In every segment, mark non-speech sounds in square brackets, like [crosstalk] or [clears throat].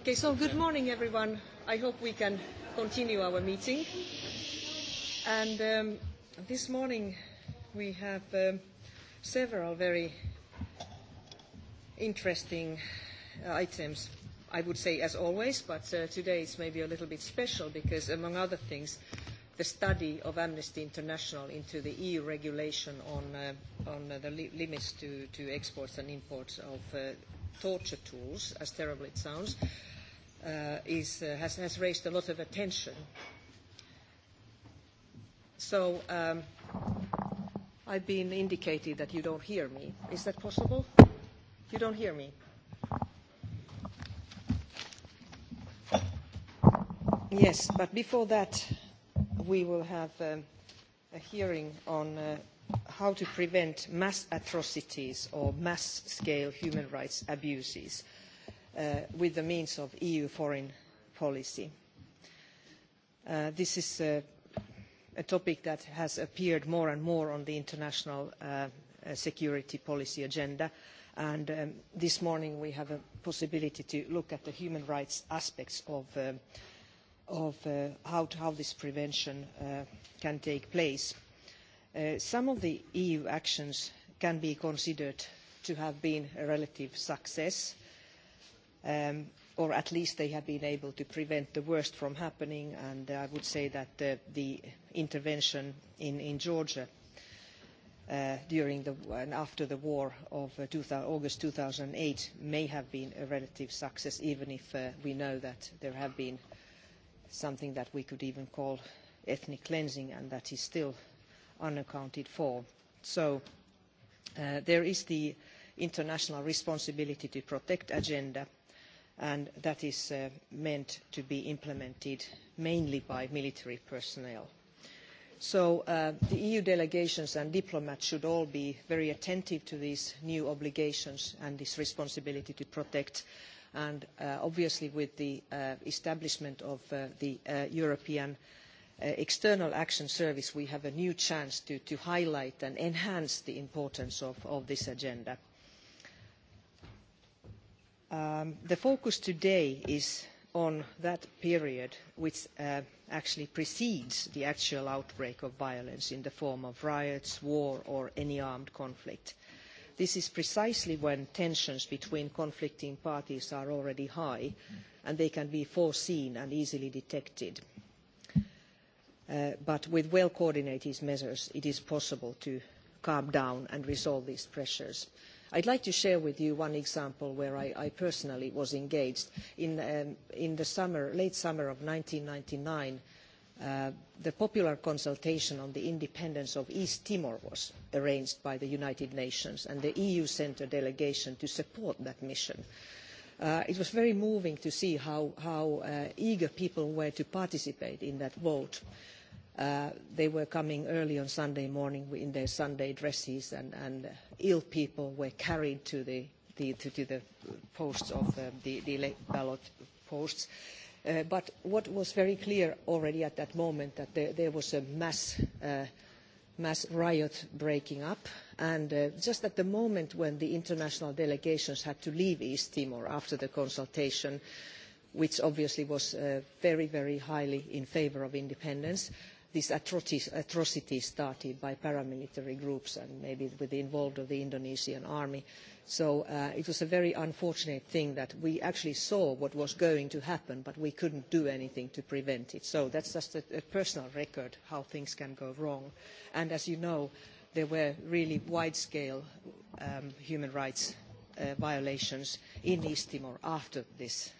Okay, so good morning, everyone. I hope we can continue our meeting. And um, this morning we have um, several very interesting uh, items. I would say as always, but uh, today it's maybe a little bit special because, among other things, the study of Amnesty International into the EU regulation on, uh, on uh, the li limits to, to exports and imports of uh, torture tools, as terrible it sounds, uh, uh, is, uh, has, has raised a lot of attention. So um, I've been indicated that you don't hear me. Is that possible? You don't hear me? Yes, but before that, we will have um, a hearing on uh, how to prevent mass atrocities or mass-scale human rights abuses. Uh, uh, with the means of EU foreign policy. Uh, this is uh, a topic that has appeared more and more on the international uh, uh, security policy agenda and um, this morning we have a possibility to look at the human rights aspects of, uh, of uh, how, to, how this prevention uh, can take place. Uh, some of the EU actions can be considered to have been a relative success um, or at least they have been able to prevent the worst from happening. And I would say that uh, the intervention in, in Georgia uh, during the, and after the war of uh, 2000, August 2008 may have been a relative success, even if uh, we know that there have been something that we could even call ethnic cleansing, and that is still unaccounted for. So uh, there is the international responsibility to protect agenda – and that is uh, meant to be implemented mainly by military personnel. So uh, the EU delegations and diplomats should all be very attentive to these new obligations and this responsibility to protect. And uh, obviously with the uh, establishment of uh, the uh, European uh, External Action Service, we have a new chance to, to highlight and enhance the importance of, of this agenda. Um, the focus today is on that period which uh, actually precedes the actual outbreak of violence in the form of riots, war or any armed conflict. This is precisely when tensions between conflicting parties are already high and they can be foreseen and easily detected. Uh, but with well coordinated measures it is possible to calm down and resolve these pressures. Uh, I'd like to share with you one example where I, I personally was engaged. In, um, in the summer, late summer of 1999, uh, the popular consultation on the independence of East Timor was arranged by the United Nations, and the EU sent a delegation to support that mission. Uh, it was very moving to see how, how uh, eager people were to participate in that vote. Uh, Uh, they were coming early on Sunday morning in their Sunday dresses, and, and uh, ill people were carried to the, the, to, to the posts of uh, the, the ballot posts. Uh, but what was very clear already at that moment that there, there was a mass, uh, mass riot breaking up, and uh, just at the moment when the international delegations had to leave East Timor after the consultation, which obviously was uh, very, very highly in favor of independence, uh, these atrocities started by paramilitary groups and maybe with the involvement of the Indonesian army. So uh, it was a very unfortunate thing that we actually saw what was going to happen, but we couldn't do anything to prevent it. So that's just a, a personal record how things can go wrong. And as you know, there were really wide-scale um, human rights uh, violations in East Timor after this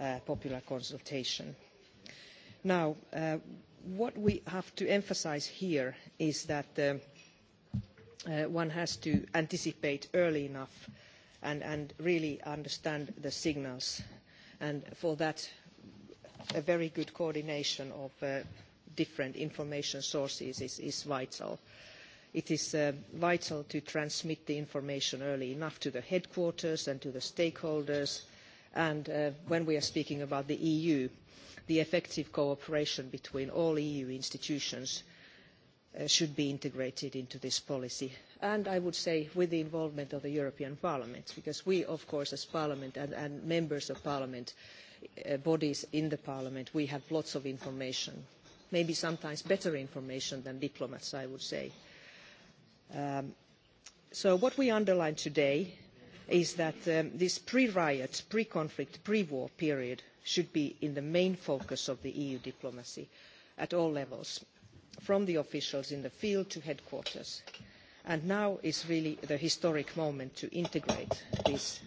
uh, popular consultation. Now, uh, what we have to emphasize here is that um, uh, one has to anticipate early enough and, and really understand the signals. And for that, a very good coordination of uh, different information sources is, is vital. It is uh, vital to transmit the information early enough to the headquarters and to the stakeholders. And uh, when we are speaking about the EU, the effective cooperation between all EU institutions uh, should be integrated into this policy. And I would say with the involvement of the European Parliament, because we, of course, as Parliament and, and members of Parliament, uh, bodies in the Parliament, we have lots of information, maybe sometimes better information than diplomats, I would say. Um, so what we underline today is that um, this pre-riot, pre-conflict, pre-war period should be in the main focus of the EU diplomacy at all levels, from the officials in the field to headquarters. And now is really the historic moment to integrate these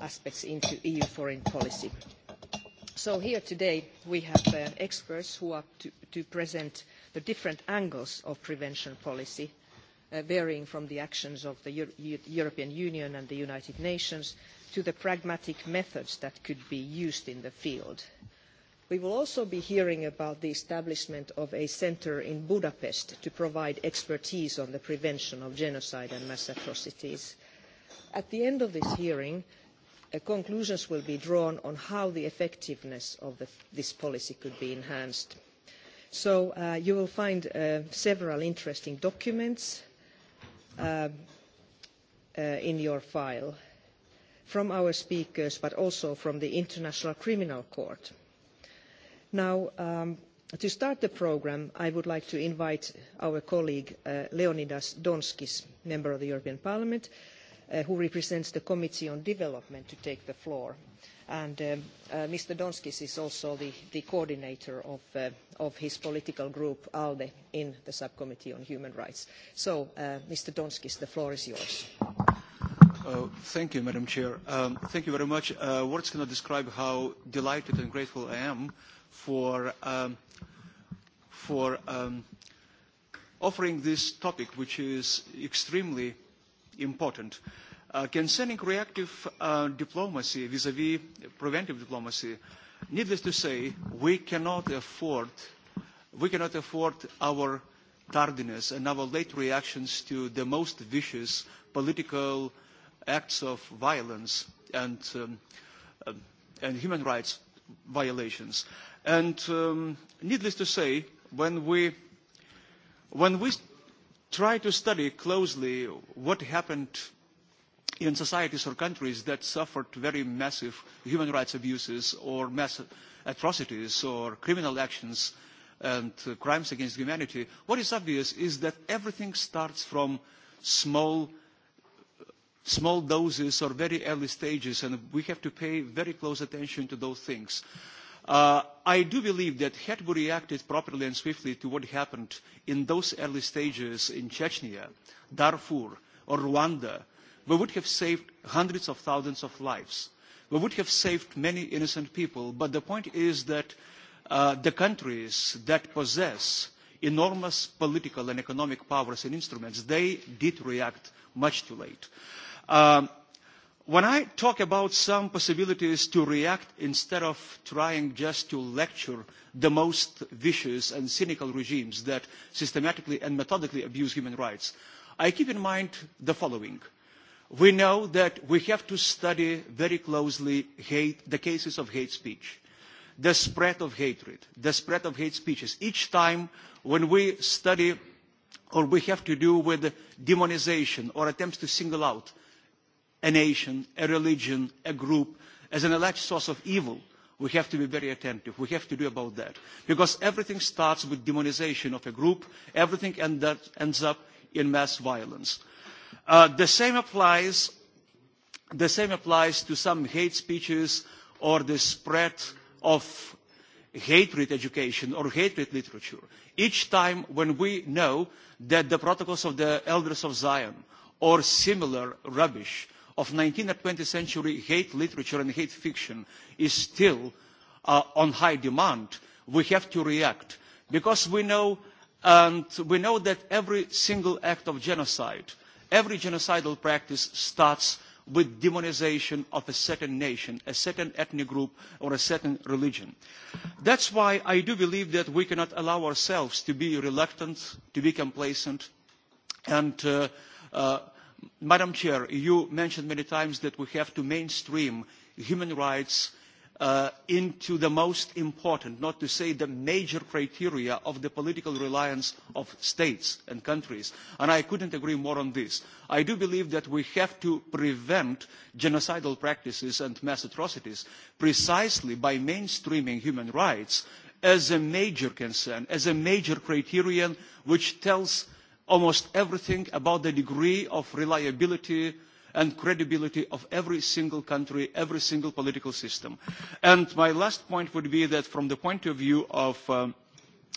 aspects into EU foreign policy. So here today we have uh, experts who are to, to present the different angles of prevention policy – uh, varying from the actions of the Euro European Union and the United Nations to the pragmatic methods that could be used in the field. We will also be hearing about the establishment of a centre in Budapest to provide expertise on the prevention of genocide and mass atrocities. At the end of this hearing, uh, conclusions will be drawn on how the effectiveness of the, this policy could be enhanced. So uh, you will find uh, several interesting documents uh, uh, in your file from our speakers, but also from the International Criminal Court. Now, um, to start the program, I would like to invite our colleague uh, Leonidas Donskis, member of the European Parliament, uh, who represents the Committee on Development, to take the floor. Uh, and um, uh, Mr. Donskis is also the, the coordinator of, uh, of his political group, ALDE, in the Subcommittee on Human Rights. So, uh, Mr. Donskis, the floor is yours. Uh, thank you, Madam Chair. Um, thank you very much. Uh, words cannot describe how delighted and grateful I am for, um, for um, offering this topic, which is extremely important. Uh, Uh, concerning reactive uh, diplomacy vis-à-vis -vis preventive diplomacy, needless to say, we cannot afford, we cannot afford our tardiness and our late reactions to the most vicious political acts of violence and, um, uh, and human rights violations. And um, needless to say, when we, when we try to study closely what happened in societies or countries that suffered very massive human rights abuses or mass atrocities or criminal actions and uh, crimes against humanity, what is obvious is that everything starts from small, small doses or very early stages, and we have to pay very close attention to those things. Uh, I do believe that had we reacted properly and swiftly to what happened in those early stages in Chechnya, Darfur, or Rwanda, we would have saved hundreds of thousands of lives. We would have saved many innocent people. But the point is that uh, the countries that possess enormous political and economic powers and instruments, they did react much too late. Um, when I talk about some possibilities to react instead of trying just to lecture the most vicious and cynical regimes that systematically and methodically abuse human rights, I keep in mind the following – we know that we have to study very closely hate, the cases of hate speech, the spread of hatred, the spread of hate speeches. Each time when we study or we have to do with demonization or attempts to single out a nation, a religion, a group as an alleged source of evil, we have to be very attentive. We have to do about that. Because everything starts with demonization of a group. Everything end up, ends up in mass violence. Uh, the same applies the same applies to some hate speeches or the spread of hatred education or hatred literature. Each time when we know that the protocols of the elders of Zion or similar rubbish of 19th and 20th century hate literature and hate fiction is still uh, on high demand, we have to react because we know, and we know that every single act of genocide uh, Every genocidal practice starts with demonization of a certain nation, a certain ethnic group, or a certain religion. That's why I do believe that we cannot allow ourselves to be reluctant, to be complacent. And, uh, uh, Madam Chair, you mentioned many times that we have to mainstream human rights uh, into the most important, not to say the major criteria of the political reliance of states and countries. And I couldn't agree more on this. I do believe that we have to prevent genocidal practices and mass atrocities precisely by mainstreaming human rights as a major concern, as a major criterion which tells almost everything about the degree of reliability and credibility of every single country, every single political system. And my last point would be that from the point of view of um,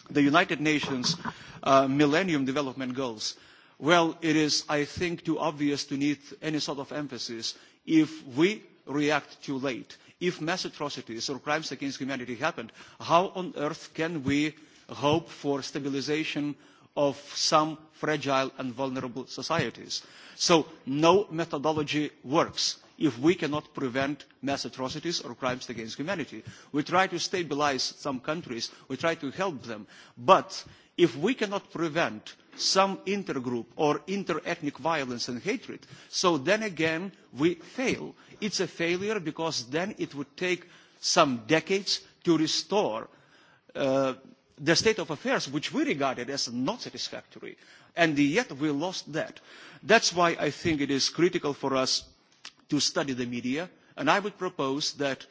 the United Nations uh, Millennium Development Goals, well, it is, I think, too obvious to need any sort of emphasis if we react too late. If mass atrocities or crimes against humanity happened, how on earth can we hope for stabilization of some fragile and vulnerable societies. So no methodology works if we cannot prevent mass atrocities or crimes against humanity. We try to stabilize some countries, we try to help them, but if we cannot prevent some intergroup or inter-ethnic violence and hatred, so then again we fail. It's a failure because then it would take some decades to restore uh, the state of affairs which we regarded as not satisfactory and yet we lost that. that is why i think it is critical for us to study the media and i would propose that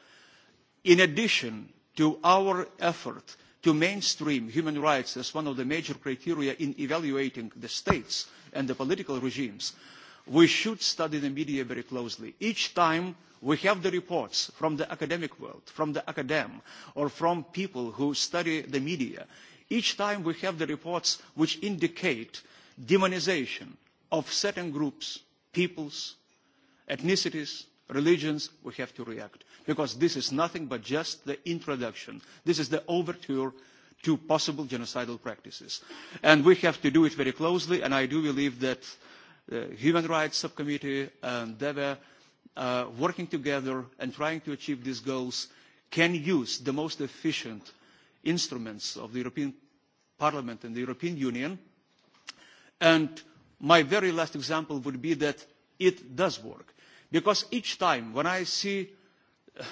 in addition to our effort to mainstream human rights as one of the major criteria in evaluating the states and the political regimes we should study the media very closely. each time We have the reports from the academic world, from the academ, or from people who study the media. Each time we have the reports which indicate demonization of certain groups, peoples, ethnicities, religions, we have to react. Because this is nothing but just the introduction. This is the overture to possible genocidal practices. And we have to do it very closely, and I do believe that the uh, Human Rights Subcommittee and DEVA uh, working together and trying to achieve these goals can use the most efficient instruments of the European Parliament and the European Union. And my very last example would be that it does work. Because each time when I see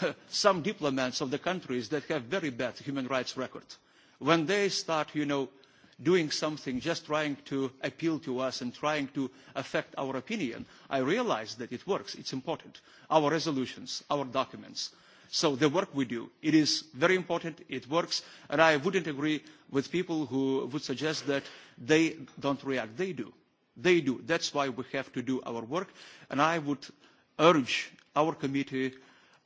uh, [laughs] some diplomats of the countries that have very bad human rights record, when they start, you know, doing something, just trying to appeal to us and trying to affect our opinion. I realize that it works. It's important. Our resolutions, our documents. So the work we do, it is very important, it works, and I wouldn't agree with people who would suggest that they don't react. They do. They do. That's why we have to do our work, and I would urge our committee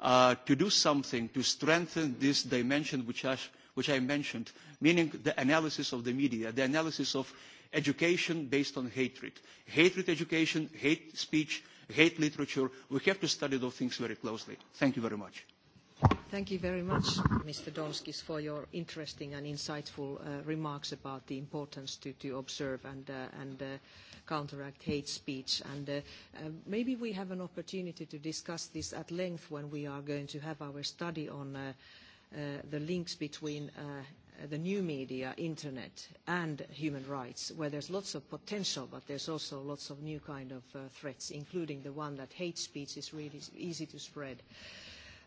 uh, to do something to strengthen this dimension which I which I mentioned, meaning the analysis of the media, the analysis of education based on hatred. Hatred education, hate speech, hate literature. We have to study those things very closely. Thank you very much. Thank you very much, Mr. Donskis, for your interesting and insightful uh, remarks about the importance to, to observe and, uh, and uh, counteract hate speech. And uh, uh, maybe we have an opportunity to discuss this at length when we are going to have our study on uh, Uh, the links between uh, the new media, internet, and human rights, where there's lots of potential, but there's also lots of new kind of uh, threats, including the one that hate speech is really easy to spread.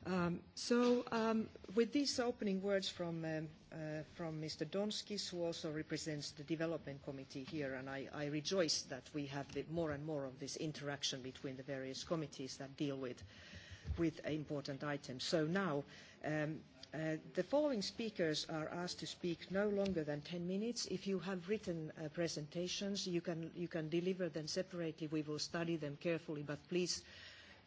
Um, so um, with these opening words from, um, uh, from Mr. Donskis, who also represents the Development Committee here, and I, I rejoice that we have the, more and more of this interaction between the various committees that deal with, with important items. So now um, Uh, the following speakers are asked to speak no longer than 10 minutes. If you have written uh, presentations, you can, you can deliver them separately. We will study them carefully, but please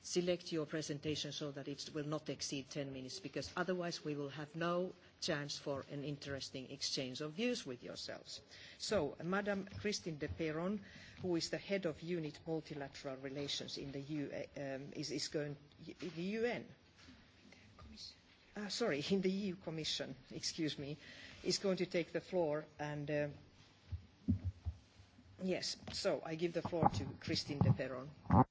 select your presentation so that it will not exceed 10 minutes, because otherwise we will have no chance for an interesting exchange of views with yourselves. So, Madame Christine de Perron, who is the head of Unit Multilateral Relations in the, U, um, is, is going, the UN, uh, sorry, in the EU Commission, excuse me, is going to take the floor. And uh, yes, so I give the floor to Christine de Peron.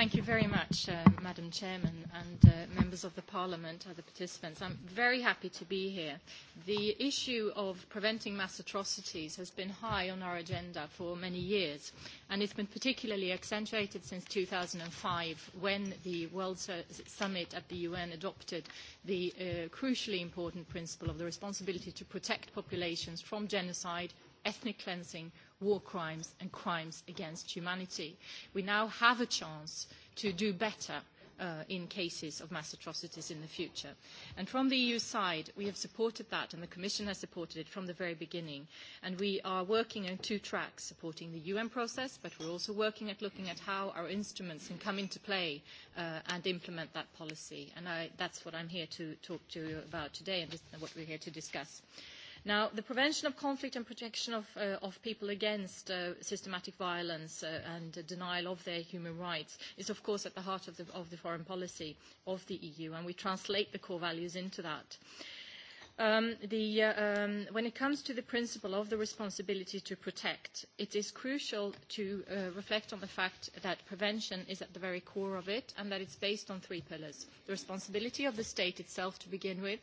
Thank you very much, uh, Madam Chairman, and uh, members of the Parliament, other participants. I'm very happy to be here. The issue of preventing mass atrocities has been high on our agenda for many years, and it's been particularly accentuated since 2005 when the World Summit at the UN adopted the uh, crucially important principle of the responsibility to protect populations from genocide, ethnic cleansing, war crimes and crimes against humanity. We now have a chance to do better uh, in cases of mass atrocities in the future. And from the EU side, we have supported that, and the Commission has supported it from the very beginning. And we are working on two tracks, supporting the UN process, but we're also working at looking at how our instruments can come into play uh, and implement that policy. And I, that's what I'm here to talk to you about today and this, what we're here to discuss. Uh, Now, the prevention of conflict and protection of, uh, of people against uh, systematic violence uh, and uh, denial of their human rights is, of course, at the heart of the, of the foreign policy of the EU, and we translate the core values into that. Uh, Um, the, uh, um, when it comes to the principle of the responsibility to protect, it is crucial to uh, reflect on the fact that prevention is at the very core of it and that it's based on three pillars. The responsibility of the state itself to begin with,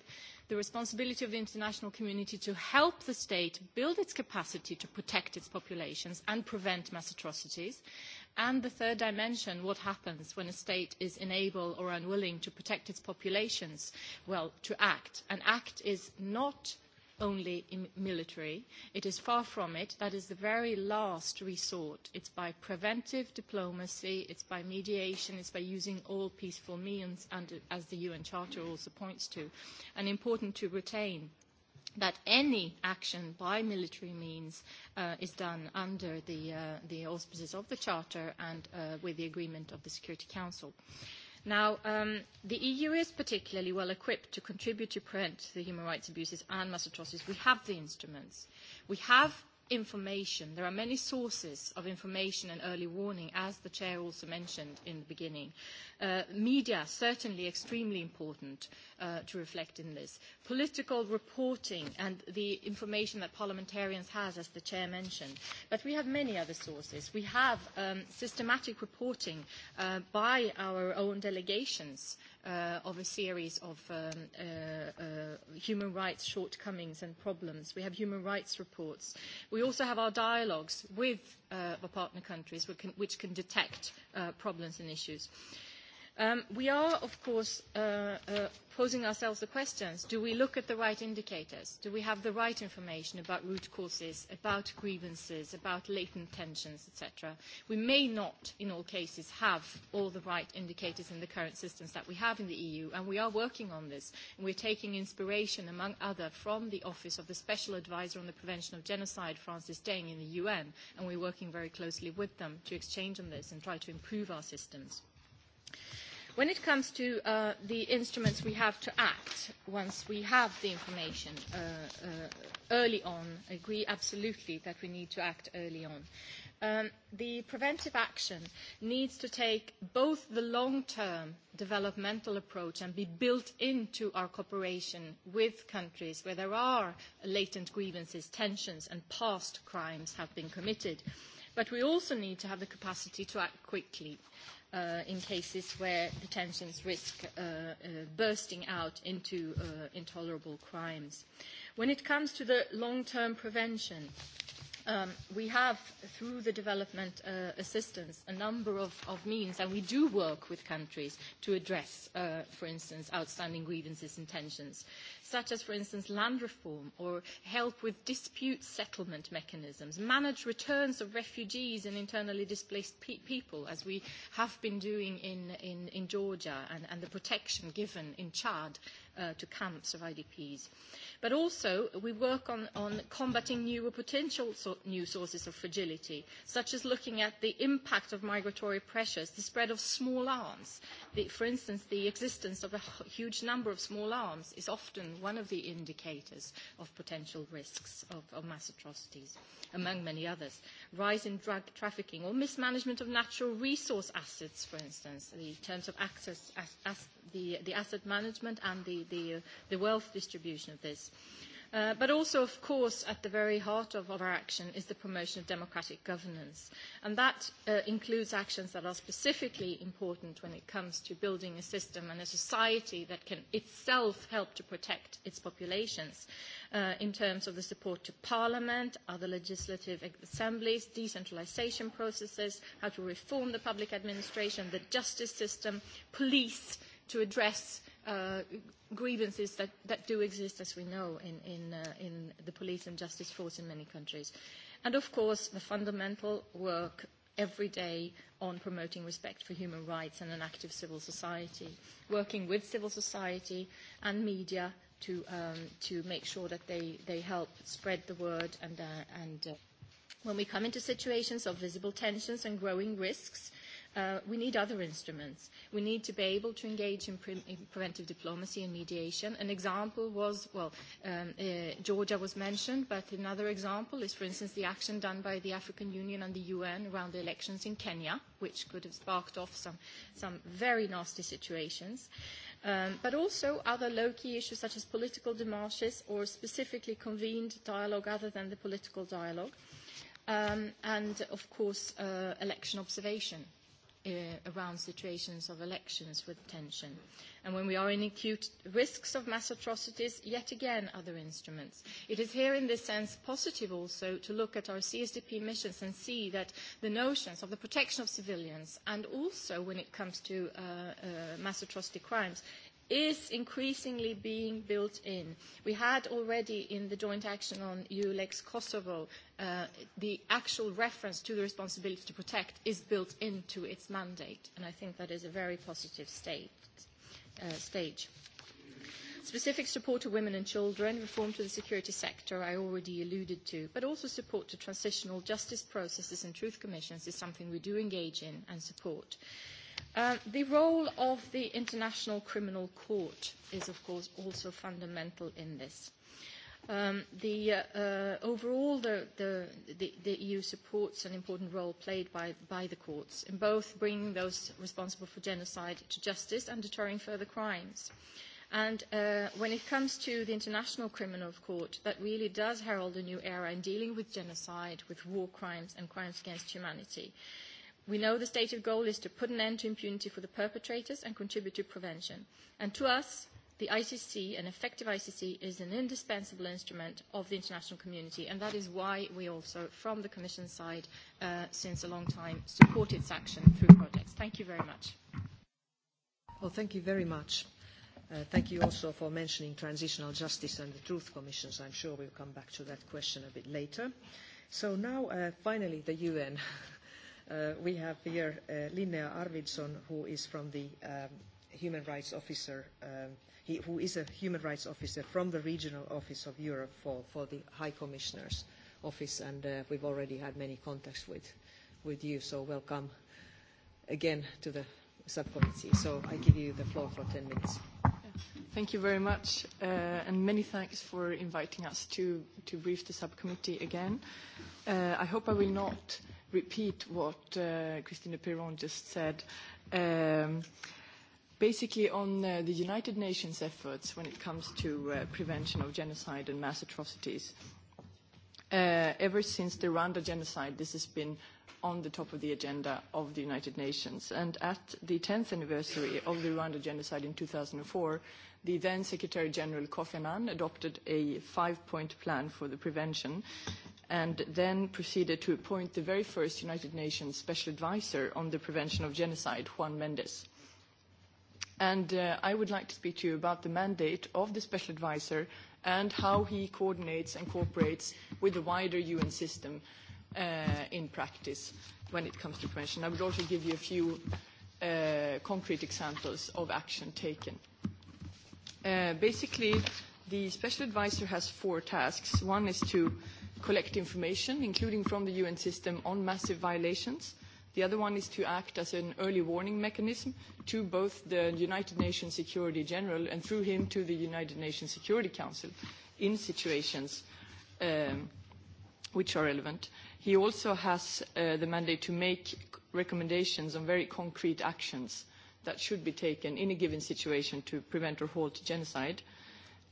the responsibility of the international community to help the state build its capacity to protect its populations and prevent mass atrocities, uh, and the third dimension, what happens when a state is unable or unwilling to protect its populations, well, to act. An act is not only military. It is far from it. That is the very last resort. It's by preventive diplomacy, it's by mediation, it's by using all peaceful means, and as the UN Charter also points to, and important to retain that any action by military means uh, is done under the, uh, the auspices of the Charter and uh, with the agreement of the Security Council. Now, um, the EU is particularly well equipped to contribute to prevent the human rights abuses and mass atrocities. We have the instruments. We have information. There are many sources of information and early warning, as the Chair also mentioned in the beginning. Uh, media, certainly extremely important uh, to reflect in this. Political reporting and the information that parliamentarians has, as the Chair mentioned. But we have many other sources. We have um, systematic reporting uh, by our own delegations uh, of a series of um, uh, uh, human rights shortcomings and problems. We have human rights reports. We also have our dialogues with uh, the partner countries, which can, which can detect uh, problems and issues. Uh, Um, we are, of course, uh, uh, posing ourselves the questions, do we look at the right indicators? Do we have the right information about root causes, about grievances, about latent tensions, etc.? We may not, in all cases, have all the right indicators in the current systems that we have in the EU, and we are working on this. And we're taking inspiration, among other, from the Office of the Special Advisor on the Prevention of Genocide, Francis Deng, in the UN, and we're working very closely with them to exchange on this and try to improve our systems. When it comes to uh, the instruments we have to act once we have the information uh, uh, early on, agree absolutely that we need to act early on. Um, the preventive action needs to take both the long-term developmental approach and be built into our cooperation with countries where there are latent grievances, tensions, and past crimes have been committed. But we also need to have the capacity to act quickly. Uh, uh, in cases where the tensions risk uh, uh, bursting out into uh, intolerable crimes. When it comes to the long-term prevention, um, we have, through the development uh, assistance, a number of, of means, and we do work with countries to address, uh, for instance, outstanding grievances and tensions. Uh, such as, for instance, land reform or help with dispute settlement mechanisms, manage returns of refugees and internally displaced pe- people, as we have been doing in, in, in Georgia, and, and the protection given in Chad uh, to camps of IDPs. But also, we work on, on combating new or potential so new sources of fragility, such as looking at the impact of migratory pressures, the spread of small arms. The, for instance, the existence of a huge number of small arms is often one of the indicators of potential risks of, of mass atrocities, among many others. Rise in drug trafficking or mismanagement of natural resource assets, for instance, the terms of access, as, as the, the asset management and the the, uh, the wealth distribution of this. Uh, but also, of course, at the very heart of, of our action is the promotion of democratic governance. And that uh, includes actions that are specifically important when it comes to building a system and a society that can itself help to protect its populations uh, in terms of the support to parliament, other legislative assemblies, decentralization processes, how to reform the public administration, the justice system, police to address uh, grievances that, that do exist, as we know, in, in, uh, in the police and justice force in many countries. And of course, the fundamental work every day on promoting respect for human rights and an active civil society, working with civil society and media to, um, to make sure that they, they help spread the word. And, uh, and uh, when we come into situations of visible tensions and growing risks, Uh, we need other instruments. We need to be able to engage in, pre- in preventive diplomacy and mediation. An example was, well, um, uh, Georgia was mentioned, but another example is, for instance, the action done by the African Union and the UN around the elections in Kenya, which could have sparked off some, some very nasty situations. Um, but also other low-key issues such as political demarches or specifically convened dialogue other than the political dialogue. Um, and, of course, uh, election observation uh, around situations of elections with tension. And when we are in acute risks of mass atrocities, yet again, other instruments. It is here in this sense positive also to look at our CSDP missions and see that the notions of the protection of civilians and also when it comes to uh, uh, mass atrocity crimes is increasingly being built in. We had already in the joint action on EULEX Kosovo, uh, the actual reference to the responsibility to protect is built into its mandate, and I think that is a very positive state, uh, stage. Specific support to women and children, reform to the security sector, I already alluded to, but also support to transitional justice processes and truth commissions is something we do engage in and support. Uh, Um, the role of the International Criminal Court is, of course, also fundamental in this. Um, the, uh, uh, overall, the, the, the, the EU supports an important role played by, by the courts in both bringing those responsible for genocide to justice and deterring further crimes. And uh, when it comes to the International Criminal Court, that really does herald a new era in dealing with genocide, with war crimes, and crimes against humanity. Uh, We know the stated goal is to put an end to impunity for the perpetrators and contribute to prevention. And to us, the ICC, an effective ICC, is an indispensable instrument of the international community, and that is why we also, from the Commission side, uh, since a long time, support its action through projects. Thank you very much. Well, thank you very much. Uh, thank you also for mentioning transitional justice and the truth commissions. I'm sure we'll come back to that question a bit later. So now, uh, finally, the UN. [laughs] Uh, we have here uh, Linnea Arvidsson, who is from the um, human rights officer, um, he, who is a human rights officer from the regional office of Europe for, for the High Commissioner's office, and uh, we've already had many contacts with, with you, so welcome again to the subcommittee. So I give you the floor for 10 minutes. Thank you very much, uh, and many thanks for inviting us to, to brief the subcommittee again. Uh, I hope I will not uh, repeat what uh, Christina Piron just said. Um, basically on uh, the United Nations efforts when it comes to uh, prevention of genocide and mass atrocities. Uh, ever since the Rwanda genocide, this has been on the top of the agenda of the United Nations. And at the 10th anniversary of the Rwanda genocide in 2004, the then Secretary General Kofi Annan adopted a five-point plan for the prevention, and then proceeded to appoint the very first United Nations Special Advisor on the Prevention of Genocide, Juan Mendes. And uh, I would like to speak to you about the mandate of the Special Advisor and how he coordinates and cooperates with the wider UN system uh, in practice when it comes to prevention. I would also give you a few uh, concrete examples of action taken. Uh, basically, the Special Advisor has four tasks. One is to uh, collect information, including from the UN system, on massive violations. The other one is to act as an early warning mechanism to both the United Nations Security General and through him to the United Nations Security Council in situations um, which are relevant. He also has uh, the mandate to make recommendations on very concrete actions that should be taken in a given situation to prevent or halt genocide.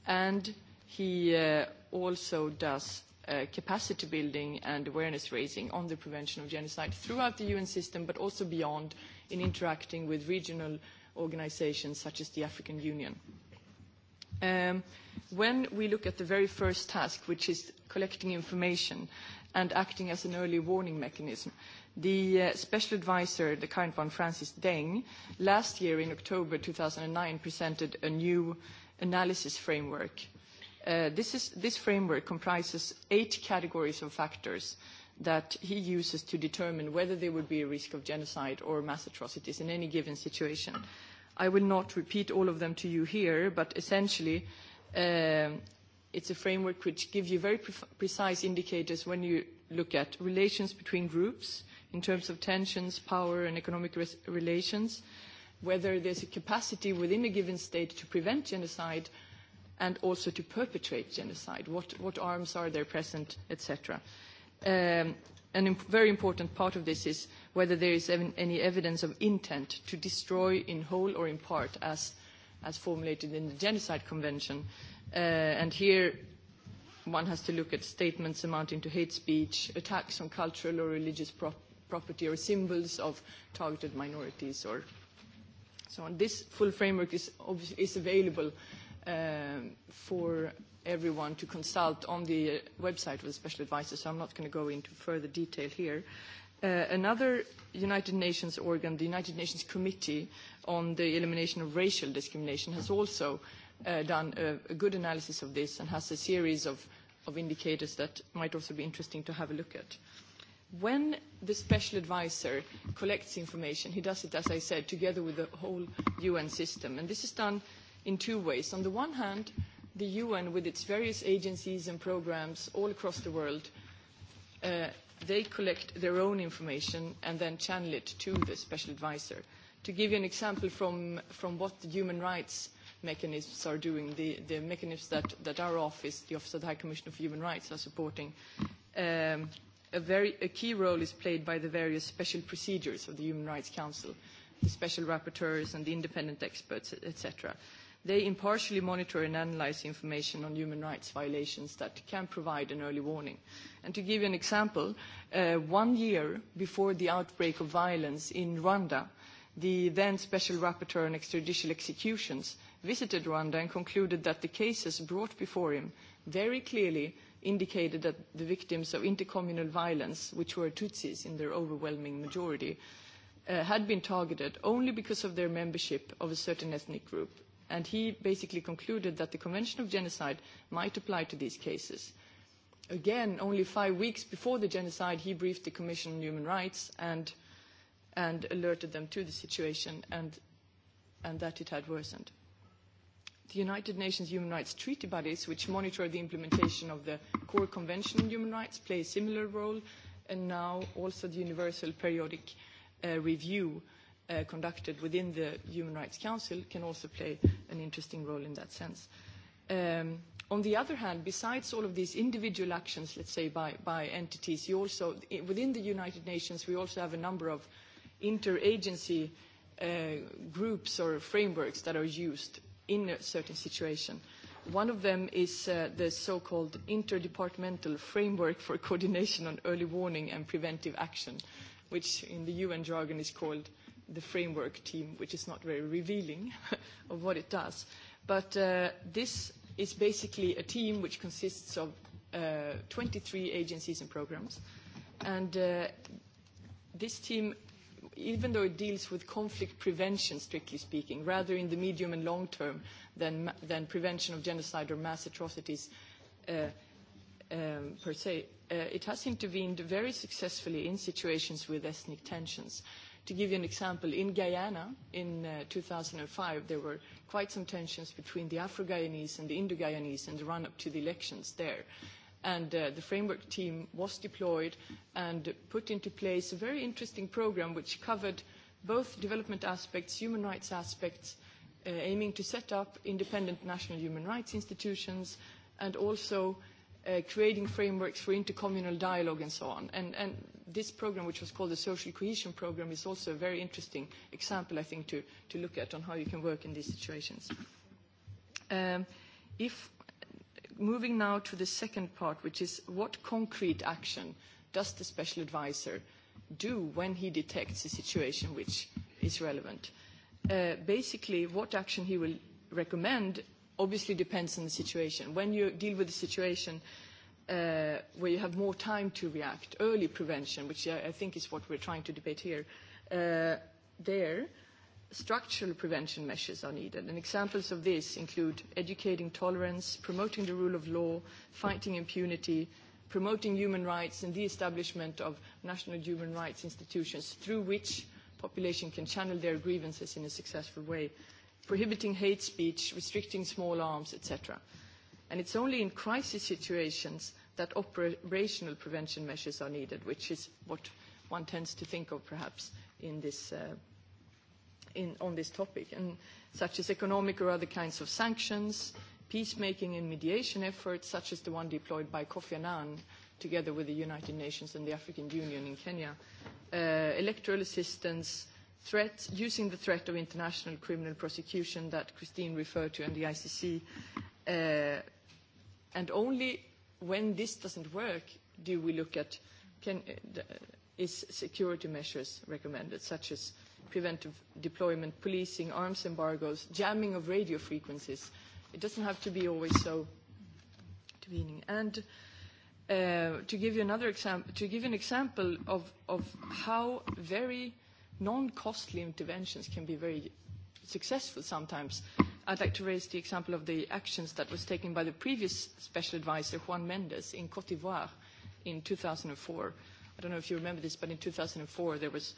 And he uh, also does uh, capacity building and awareness raising on the prevention of genocide throughout the UN system, but also beyond in interacting with regional organizations such as the African Union. Um, when we look at the very first task, which is collecting information and acting as an early warning mechanism, the uh, special advisor, the current one, Francis Deng, last year in October 2009 presented a new analysis framework uh, Uh, this, is, this framework comprises eight categories of factors that he uses to determine whether there would be a risk of genocide or mass atrocities in any given situation. I will not repeat all of them to you here, but essentially, uh, it's a framework which gives you very pre precise indicators when you look at relations between groups in terms of tensions, power, and economic res- relations, whether there's a capacity within a given state to prevent genocide, and also to perpetrate genocide? What, what arms are there present, etc.? Um, a imp very important part of this is whether there is ev any evidence of intent to destroy in whole or in part, as, as formulated in the Genocide Convention. Uh, and here one has to look at statements amounting to hate speech, attacks on cultural or religious prop property or symbols of targeted minorities or so on. This full framework is, is available uh, uh, for everyone to consult on the uh, website with special advisors, so I'm not going to go into further detail here. Uh, another United Nations organ, the United Nations Committee on the Elimination of Racial Discrimination, has also uh, done a, a good analysis of this and has a series of, of indicators that might also be interesting to have a look at. When the special advisor collects information, he does it, as I said, together with the whole UN system. And this is done uh, in two ways. On the one hand, the UN, with its various agencies and programs all across the world, uh, they collect their own information and then channel it to the special advisor. To give you an example from, from what the human rights mechanisms are doing, the, the mechanisms that, that our office, the Office of the High Commissioner for Human Rights, are supporting, um, a, very, a key role is played by the various special procedures of the Human Rights Council, the special rapporteurs and the independent experts, etc. Et They impartially monitor and analyze information on human rights violations that can provide an early warning. And to give you an example, uh, one year before the outbreak of violence in Rwanda, the then Special Rapporteur on Extrajudicial Executions visited Rwanda and concluded that the cases brought before him very clearly indicated that the victims of intercommunal violence, which were Tutsis in their overwhelming majority, uh, had been targeted only because of their membership of a certain ethnic group, and he basically concluded that the Convention of Genocide might apply to these cases. Again, only five weeks before the genocide, he briefed the Commission on Human Rights and, and alerted them to the situation and, and that it had worsened. The United Nations Human Rights Treaty bodies, which monitor the implementation of the Core Convention on Human Rights, play a similar role, and now also the Universal Periodic uh, Review uh, uh, conducted within the Human Rights Council can also play an interesting role in that sense. Um, on the other hand, besides all of these individual actions, let's say, by, by entities, you also, within the United Nations, we also have a number of interagency uh, groups or frameworks that are used in a certain situation. One of them is uh, the so-called Interdepartmental Framework for [laughs] Coordination on Early Warning and Preventive Action, which in the UN jargon is called uh, the framework team, which is not very revealing [laughs] of what it does. But uh, this is basically a team which consists of uh, 23 agencies and programs. And uh, this team, even though it deals with conflict prevention, strictly speaking, rather in the medium and long term than, than prevention of genocide or mass atrocities uh, um, per se, uh, it has intervened very successfully in situations with ethnic tensions. Uh, To give you an example, in Guyana in uh, 2005, there were quite some tensions between the Afro-Guyanese and the Indo-Guyanese in the run-up to the elections there. And uh, the framework team was deployed and put into place a very interesting program which covered both development aspects, human rights aspects, uh, aiming to set up independent national human rights institutions, and also uh, uh, creating frameworks for intercommunal dialogue and so on. And, and this program, which was called the Social Cohesion Program, is also a very interesting example, I think, to, to look at on how you can work in these situations. Um, if moving now to the second part, which is what concrete action does the special advisor do when he detects a situation which is relevant? Uh, basically, what action he will recommend obviously depends on the situation. When you deal with a situation uh, where you have more time to react, early prevention, which I, I think is what we're trying to debate here, uh, there, structural prevention measures are needed. And examples of this include educating tolerance, promoting the rule of law, fighting impunity, promoting human rights, and the establishment of national human rights institutions through which population can channel their grievances in a successful way. Uh, prohibiting hate speech, restricting small arms, etc. And it's only in crisis situations that operational prevention measures are needed, which is what one tends to think of perhaps in this, uh, in, on this topic, and such as economic or other kinds of sanctions, peacemaking and mediation efforts, such as the one deployed by Kofi Annan together with the United Nations and the African Union in Kenya, uh, electoral assistance, threat, using the threat of international criminal prosecution that Christine referred to and the ICC. Uh, and only when this doesn't work do we look at can, uh, is security measures recommended, such as preventive deployment, policing, arms embargoes, jamming of radio frequencies. It doesn't have to be always so intervening. And uh, to give you another example, to give an example of, of how very non-costly interventions can be very successful sometimes. I'd like to raise the example of the actions that was taken by the previous special advisor, Juan Mendes, in Côte d'Ivoire in 2004. I don't know if you remember this, but in 2004 there was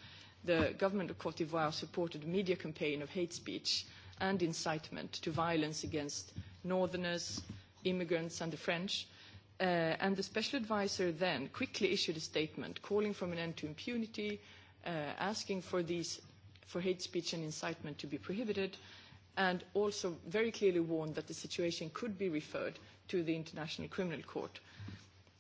the government of Côte d'Ivoire supported a media campaign of hate speech and incitement to violence against northerners, immigrants and the French. Uh, and the special advisor then quickly issued a statement calling for an end to impunity, uh, asking for these for hate speech and incitement to be prohibited and also very clearly warned that the situation could be referred to the International Criminal Court.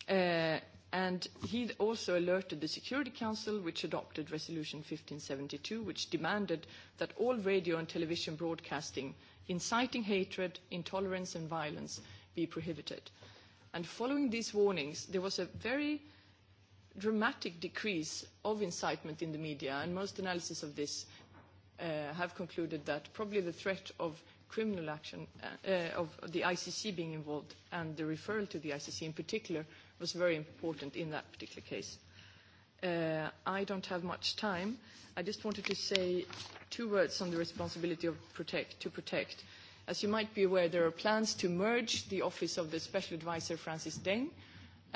Uh, and he also alerted the Security Council, which adopted Resolution 1572, which demanded that all radio and television broadcasting inciting hatred, intolerance and violence be prohibited. And following these warnings, there was a very uh, dramatic decrease of incitement in the media, and most analysis of this uh, have concluded that probably the threat of criminal action, uh, uh, of the ICC being involved, and the referral to the ICC in particular, was very important in that particular case. Uh, I don't have much time. I just wanted to say two words on the responsibility of protect, to protect. As you might be aware, there are plans to merge the office of the Special Advisor Francis Deng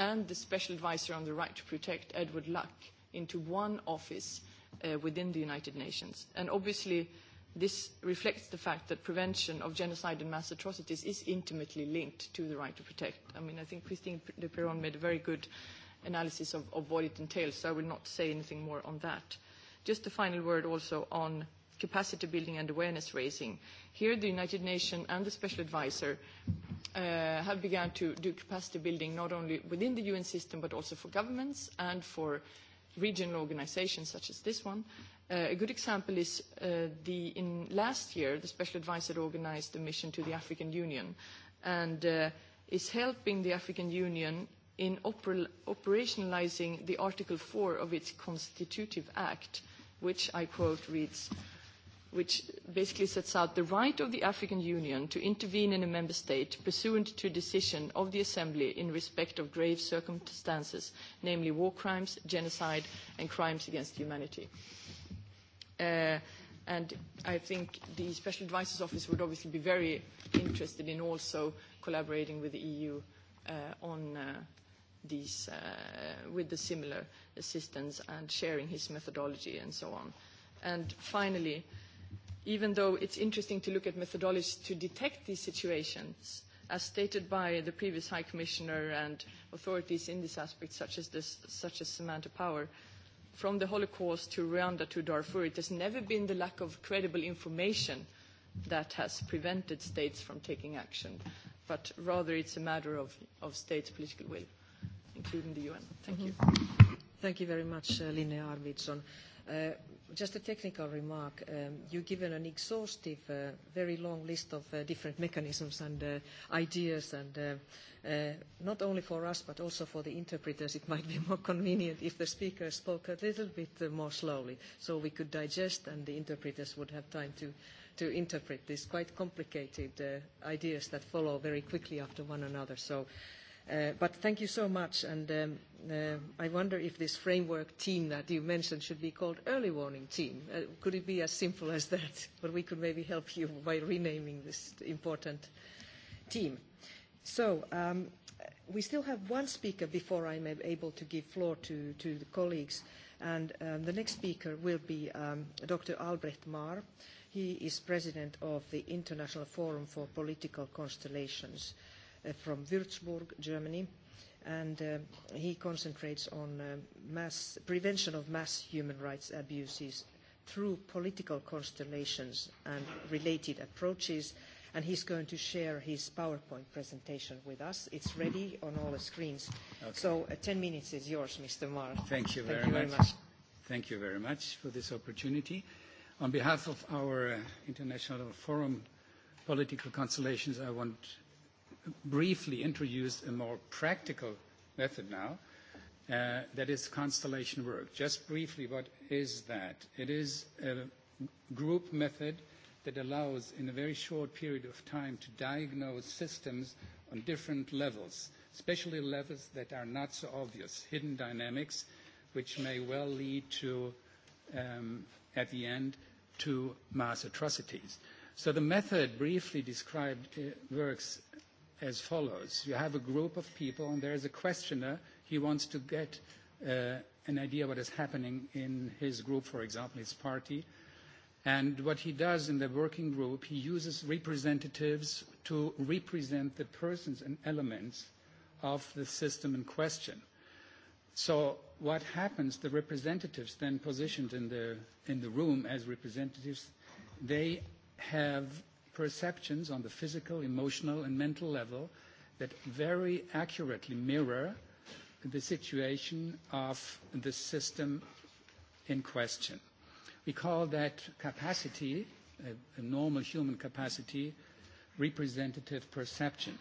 and the Special Advisor on the Right to Protect, Edward Luck, into one office uh, within the United Nations. And obviously, this reflects the fact that prevention of genocide and mass atrocities is intimately linked to the right to protect. I mean, I think Christine de Peron made a very good analysis of, of what it entails, so I will not say anything more on that. Just a final word also on capacity building and awareness raising. Here, the United Nations and the Special Advisor uh, have begun to do capacity building not only within the UN system but also for governments and for regional organizations such as this one. Uh, a good example is uh, the, in last year, the special advisor organized a mission to the African Union and uh, is helping the African Union in oper operationalizing the Article 4 of its Constitutive Act, which I quote reads, uh, which basically sets out the right of the African Union to intervene in a member state pursuant to a decision of the Assembly in respect of grave circumstances, namely war crimes, genocide, and crimes against humanity. Uh, and I think the Special Advisor's Office would obviously be very interested in also collaborating with the EU uh, on uh, these, uh, with the similar assistance and sharing his methodology and so on. And finally, uh, even though it's interesting to look at methodologies to detect these situations, as stated by the previous High Commissioner and authorities in this aspect, such as, this, such as Samantha Power, from the Holocaust to Rwanda to Darfur, it has never been the lack of credible information that has prevented states from taking action, but rather it's a matter of, of states' political will, including the UN. Thank mm-hmm. you. Thank you very much, uh, Linnea Arvidsson. Uh, Just a technical remark. Um, you've given an exhaustive, uh, very long list of uh, different [laughs] mechanisms and uh, ideas, and uh, uh, not only for us but also for the interpreters, it might be more convenient if the speaker spoke a little bit uh, more slowly, so we could digest, and the interpreters would have time to to interpret these quite complicated uh, ideas that follow very quickly after one another. So. Uh, Uh, but thank you so much, and um, uh, I wonder if this framework team that you mentioned should be called early warning team. Uh, could it be as simple as that? But [laughs] we could maybe help you by renaming this important team. So um, we still have one speaker before I'm able to give floor to, to the colleagues, and um, the next speaker will be um, Dr. Albrecht Marr. He is president of the International Forum for Political Constellations. Uh, uh, from Würzburg, Germany, and uh, he concentrates on uh, mass, prevention of mass human rights abuses through political constellations and related approaches, and he's going to share his PowerPoint presentation with us. It's ready on all the screens. Okay. So uh, 10 minutes is yours, Mr. Marr. Thank you very, Thank you very much. much. Thank you very much for this opportunity. On behalf of our uh, International Forum Political Constellations, I want briefly introduced a more practical method now, uh, that is constellation work. Just briefly, what is that? It is a group method that allows, in a very short period of time, to diagnose systems on different levels, especially levels that are not so obvious, hidden dynamics, which may well lead to, um, at the end, to mass atrocities. So the method briefly described uh, works as follows. You have a group of people, and there is a questioner. He wants to get uh, an idea what is happening in his group, for example, his party. And what he does in the working group, he uses representatives to represent the persons and elements of the system in question. So what happens, the representatives then positioned in the, in the room as representatives, they have perceptions on the physical, emotional, and mental level that very accurately mirror the situation of the system in question. We call that capacity, a, a normal human capacity, representative perception.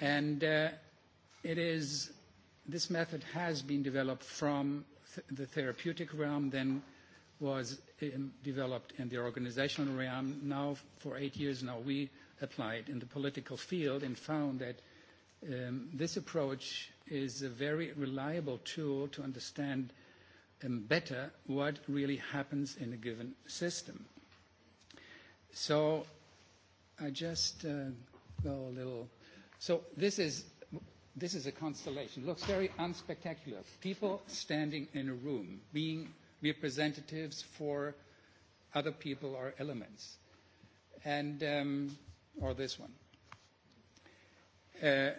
And uh, it is, this method has been developed from th- the therapeutic realm, then was um, developed in the organizational realm. Now, for eight years now, we applied in the political field and found that um, this approach is a very reliable tool to understand um, better what really happens in a given system. So I just uh, go a little. So this is this is a constellation. Looks very unspectacular. People standing in a room, being representatives for other people or elements, and um, or this one. Uh,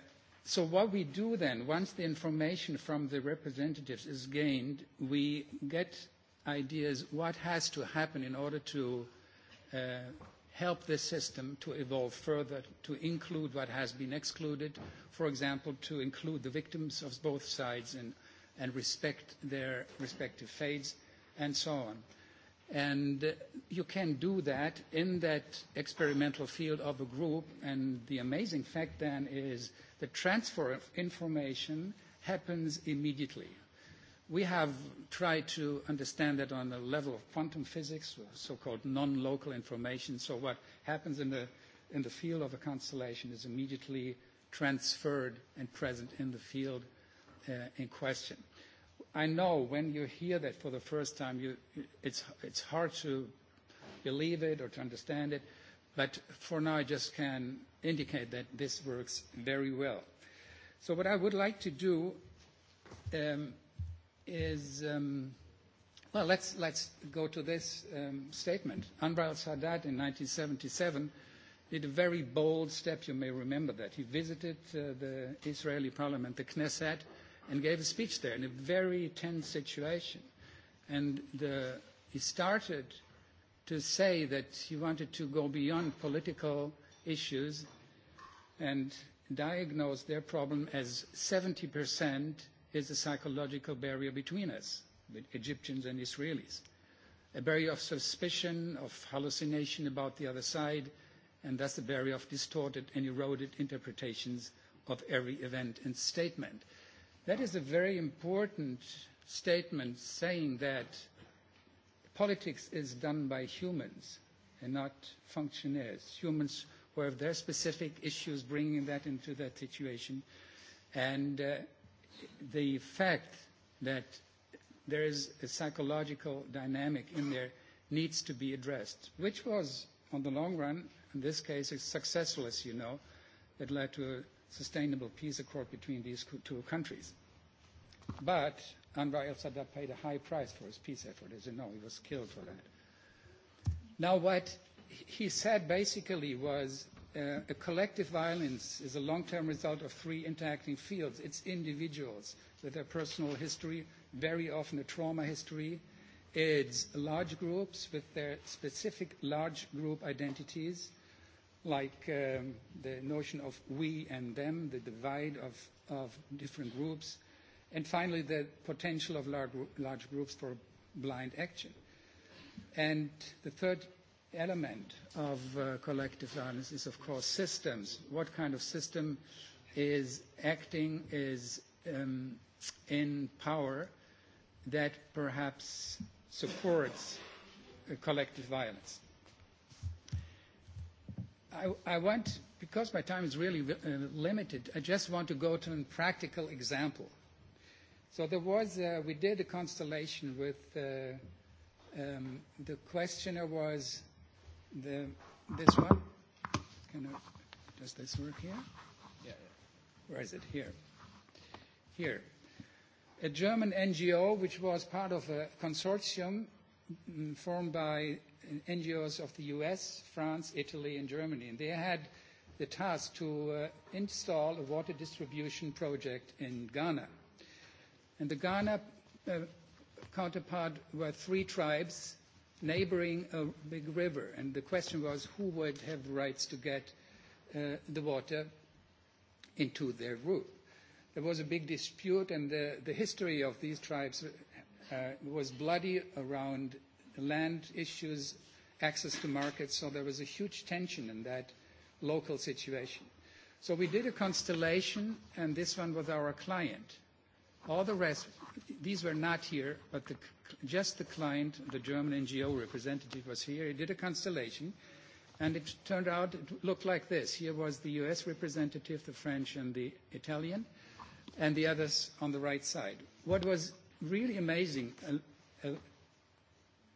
so what we do then, once the information from the representatives is gained, we get ideas what has to happen in order to uh, help this system to evolve further, to include what has been excluded, for example, to include the victims of both sides and, and respect their respective faiths, and so on. And you can do that in that experimental field of a group. And the amazing fact then is the transfer of information happens immediately. We have tried to understand that on the level of quantum physics, so-called non-local information. So what happens in the, in the field of a constellation is immediately transferred and present in the field uh, in question. I know when you hear that for the first time, you, it's, it's hard to believe it or to understand it, but for now I just can indicate that this works very well. So what I would like to do um, is, um, well, let's, let's go to this um, statement. Anwar al-Sadat in 1977 did a very bold step, you may remember that. He visited uh, the Israeli parliament, the Knesset, and gave a speech there in a very tense situation. And the, he started to say that he wanted to go beyond political issues and diagnose their problem as 70% is a psychological barrier between us, Egyptians and Israelis. A barrier of suspicion, of hallucination about the other side, and thus a barrier of distorted and eroded interpretations of every event and statement. That is a very important statement saying that politics is done by humans and not functionaries. Humans who have their specific issues bringing that into that situation. And uh, the fact that there is a psychological dynamic in there needs to be addressed, which was, on the long run, in this case, successful, as you know. It led to sustainable peace accord between these two countries. But Anwar el Sadat paid a high price for his peace effort. As you know, he was killed for that. Now, what he said basically was uh, a collective violence is a long-term result of three interacting fields. It's individuals with their personal history, very often a trauma history. It's large groups with their specific large group identities like um, the notion of we and them, the divide of, of different groups, and finally the potential of large, large groups for blind action. And the third element of uh, collective violence is, of course, systems. What kind of system is acting, is um, in power that perhaps supports uh, collective violence? I, I want, because my time is really uh, limited, I just want to go to a practical example. So there was, uh, we did a constellation with, uh, um, the questioner was the, this one. Can I, does this work here? Yeah, yeah. Where is it? Here. Here. A German NGO, which was part of a consortium mm, formed by NGOs of the US, France, Italy, and Germany. And they had the task to uh, install a water distribution project in Ghana. And the Ghana uh, counterpart were three tribes neighboring a big river. And the question was who would have the rights to get uh, the water into their group. There was a big dispute, and the, the history of these tribes uh, was bloody around land issues, access to markets. So there was a huge tension in that local situation. So we did a constellation, and this one was our client. All the rest, these were not here, but the, just the client, the German NGO representative was here. He did a constellation, and it turned out it looked like this. Here was the U.S. representative, the French, and the Italian, and the others on the right side. What was really amazing, a, uh, a uh,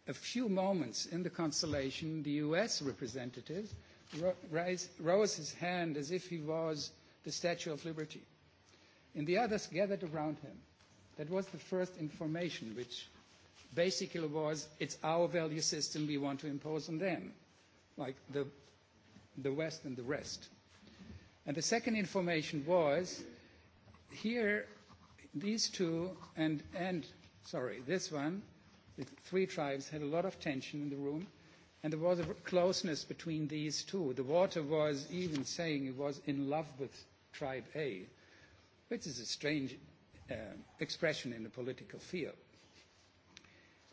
a few moments in the constellation, the U.S. representative ro- raise, rose his hand as if he was the Statue of Liberty. And the others gathered around him. That was the first information, which basically was it's our value system we want to impose on them, like the, the West and the rest. And the second information was here, these two, and, and sorry, this one, The three tribes had a lot of tension in the room, and there was a closeness between these two. The water was even saying it was in love with tribe A, which is a strange uh, expression in the political field.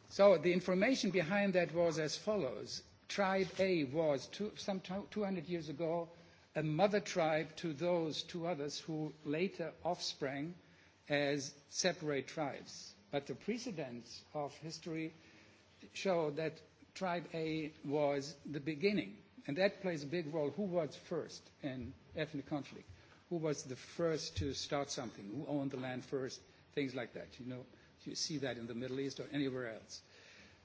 So the information behind that was as follows. Tribe A was two, some t- 200 years ago a mother tribe to those two others who later offsprang as separate tribes. But the precedents of history show that tribe A was the beginning, and that plays a big role. Who was first in ethnic conflict? Who was the first to start something? Who owned the land first? Things like that. You know, you see that in the Middle East or anywhere else.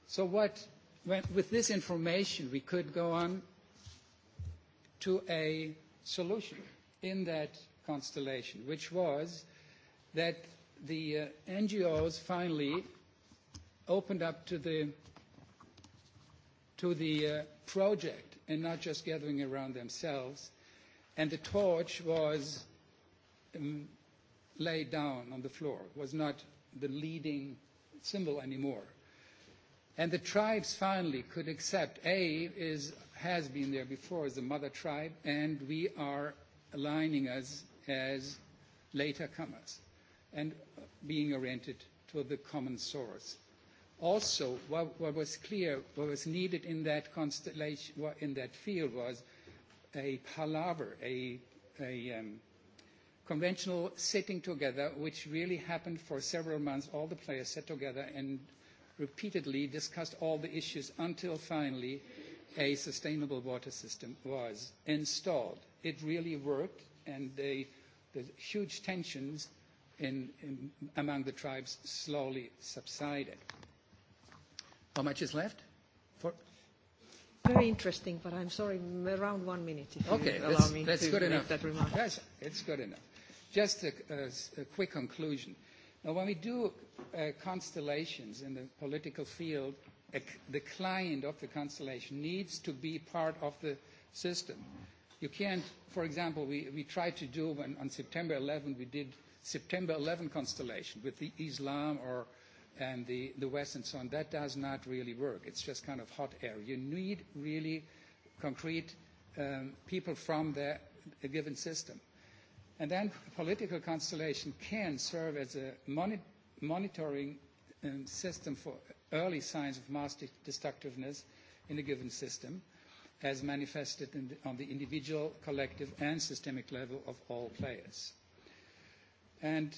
So what, when, with this information, we could go on to a solution in that constellation, which was that the uh, NGOs finally opened up to the to the uh, project and not just gathering around themselves. And the torch was um, laid down on the floor, was not the leading symbol anymore. And the tribes finally could accept A is, has been there before as the mother tribe, and we are aligning us as later comers and being oriented to the common source. Also, what, what was clear, what was needed in that constellation, what in that field was a palaver, a, a um, conventional sitting together, which really happened for several months. All the players sat together and repeatedly discussed all the issues until finally a sustainable water system was installed. It really worked, and they, the huge tensions in, in, among the tribes slowly subsided. How much is left? For Very interesting, but I'm sorry, around one minute, if okay, you allow that's, me that's to good make enough. that remark. Yes, it's good enough. Just a, a, a quick conclusion. Now, when we do uh, constellations in the political field, a, the client of the constellation needs to be part of the system. You can't, for example, we, we tried to do when on September 11 we did uh, September 11 constellation with the Islam or and the, the West and so on, that does not really work. It's just kind of hot air. You need really concrete um, people from their, a given system. And then political constellation can serve as a moni- monitoring um, system for early signs of mass de- destructiveness in a given system, as manifested in the, on the individual, collective, and systemic level of all players. And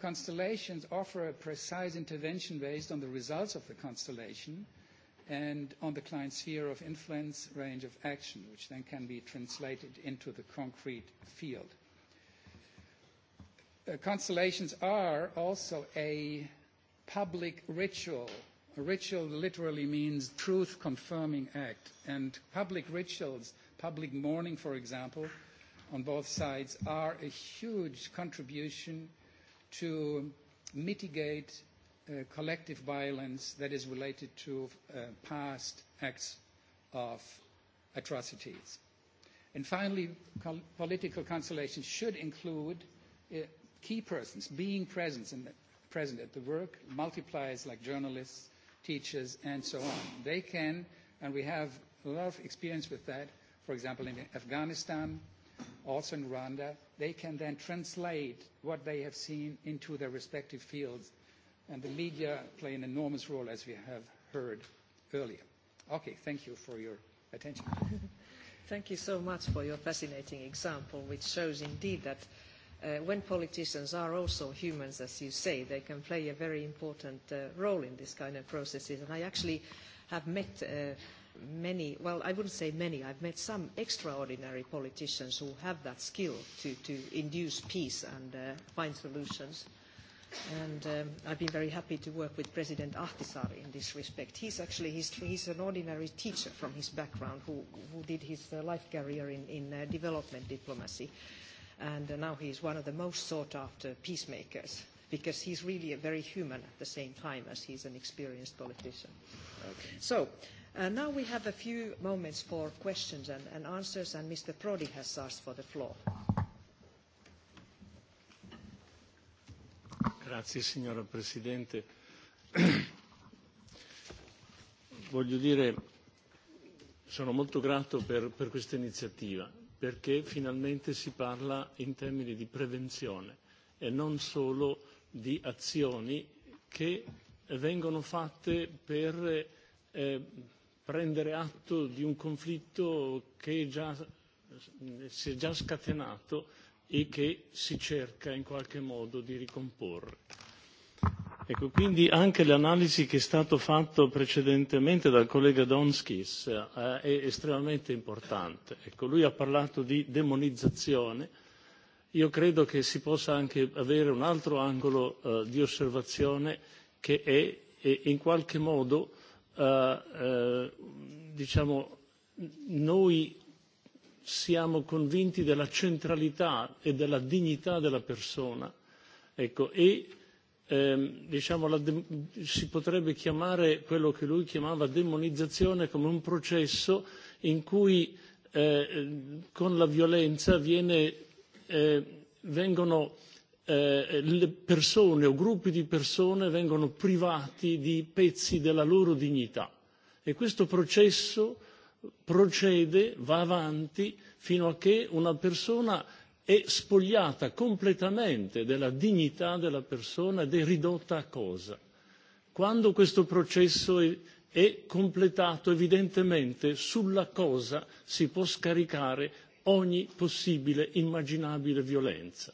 constellations offer a precise intervention based on the results of the constellation and on the client's sphere of influence range of action, which then can be translated into the concrete field. Uh, constellations are also a public ritual. A ritual literally means truth confirming act. And public rituals, public mourning, for example, on both sides are a huge contribution to mitigate uh, collective violence that is related to uh, past acts of atrocities. And finally, col- political consultation should include uh, key persons being present, in the, present at the work, multipliers like journalists, teachers, and so on. They can, and we have a lot of experience with that, for example, in Afghanistan, uh, also in Rwanda, they can then translate what they have seen into their respective fields. And the media play an enormous role, as we have heard earlier. Okay, thank you for your attention. [laughs] thank you so much for your fascinating example, which shows indeed that uh, when politicians are also humans, as you say, they can play a very important uh, role in this kind of processes. And I actually have met uh, many, well, I wouldn't say many, I've met some extraordinary politicians who have that skill to, to induce peace and uh, find solutions. And um, I've been very happy to work with President Ahtisaar in this respect. He's actually he's, he's an ordinary teacher from his background who, who did his uh, life career in, in uh, development diplomacy. And uh, now he's one of the most sought-after peacemakers because he's really a very human at the same time as he's an experienced politician. Okay. So Uh, now we have a few moments for questions and, and answers, and Mr. Prodi has asked for the floor. Grazie, signora Presidente. [clears throat] Voglio dire, sono molto grato per, per questa iniziativa, perché finalmente si parla in termini di prevenzione e non solo di azioni che vengono fatte per eh, prendere atto di un conflitto che già, si è già scatenato e che si cerca in qualche modo di ricomporre. Ecco, quindi anche l'analisi che è stata fatta precedentemente dal collega Donskis eh, è estremamente importante. Ecco, lui ha parlato di demonizzazione. Io credo che si possa anche avere un altro angolo eh, di osservazione che è e in qualche modo Eh, eh, diciamo, noi siamo convinti della centralità e della dignità della persona ecco, e ehm, diciamo, la de- si potrebbe chiamare quello che lui chiamava demonizzazione come un processo in cui eh, con la violenza viene, eh, vengono eh, eh, le persone o gruppi di persone vengono privati di pezzi della loro dignità e questo processo procede, va avanti fino a che una persona è spogliata completamente della dignità della persona ed è ridotta a cosa. Quando questo processo è, è completato evidentemente sulla cosa si può scaricare ogni possibile immaginabile violenza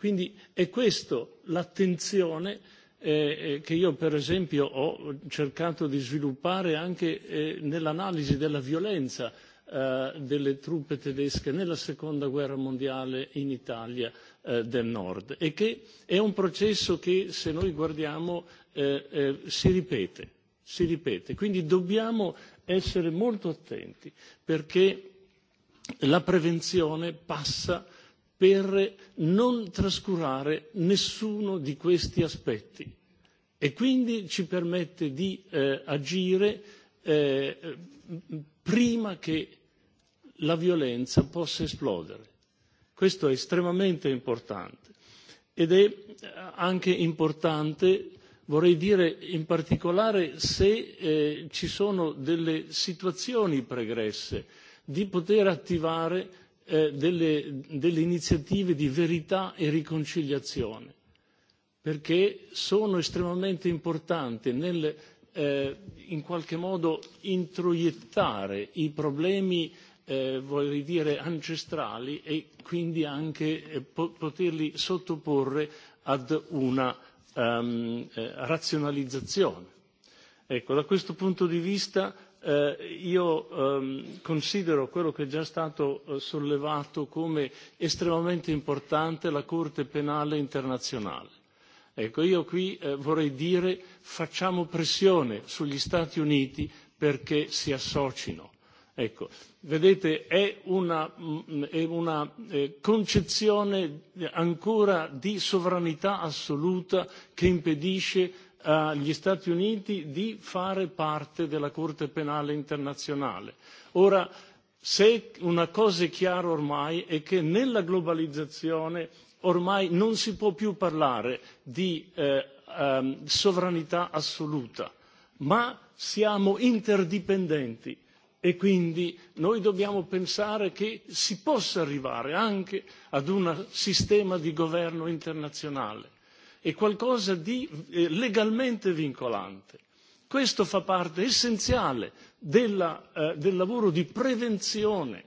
Quindi è questa l'attenzione eh, eh, che io per esempio ho cercato di sviluppare anche eh, nell'analisi della violenza eh, delle truppe tedesche nella seconda guerra mondiale in Italia eh, del nord e che è un processo che se noi guardiamo eh, eh, si ripete, si ripete. Quindi dobbiamo essere molto attenti perché la prevenzione passa eh, per non trascurare nessuno di questi aspetti e quindi ci permette di eh, agire eh, prima che la violenza possa esplodere. Questo è estremamente importante ed è eh, anche importante vorrei dire in particolare se eh, ci sono delle situazioni pregresse di poter attivare eh, delle, delle iniziative di verità e riconciliazione, perché sono estremamente importanti nel eh, in qualche modo introiettare i problemi eh, vorrei dire ancestrali e quindi anche eh, po- poterli sottoporre ad una um, eh, razionalizzazione. Ecco, da questo punto di vista eh, io ehm, considero quello che è già stato eh, sollevato come estremamente importante la Corte Penale Internazionale. Ecco, io qui eh, vorrei dire facciamo pressione sugli Stati Uniti perché si associno. Ecco, vedete, è una, mh, mm, è una eh, concezione ancora di sovranità assoluta che impedisce agli Stati Uniti di fare parte della Corte penale internazionale. Ora, se una cosa è chiara ormai è che nella globalizzazione ormai non si può più parlare di eh, ehm, sovranità assoluta, ma siamo interdipendenti e quindi noi dobbiamo pensare che si possa arrivare anche ad un sistema di governo internazionale è qualcosa di eh, legalmente vincolante. Questo fa parte essenziale della, eh, del lavoro di prevenzione,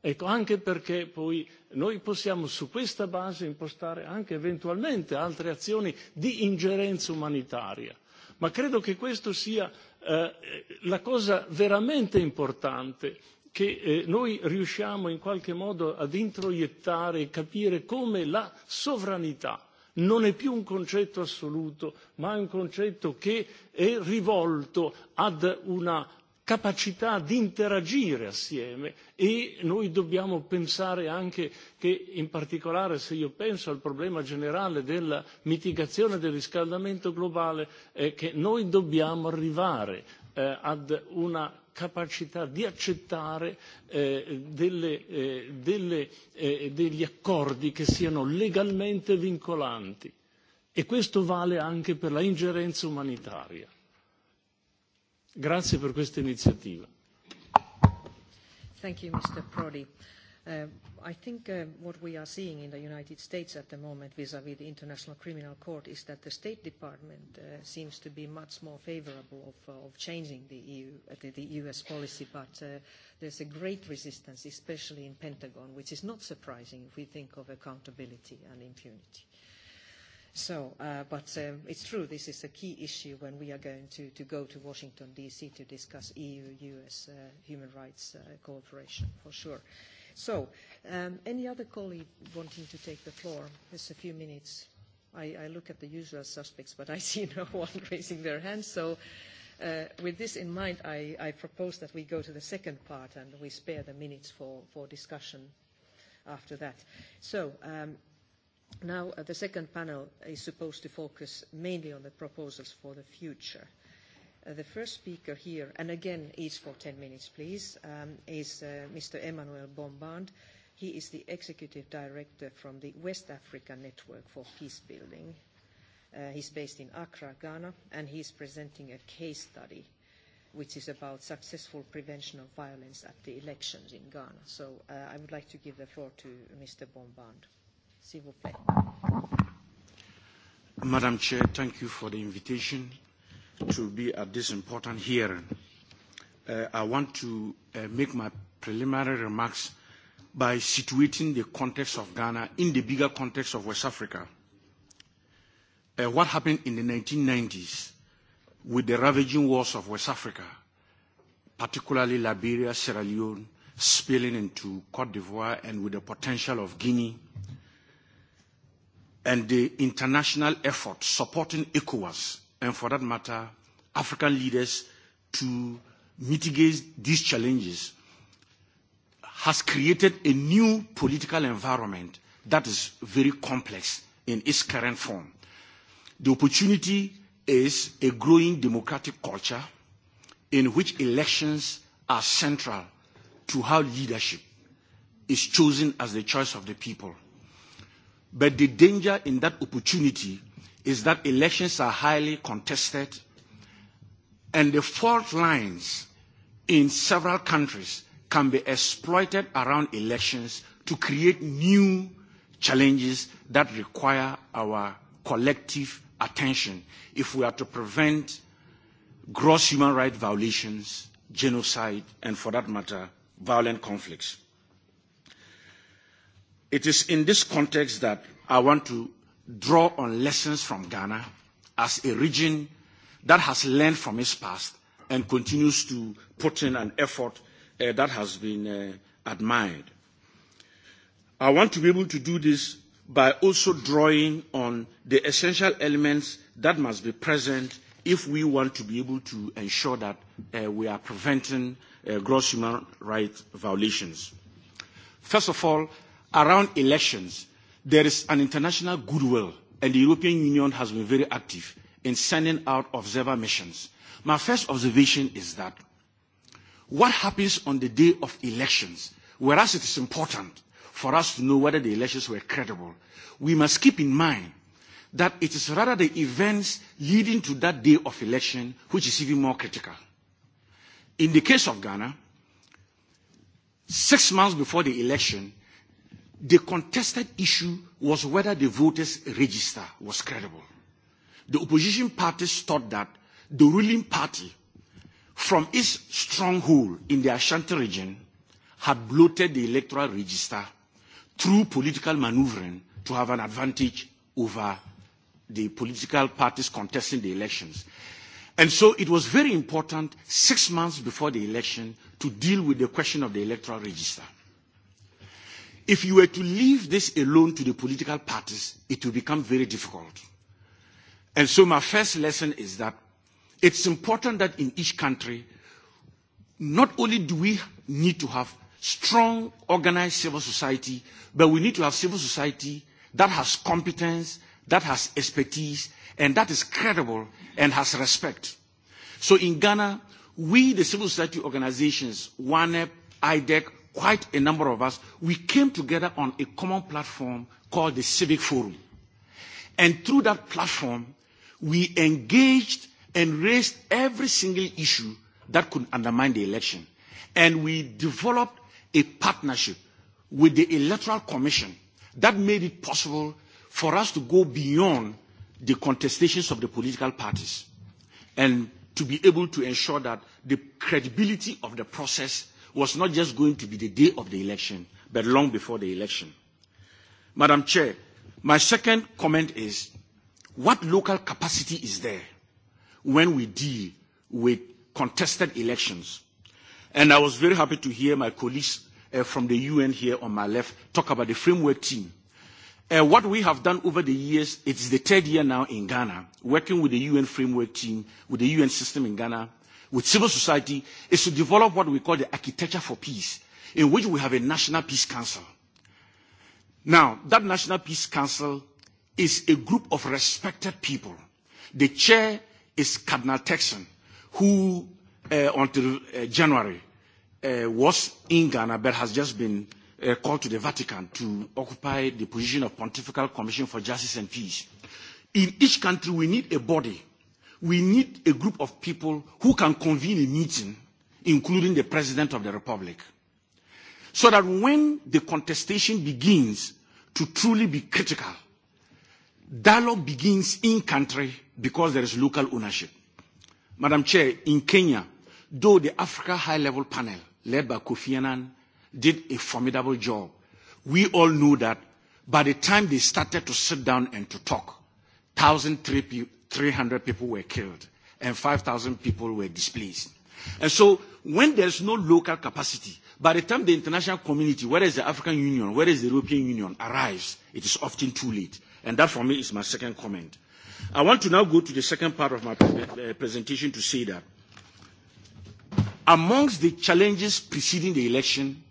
ecco, anche perché poi noi possiamo su questa base impostare anche eventualmente altre azioni di ingerenza umanitaria. Ma credo che questa sia eh, la cosa veramente importante che eh, noi riusciamo in qualche modo ad introiettare e capire come la sovranità non è più un concetto assoluto ma è un concetto che è rivolto ad una capacità di interagire assieme e noi dobbiamo pensare anche che in particolare se io penso al problema generale della mitigazione e del riscaldamento globale eh, che noi dobbiamo arrivare eh, ad una capacità di accettare eh, delle, eh, delle, eh, degli accordi che siano legalmente vincolanti e questo vale anche per la ingerenza umanitaria. Grazie per questa iniziativa. Thank you, Mr. Prodi. Uh, I think uh, what we are seeing in the United States at the moment vis-à-vis -vis the International Criminal Court is that the State Department uh, seems to be much more favorable of, uh, of changing the, EU, uh, the, the U.S. policy, but uh, there's a great resistance, especially in Pentagon, which is not surprising if we think of accountability and impunity. So, uh, but um, it's true, this is a key issue when we are going to, to go to Washington, D.C. to discuss EU-U.S. Uh, human rights uh, cooperation, for sure. So Um, any other colleague wanting to take the floor? Just a few minutes. I, I look at the usual suspects, but I [laughs] see no one raising their hand. So uh, with this in mind, I, I propose that we go to the second part and we spare the minutes for, for discussion after that. So um, now uh, the second panel is supposed to focus mainly on the proposals for the future. Uh, the first speaker here, and again, each for 10 minutes, please, um, is uh, Mr. Emmanuel Bombard, uh, He is the executive director from the West Africa Network for Peace Building. Uh, he's based in Accra, Ghana, and he's presenting a case study which is about successful prevention of violence at the elections in Ghana. So uh, I would like to give the floor to Mr. Bombard. S'il vous plaît. Madam Chair, thank you for the invitation to be at this important hearing. Uh, I want to uh, make my preliminary remarks by situating the context of Ghana in the bigger context of West Africa. Uh, what happened in the 1990s with the ravaging wars of West Africa, particularly Liberia, Sierra Leone, spilling into Cote d'Ivoire and with the potential of Guinea, and the international effort supporting ECOWAS, and for that matter, African leaders to mitigate these challenges has created a new political environment that is very complex in its current form. The opportunity is a growing democratic culture in which elections are central to how leadership is chosen as the choice of the people. But the danger in that opportunity is that elections are highly contested and the fault lines in several countries can be exploited around elections to create new challenges that require our collective attention if we are to prevent gross human rights violations, genocide, and for that matter, violent conflicts. It is in this context that I want to draw on lessons from Ghana as a region that has learned from its past and continues to put in an effort uh, that has been uh, admired. I want to be able to do this by also drawing on the essential elements that must be present if we want to be able to ensure that uh, we are preventing uh, gross human rights violations. First of all, around elections, there is an international goodwill, and the European Union has been very active in sending out observer missions. My first observation is that what happens on the day of elections, whereas it is important for us to know whether the elections were credible, we must keep in mind that it is rather the events leading to that day of election which is even more critical. In the case of Ghana, six months before the election, the contested issue was whether the voters' register was credible. The opposition parties thought that the ruling party from its stronghold in the Ashanti region, had bloated the electoral register through political maneuvering to have an advantage over the political parties contesting the elections. And so it was very important six months before the election to deal with the question of the electoral register. If you were to leave this alone to the political parties, it will become very difficult. And so my first lesson is that it's important that in each country, not only do we need to have strong, organized civil society, but we need to have civil society that has competence, that has expertise, and that is credible and has respect. So in Ghana, we, the civil society organizations, WANEP, IDEC, quite a number of us, we came together on a common platform called the Civic Forum. And through that platform, we engaged and raised every single issue that could undermine the election. And we developed a partnership with the Electoral Commission that made it possible for us to go beyond the contestations of the political parties and to be able to ensure that the credibility of the process was not just going to be the day of the election, but long before the election. Madam Chair, my second comment is what local capacity is there? when we deal with contested elections. And I was very happy to hear my colleagues uh, from the UN here on my left talk about the framework team. Uh, what we have done over the years, it's the third year now in Ghana, working with the UN framework team, with the UN system in Ghana, with civil society, is to develop what we call the architecture for peace, in which we have a national peace council. Now, that national peace council is a group of respected people. The chair is Cardinal Texan, who uh, until uh, January uh, was in Ghana but has just been uh, called to the Vatican to occupy the position of Pontifical Commission for Justice and Peace. In each country, we need a body. We need a group of people who can convene a meeting, including the President of the Republic, so that when the contestation begins to truly be critical, dialogue begins in country because there is local ownership. Madam Chair, in Kenya, though the Africa High Level Panel, led by Kofi Annan, did a formidable job, we all knew that by the time they started to sit down and to talk, 1,300 people were killed and 5,000 people were displaced. And so when there's no local capacity, by the time the international community, whether it's the African Union, whether it's the European Union, arrives, it is often too late. And that for me is my second comment. I want to now go to the second part of my uh, presentation to say that amongst the challenges preceding the election,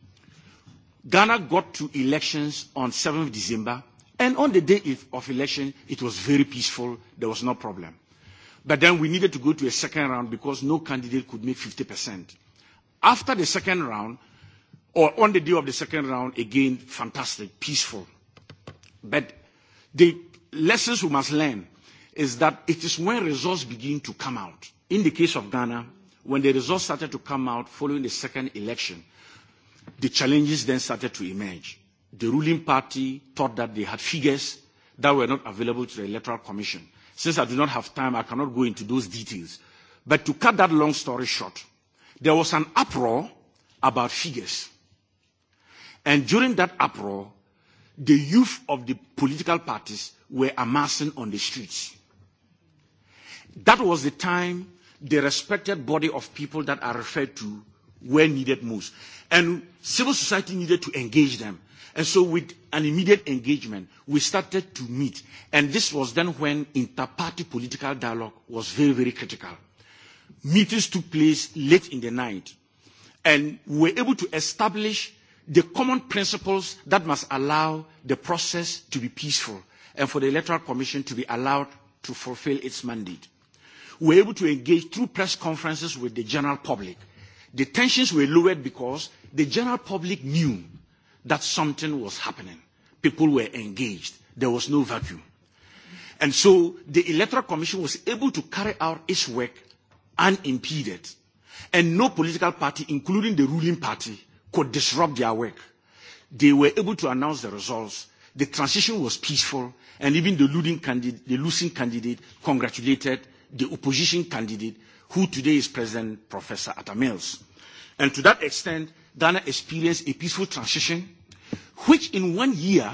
Ghana got to elections on 7th December, and on the day of election, it was very peaceful. There was no problem. But then we needed to go to a second round because no candidate could make 50%. After the second round, or on the day of the second round, again, fantastic, peaceful. But the lessons we must learn is that it is when results begin to come out. In the case of Ghana, when the results started to come out following the second election, the challenges then started to emerge. The ruling party thought that they had figures that were not available to the Electoral Commission. Since I do not have time, I cannot go into those details. But to cut that long story short, there was an uproar about figures. And during that uproar, the youth of the political parties were amassing on the streets. That was the time the respected body of people that are referred to were needed most. And civil society needed to engage them. And so with an immediate engagement, we started to meet. And this was then when inter-party political dialogue was very, very critical. Meetings took place late in the night. And we were able to establish the common principles that must allow the process to be peaceful and for the Electoral Commission to be allowed to fulfill its mandate were able to engage through press conferences with the general public. The tensions were lowered because the general public knew that something was happening. People were engaged. There was no vacuum. And so the Electoral Commission was able to carry out its work unimpeded. And no political party, including the ruling party, could disrupt their work. They were able to announce the results. The transition was peaceful, and even the losing candidate, the losing candidate congratulated the opposition candidate who today is President Professor Atta Mills. And to that extent, Ghana experienced a peaceful transition, which in one year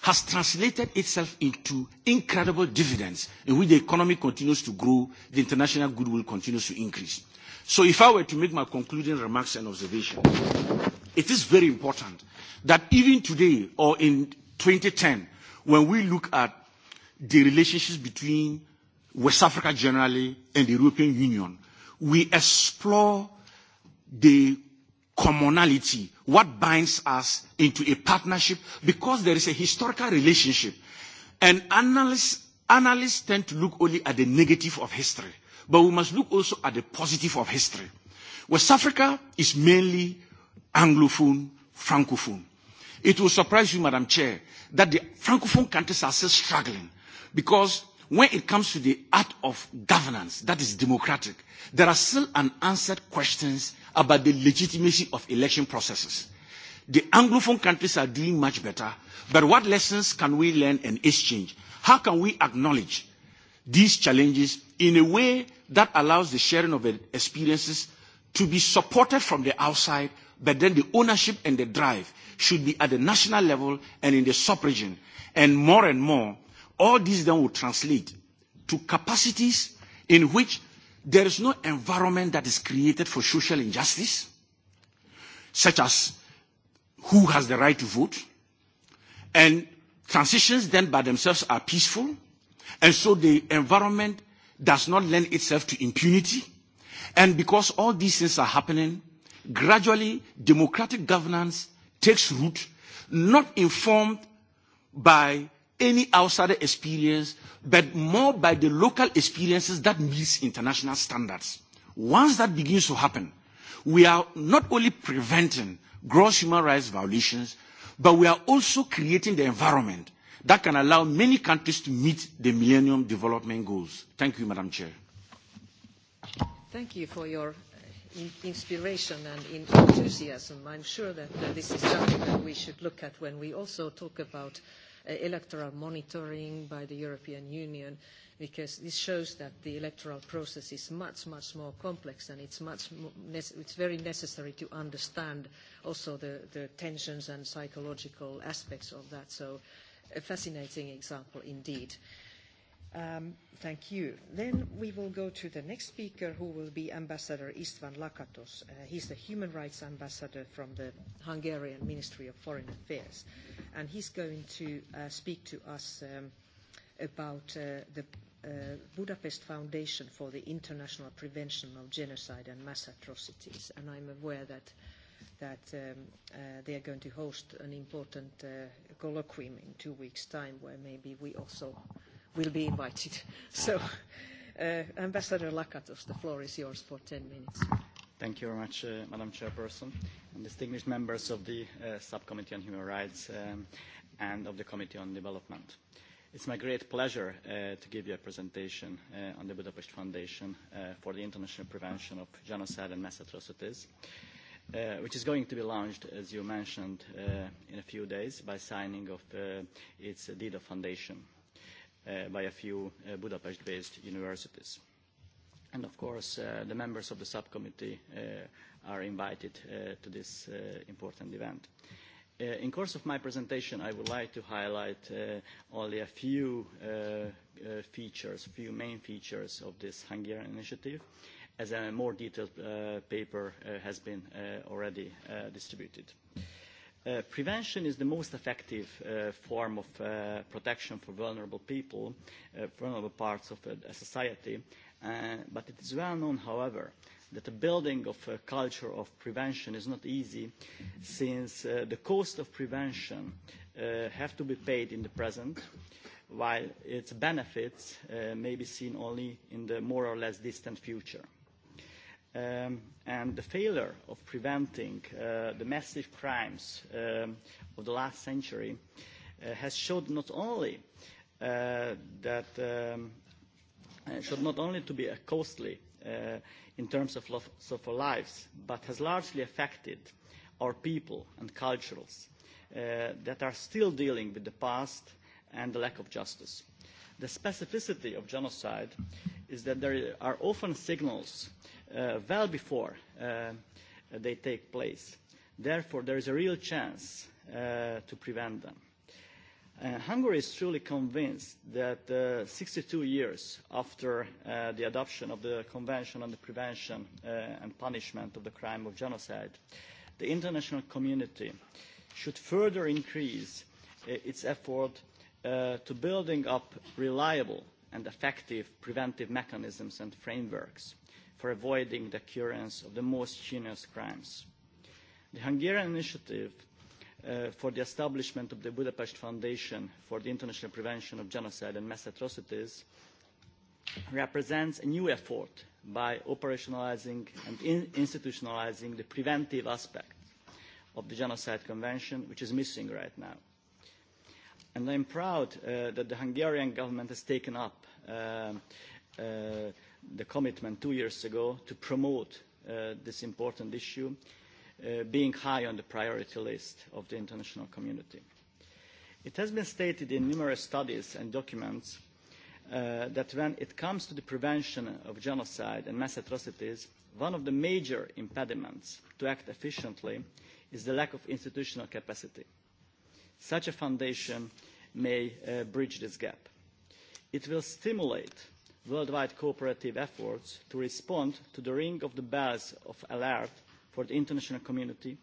has translated itself into incredible dividends in which the economy continues to grow, the international goodwill continues to increase. So if I were to make my concluding remarks and observation, it is very important that even today or in 2010, when we look at the relationships between West Africa generally, and the European Union, we explore the commonality, what binds us into a partnership, because there is a historical relationship. And analysts, analysts tend to look only at the negative of history, but we must look also at the positive of history. West Africa is mainly Anglophone, Francophone. It will surprise you, Madam Chair, that the Francophone countries are still struggling because when it comes to the art of governance that is democratic, there are still unanswered questions about the legitimacy of election processes. The Anglophone countries are doing much better, but what lessons can we learn and exchange? How can we acknowledge these challenges in a way that allows the sharing of experiences to be supported from the outside, but then the ownership and the drive should be at the national level and in the sub-region. And more and more, All these then will translate to capacities in which there is no environment that is created for social injustice, such as who has the right to vote, and transitions then by themselves are peaceful, and so the environment does not lend itself to impunity. And because all these things are happening, gradually democratic governance takes root, not informed by any outsider experience, but more by the local experiences that meets international standards. Once that begins to happen, we are not only preventing gross human rights violations, but we are also creating the environment that can allow many countries to meet the Millennium Development Goals. Thank you, Madam Chair. Thank you for your uh, in inspiration and enthusiasm. I'm sure that uh, this is something that we should look at when we also talk about uh, uh, electoral monitoring by the European Union, because this shows that the electoral process is much, much more complex and it's, much more ne- it's very necessary to understand also the, the tensions and psychological aspects of that. So a fascinating example indeed. Uh, Um, thank you. Then we will go to the next speaker, who will be Ambassador Istvan Lakatos. Uh, he's the Human Rights Ambassador from the Hungarian Ministry of Foreign Affairs, and he's going to uh, speak to us um, about uh, the uh, Budapest Foundation for the International Prevention of Genocide and Mass Atrocities. And I'm aware that that um, uh, they are going to host an important uh, colloquium in two weeks' time, where maybe we also uh, will be invited. [laughs] So, uh, Ambassador Lakatos, the floor is yours for 10 minutes. Thank you very much, uh, Madam Chairperson, and distinguished members of the uh, Subcommittee on Human Rights um, and of the Committee on Development. It's my great pleasure uh, to give you a presentation uh, on the Budapest Foundation uh, for the International Prevention of Genocide and Mass Atrocities, uh, which is going to be launched, as you mentioned, uh, in a few days by signing of uh, its deed of foundation. Uh, uh, by a few uh, Budapest-based universities. And of course, uh, the members of the subcommittee uh, are invited uh, to this uh, important event. Uh, in course of my presentation, I would like to highlight uh, only a few uh, uh, features, few main features of this Hungarian initiative, as a more detailed uh, paper uh, has been uh, already uh, distributed. Uh, Uh, prevention is the most effective uh, form of uh, protection for vulnerable people, uh, vulnerable parts of a, a society. Uh, but it is well known, however, that the building of a culture of prevention is not easy since uh, the cost of prevention uh, have to be paid in the present while its benefits uh, may be seen only in the more or less distant future um, and the failure of preventing uh, the massive crimes um, of the last century uh, has showed not only uh, that um, uh, should not only to be uh, costly uh, in terms of loss of our lives, but has largely affected our people and cultures uh, that are still dealing with the past and the lack of justice. The specificity of genocide is that there are often signals uh, uh, well before uh, they take place. Therefore, there is a real chance uh, to prevent them. Uh, Hungary is truly convinced that uh, 62 years after uh, the adoption of the Convention on the Prevention uh, and Punishment of the Crime of Genocide, the international community should further increase uh, its effort uh, to building up reliable and effective preventive mechanisms and frameworks for avoiding the occurrence of the most heinous crimes. The Hungarian initiative uh, for the establishment of the Budapest Foundation for the International Prevention of Genocide and Mass Atrocities represents a new effort by operationalizing and in institutionalizing the preventive aspect of the Genocide Convention, which is missing right now. And I'm proud uh, that the Hungarian government has taken up um, uh, uh, the commitment two years ago to promote uh, this important issue uh, being high on the priority list of the international community. It has been stated in numerous studies and documents uh, that when it comes to the prevention of genocide and mass atrocities, one of the major impediments to act efficiently is the lack of institutional capacity. Such a foundation may uh, bridge this gap. It will stimulate worldwide cooperative efforts to respond to the ring of the bells of alert for the international community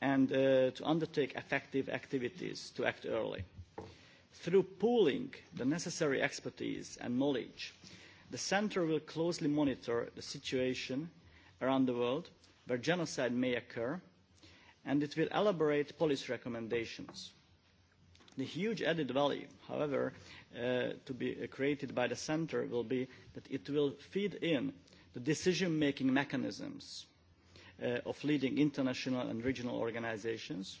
and uh, to undertake effective activities to act early. Through pooling the necessary expertise and knowledge, the Centre will closely monitor the situation around the world where genocide may occur, and it will elaborate policy recommendations. The huge added value, however, uh, to be created by the center will be that it will feed in the decision-making mechanisms uh, of leading international and regional organizations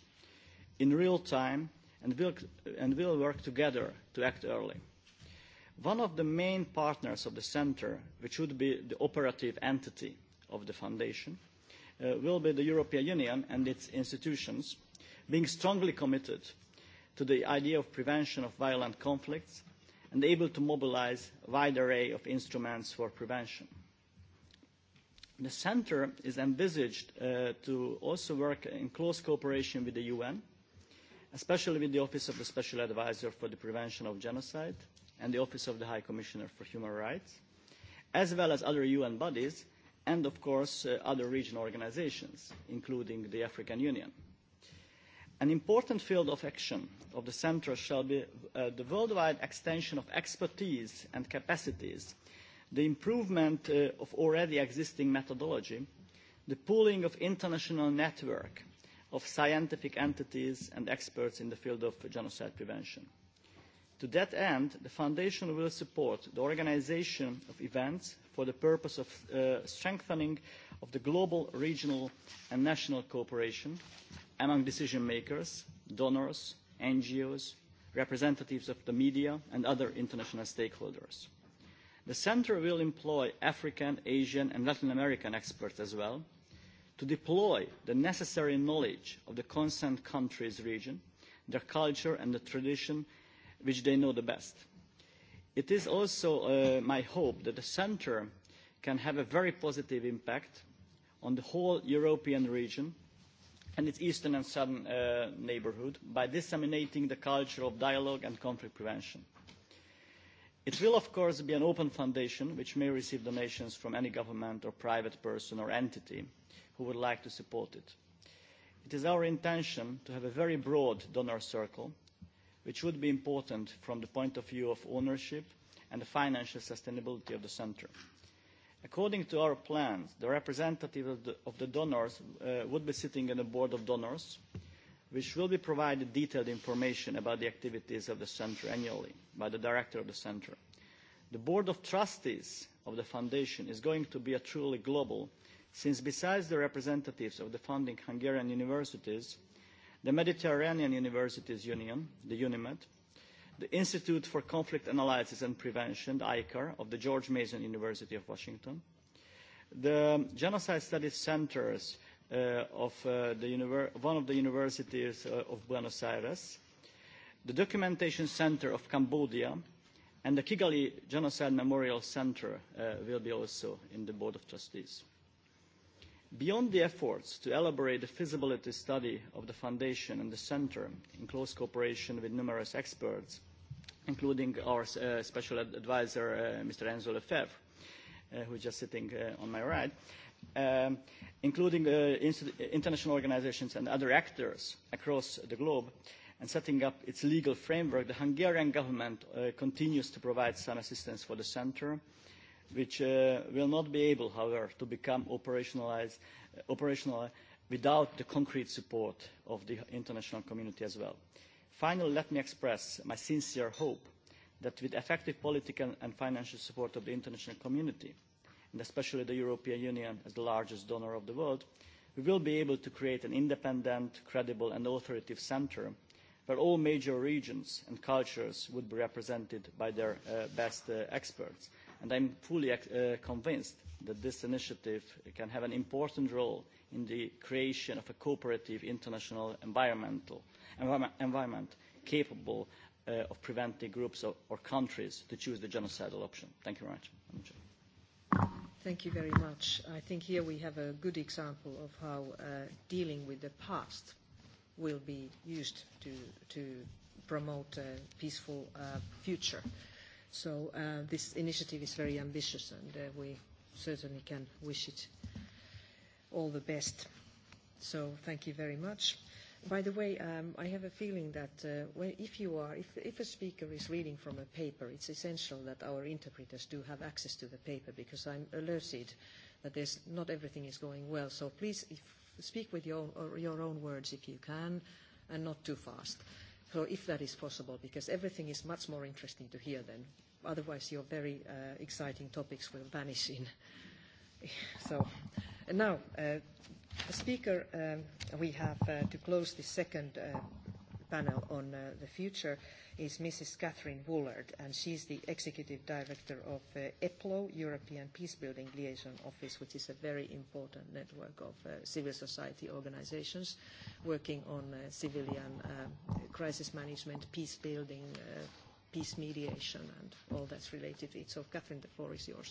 in real time and will, and will work together to act early. One of the main partners of the center, which would be the operative entity of the foundation, uh, will be the European Union and its institutions, being strongly committed uh, to the idea of prevention of violent conflicts and able to mobilize a wide array of instruments for prevention. The Centre is envisaged uh, to also work in close cooperation with the UN, especially with the Office of the Special Advisor for the Prevention of Genocide and the Office of the High Commissioner for Human Rights, as well as other UN bodies and, of course, uh, other regional organizations, including the African Union. Uh, An important field of action of the Centre shall be uh, the worldwide extension of expertise and capacities, the improvement uh, of already existing methodology, the pooling of international network of scientific entities and experts in the field of genocide prevention. To that end, the Foundation will support the organization of events for the purpose of uh, strengthening of the global, regional and national cooperation, among decision makers, donors, NGOs, representatives of the media, and other international stakeholders. The Centre will employ African, Asian, and Latin American experts as well to deploy the necessary knowledge of the concerned country's region, their culture, and the tradition which they know the best. It is also uh, my hope that the Centre can have a very positive impact on the whole European region and its eastern and southern uh, neighbourhood by disseminating the culture of dialogue and conflict prevention. It will, of course, be an open foundation which may receive donations from any government or private person or entity who would like to support it. It is our intention to have a very broad donor circle, which would be important from the point of view of ownership and the financial sustainability of the centre. According to our plans, the representative of the, of the donors uh, would be sitting on the board of donors, which will be provided detailed information about the activities of the centre annually by the director of the centre. The board of trustees of the foundation is going to be a truly global, since besides the representatives of the founding Hungarian universities, the Mediterranean Universities Union, the UNIMED, the institute for conflict analysis and prevention the icar of the george mason university of washington the genocide studies centers uh, of uh, the one of the universities uh, of buenos aires the documentation center of cambodia and the kigali genocide memorial center uh, will be also in the board of trustees. Beyond the efforts to elaborate the feasibility study of the Foundation and the Centre in close cooperation with numerous experts, including our uh, special ad advisor, uh, Mr. Enzo Lefebvre, uh, who is just sitting uh, on my right, um, including uh, international organizations and other actors across the globe, and setting up its legal framework, the Hungarian government uh, continues to provide some assistance for the Centre, uh, which uh, will not be able, however, to become operationalized, uh, operational without the concrete support of the international community as well. Finally, let me express my sincere hope that with effective political and financial support of the international community, and especially the European Union as the largest donor of the world, we will be able to create an independent, credible and authoritative centre where all major regions and cultures would be represented by their uh, best uh, experts. Uh, and I'm fully uh, convinced that this initiative can have an important role in the creation of a cooperative international environmental environment, environment capable uh, of preventing groups or, or countries to choose the genocidal option. Thank you very much. Thank you very much. I think here we have a good example of how uh, dealing with the past will be used to, to promote a peaceful uh, future. Uh, So uh, this initiative is very ambitious, and uh, we certainly can wish it all the best. So thank you very much. By the way, um, I have a feeling that uh, when, if you are, if, if a speaker is reading from a paper, it's essential that our interpreters do have access to the paper because I'm alerted that there's, not everything is going well. So please if, speak with your, or your own words if you can and not too fast. So if that is possible, because everything is much more interesting to hear then Otherwise, your very uh, exciting topics will vanish in. [laughs] so, and now, uh, Speaker, um, we have uh, to close the second uh, panel on uh, the future is Mrs. Catherine Woolard, and she's the Executive Director of uh, EPLO, European Peacebuilding Liaison Office, which is a very important network of uh, civil society organizations working on uh, civilian uh, crisis management, peacebuilding, uh, peace mediation and all that's related to it. So, Catherine, the floor is yours.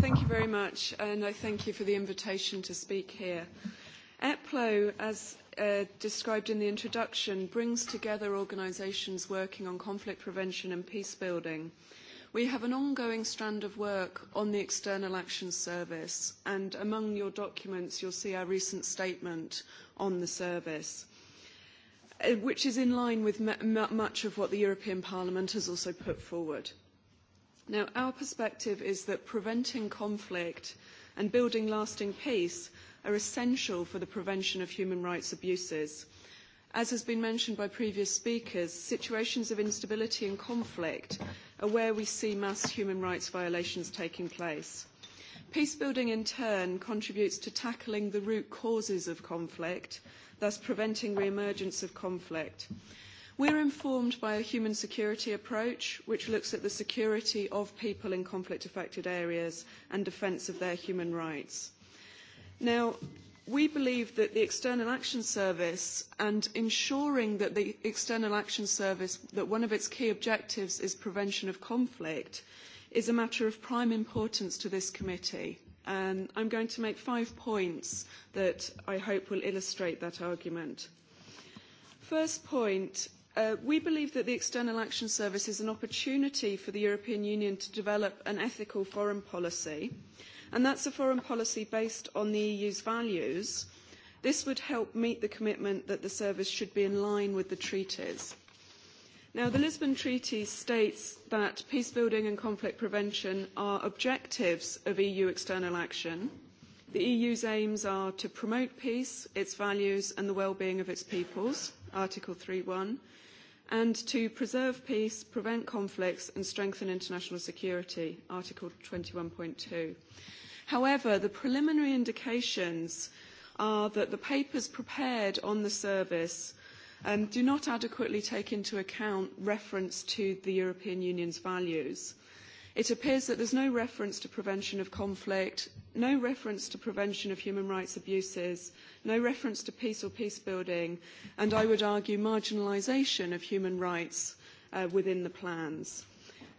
Thank you very much, and uh, I thank you for the invitation to speak here. EPLO, as uh, described in the introduction, brings together organisations working on conflict prevention and peace building. We have an ongoing strand of work on the External Action Service, and among your documents, you'll see our recent statement on the service uh, which is in line with much of what the European Parliament has also put forward. Now, our perspective is that preventing conflict and building lasting peace are essential for the prevention of human rights abuses. As has been mentioned by previous speakers, situations of instability and conflict are where we see mass human rights violations taking place. Peace building in turn contributes to tackling the root causes of conflict, thus preventing re-emergence of conflict. We're informed by a human security approach, which looks at the security of people in conflict-affected areas and defence of their human rights. Now, we believe that the External Action Service and ensuring that the External Action Service, that one of its key objectives is prevention of conflict, uh, is a matter of prime importance to this committee. And I'm going to make five points that I hope will illustrate that argument. First point, uh, we believe that the External Action Service is an opportunity for the European Union to develop an ethical foreign policy, and that's a foreign policy based on the EU's values. This would help meet the commitment that the service should be in line with the treaties. Now, the Lisbon Treaty states that peace building and conflict prevention are objectives of EU external action. The EU's aims are to promote peace, its values, and the well-being of its peoples, Article 3.1, and to preserve peace, prevent conflicts, and strengthen international security, Article 21.2. However, the preliminary indications are that the papers prepared on the service um, do not adequately take into account reference to the European Union's values. It appears that there's no reference to prevention of conflict, no reference to prevention of human rights abuses, no reference to peace or peace building, and I would argue marginalisation of human rights uh, within the plans.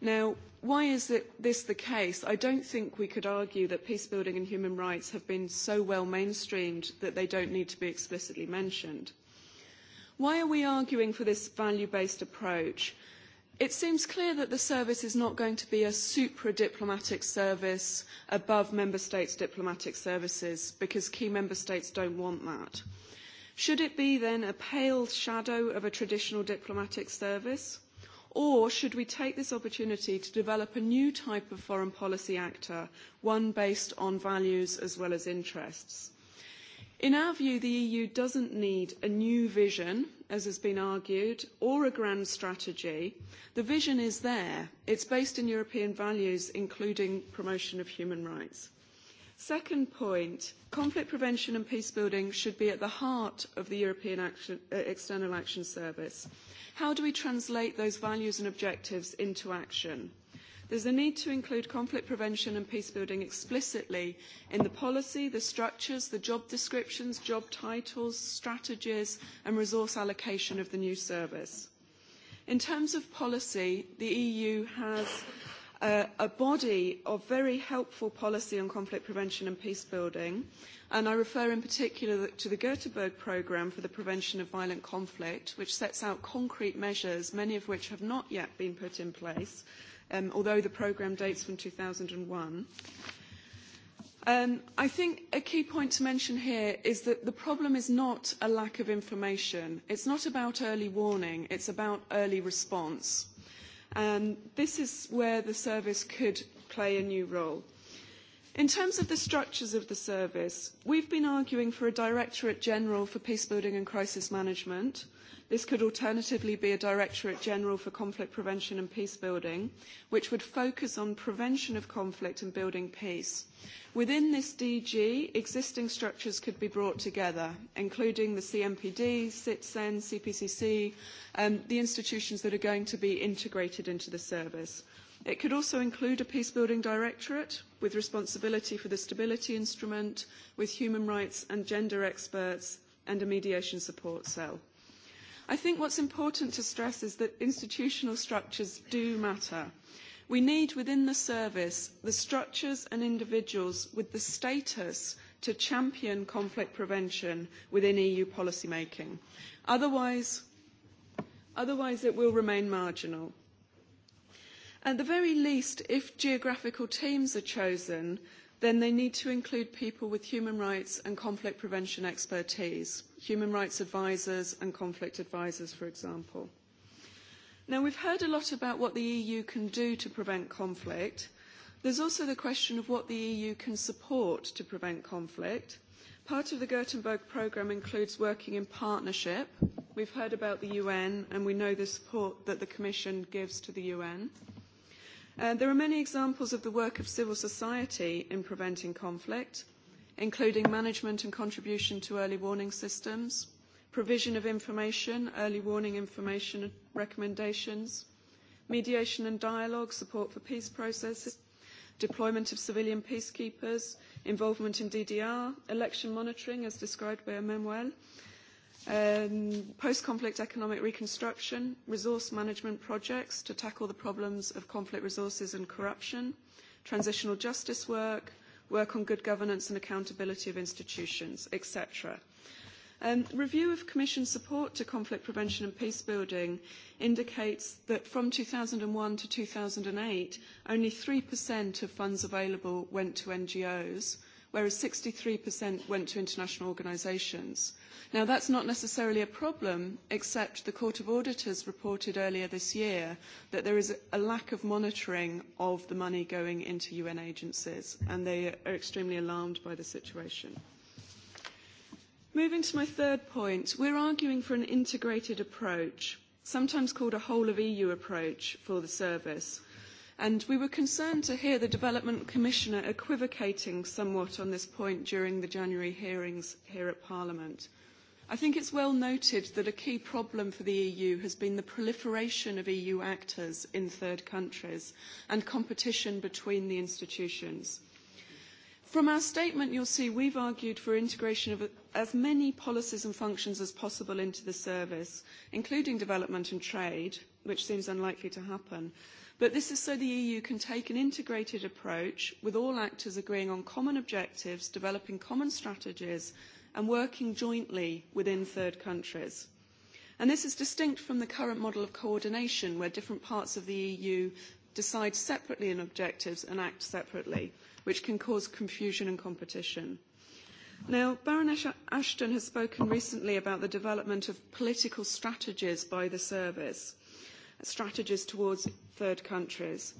Now, why is it, this the case? I don't think we could argue that peace building and human rights have been so well mainstreamed that they don't need to be explicitly mentioned. Why are we arguing for this value-based approach? It seems clear that the service is not going to be a supra-diplomatic service above member states' diplomatic services because key member states don't want that. Should it be then a pale shadow of a traditional diplomatic service? Or should we take this opportunity to develop a new type of foreign policy actor, one based on values as well as interests? In our view, the EU doesn't need a new vision, as has been argued, or a grand strategy. The vision is there. It's based in European values, including promotion of human rights. Second point, conflict prevention and peace building should be at the heart of the European Action, uh, External Action Service. How do we translate those values and objectives into action? There's a need to include conflict prevention and peace building explicitly in the policy, the structures, the job descriptions, job titles, strategies and resource allocation of the new service. In terms of policy, the EU has uh, a body of very helpful policy on conflict prevention and peace building. And I refer in particular to the Göteborg Programme for the Prevention of Violent Conflict, which sets out concrete measures, many of which have not yet been put in place, uh, um, although the programme dates from 2001. Um, I think a key point to mention here is that the problem is not a lack of information. It's not about early warning, it's about early response. And um, this is where the service could play a new role. In terms of the structures of the service, we've been arguing for a Directorate General for Peacebuilding and Crisis Management, uh, This could alternatively be a Directorate General for Conflict Prevention and Peace Building, which would focus on prevention of conflict and building peace. Within this DG, existing structures could be brought together, including the CMPD, CITSEN, CPCC, um, the institutions that are going to be integrated into the service. It could also include a peacebuilding directorate with responsibility for the stability instrument, with human rights and gender experts, and a mediation support cell. I think what's important to stress is that institutional structures do matter. We need within the service the structures and individuals with the status to champion conflict prevention within EU policymaking. Otherwise, otherwise it will remain marginal. At the very least, if geographical teams are chosen, then they need to include people with human rights and conflict prevention expertise human rights advisors and conflict advisors, for example. Now, we've heard a lot about what the EU can do to prevent conflict. There's also the question of what the EU can support to prevent conflict. Part of the Gothenburg programme includes working in partnership. We've heard about the UN, and we know the support that the Commission gives to the UN. Uh, there are many examples of the work of civil society in preventing conflict. Uh, including management and contribution to early warning systems, provision of information, early warning information recommendations, mediation and dialogue, support for peace processes, deployment of civilian peacekeepers, involvement in DDR, election monitoring as described by Emmanuel, um, post-conflict economic reconstruction, resource management projects to tackle the problems of conflict resources and corruption, transitional justice work, work on good governance and accountability of institutions, etc. Um, review of Commission support to conflict prevention and peace building indicates that from 2001 to 2008, only 3% of funds available went to NGOs, whereas 63% went to international organisations. Now, that's not necessarily a problem, except the Court of Auditors reported earlier this year that there is a lack of monitoring of the money going into UN agencies, and they are extremely alarmed by the situation. Moving to my third point, we're arguing for an integrated approach, sometimes called a whole of EU approach for the service, And we were concerned to hear the Development Commissioner equivocating somewhat on this point during the January hearings here at Parliament. I think it's well noted that a key problem for the EU has been the proliferation of EU actors in third countries and competition between the institutions. From our statement, you'll see we've argued for integration of as many policies and functions as possible into the service, including development and trade, which seems unlikely to happen, But this is so the EU can take an integrated approach with all actors agreeing on common objectives, developing common strategies and working jointly within third countries. And this is distinct from the current model of coordination where different parts of the EU decide separately on objectives and act separately, which can cause confusion and competition. Now, Baroness Ashton has spoken recently about the development of political strategies by the service strategies towards third countries.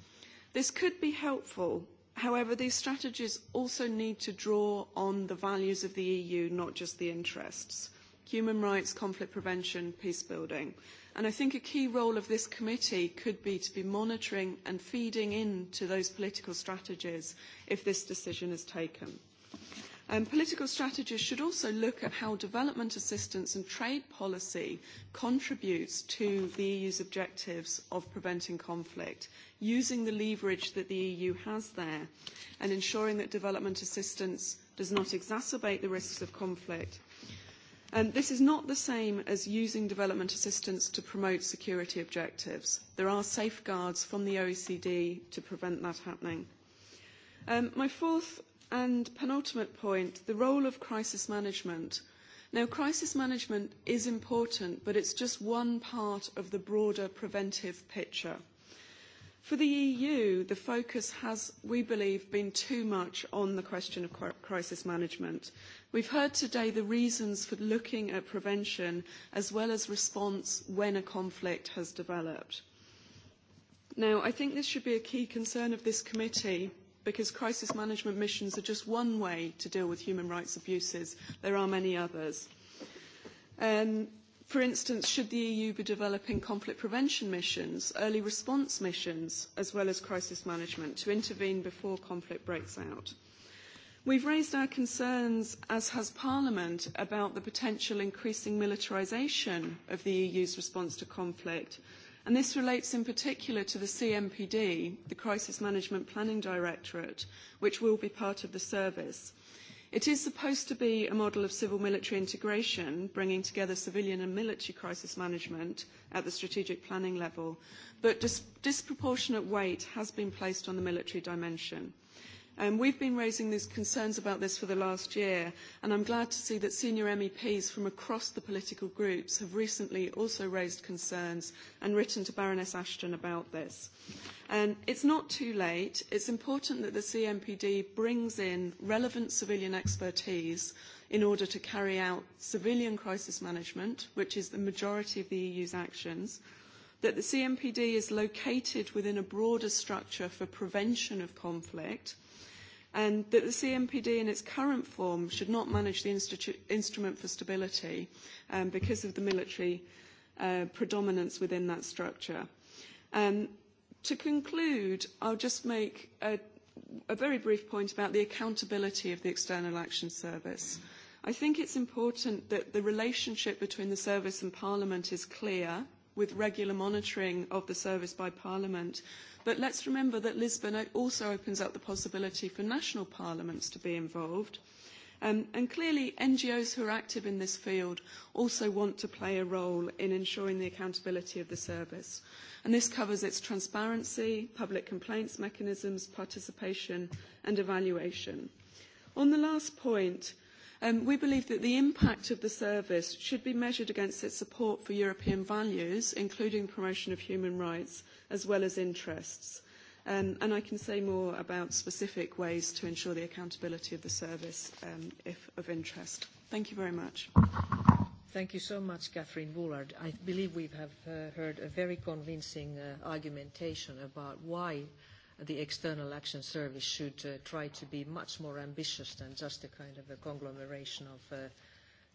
This could be helpful. However, these strategies also need to draw on the values of the EU, not just the interests. Human rights, conflict prevention, peace building. And I think a key role of this committee could be to be monitoring and feeding into those political strategies if this decision is taken. Um, political strategists should also look at how development assistance and trade policy contributes to the EU's objectives of preventing conflict, using the leverage that the EU has there and ensuring that development assistance does not exacerbate the risks of conflict. Um, this is not the same as using development assistance to promote security objectives. There are safeguards from the OECD to prevent that happening. Um, my fourth And penultimate point, the role of crisis management. Now, crisis management is important, but it's just one part of the broader preventive picture. For the EU, the focus has, we believe, been too much on the question of crisis management. We've heard today the reasons for looking at prevention as well as response when a conflict has developed. Now, I think this should be a key concern of this committee because crisis management missions are just one way to deal with human rights abuses. There are many others. Um, for instance, should the EU be developing conflict prevention missions, early response missions, as well as crisis management to intervene before conflict breaks out? We've raised our concerns, as has Parliament, about the potential increasing militarisation of the EU's response to conflict And this relates in particular to the CMPD, the Crisis Management Planning Directorate, which will be part of the service. It is supposed to be a model of civil military integration, bringing together civilian and military crisis management at the strategic planning level, but dis- disproportionate weight has been placed on the military dimension. Um, we've been raising these concerns about this for the last year, and I'm glad to see that senior MEPs from across the political groups have recently also raised concerns and written to Baroness Ashton about this. And it's not too late. It's important that the CMPD brings in relevant civilian expertise in order to carry out civilian crisis management, which is the majority of the EU's actions, that the CMPD is located within a broader structure for prevention of conflict – and that the CMPD in its current form should not manage the institu- instrument for stability um, because of the military uh, predominance within that structure. Um, to conclude, I'll just make a, a very brief point about the accountability of the External Action Service. I think it's important that the relationship between the service and Parliament is clear, with regular monitoring of the service by Parliament, But let's remember that Lisbon also opens up the possibility for national parliaments to be involved. Um, and clearly, NGOs who are active in this field also want to play a role in ensuring the accountability of the service. And this covers its transparency, public complaints mechanisms, participation, and evaluation. On the last point, Um, we believe that the impact of the service should be measured against its support for European values, including promotion of human rights, as well as interests. Um, and I can say more about specific ways to ensure the accountability of the service um, if of interest. Thank you very much. Thank you so much, Catherine Woolard. I believe we have uh, heard a very convincing uh, argumentation about why uh, the External Action Service should uh, try to be much more ambitious than just a kind of a conglomeration of uh,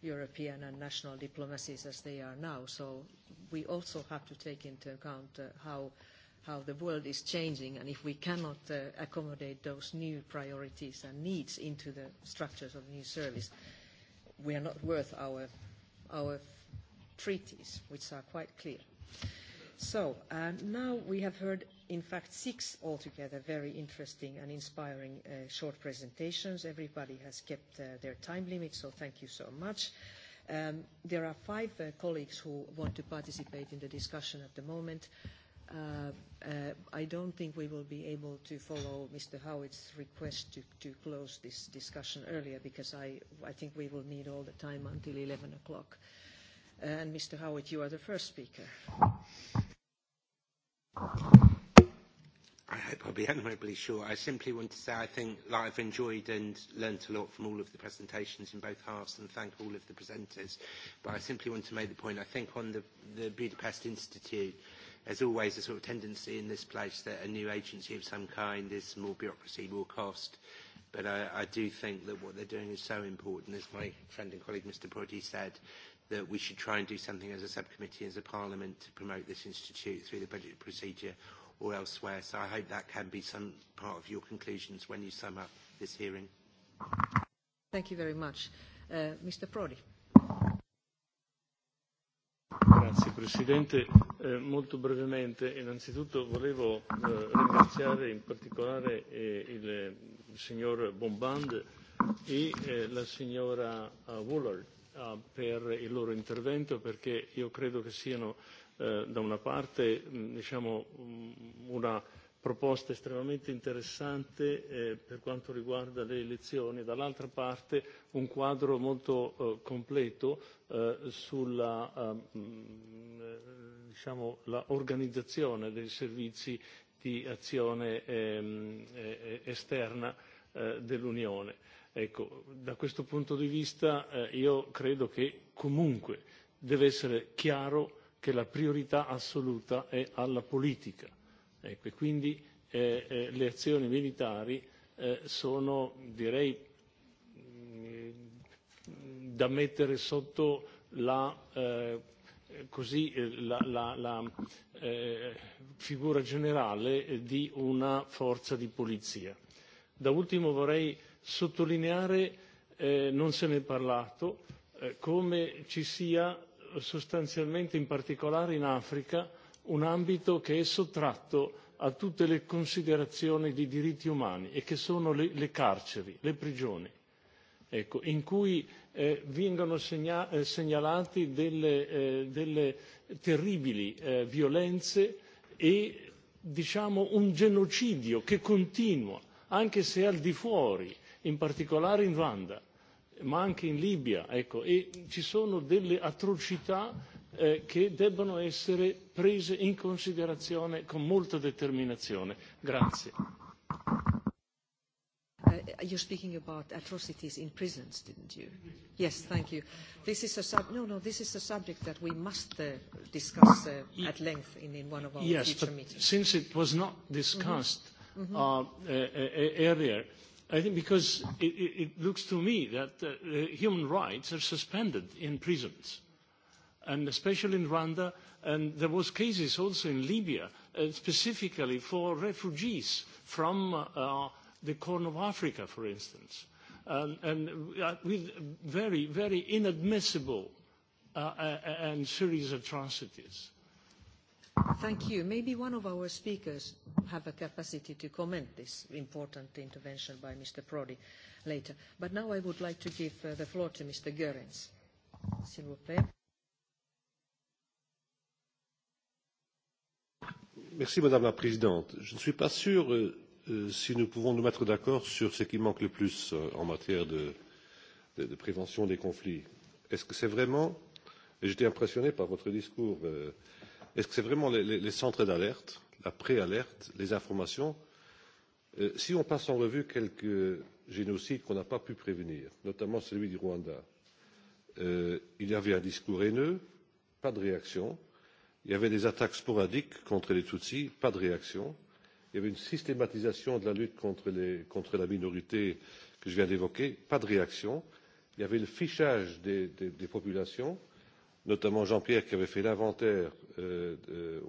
European and national diplomacies as they are now. So we also have to take into account uh, how, how the world is changing and if we cannot uh, accommodate those new priorities and needs into the structures of the new service, we are not worth our, our treaties, which are quite clear. So uh, now we have heard in fact, six altogether very interesting and inspiring uh, short presentations. Everybody has kept uh, their time limit, so thank you so much. Um, there are five uh, colleagues who want to participate in the discussion at the moment. Uh, uh, I don't think we will be able to follow Mr. Howitt's request to, to close this discussion earlier because I, I think we will need all the time until 11 o'clock. Uh, and Mr. Howitt, you are the first speaker. I hope I'll be admirably [laughs] short. I simply want to say I think like, I've enjoyed and learnt a lot from all of the presentations in both halves and thank all of the presenters. But I simply want to make the point, I think on the, the Budapest Institute, there's always a sort of tendency in this place that a new agency of some kind is more bureaucracy, more cost. But I, I do think that what they're doing is so important, as my friend and colleague Mr Brody said, that we should try and do something as a subcommittee, as a parliament, to promote this institute through the budget procedure or elsewhere. So I hope that can be some part of your conclusions when you sum up this hearing. Thank you very much. Uh, Mr. Prodi. Grazie Presidente. Eh, molto brevemente, innanzitutto volevo eh, ringraziare in particolare eh, il signor Bomband e eh, la signora eh, Woolard eh, per il loro intervento perché io credo che siano eh, eh, da una parte mh, mm, diciamo, mh, mm, una proposta estremamente interessante eh, per quanto riguarda le elezioni, dall'altra parte un quadro molto eh, completo eh, sulla eh, mh, mm, eh, diciamo, organizzazione dei servizi di azione eh, esterna eh, dell'Unione. Ecco, da questo punto di vista eh, io credo che comunque deve essere chiaro che la priorità assoluta è alla politica ecco, e quindi eh, eh, le azioni militari eh, sono direi mh, mm, da mettere sotto la, eh, così, eh, la, la, la eh, figura generale eh, di una forza di polizia. Da ultimo vorrei sottolineare, eh, non se ne è parlato, eh, come ci sia sostanzialmente in particolare in africa un ambito che è sottratto a tutte le considerazioni di diritti umani e che sono le, le carceri le prigioni ecco, in cui eh, vengono segna- eh, segnalate delle, eh, delle terribili eh, violenze e diciamo un genocidio che continua anche se al di fuori in particolare in Ruanda ma anche in Libia. Ecco, e ci sono delle atrocità eh, che debbono essere prese in considerazione con molta determinazione. Grazie. Uh, you're speaking about atrocities in prisons, didn't you? Yes, thank you. This is a sub- no, no. This is a subject that we must uh, discuss uh, at length in, in one of our yes, future but meetings. Yes, since it was not mm-hmm. discussed mm-hmm. Mm-hmm. Uh, uh, uh, uh earlier, uh, I think because it, it, it looks to me that uh, human rights are suspended in prisons, and especially in Rwanda, and there was cases also in Libya, uh, specifically for refugees from uh, the Corn of Africa, for instance, um, and uh, with very, very inadmissible uh, uh and serious atrocities. Thank you. Maybe one of our speakers have a capacity to comment this important intervention by Mr. Prodi later. But now I would like to give uh, the floor to Mr. Goerens. S'il vous plaît. Merci, Madame la Présidente. Je ne suis pas sûr euh, euh, si nous pouvons nous mettre d'accord sur ce qui manque le plus euh, en matière de, de, de prévention des conflits. Est-ce que c'est vraiment, et j'étais impressionné par votre discours, euh, est ce que c'est vraiment les, les, les centres d'alerte la préalerte les informations euh, si on passe en revue quelques génocides qu'on n'a pas pu prévenir notamment celui du rwanda euh, il y avait un discours haineux pas de réaction il y avait des attaques sporadiques contre les tutsis pas de réaction il y avait une systématisation de la lutte contre, les, contre la minorité que je viens d'évoquer pas de réaction il y avait le fichage des, des, des populations euh, notamment jean pierre qui avait fait l'inventaire euh,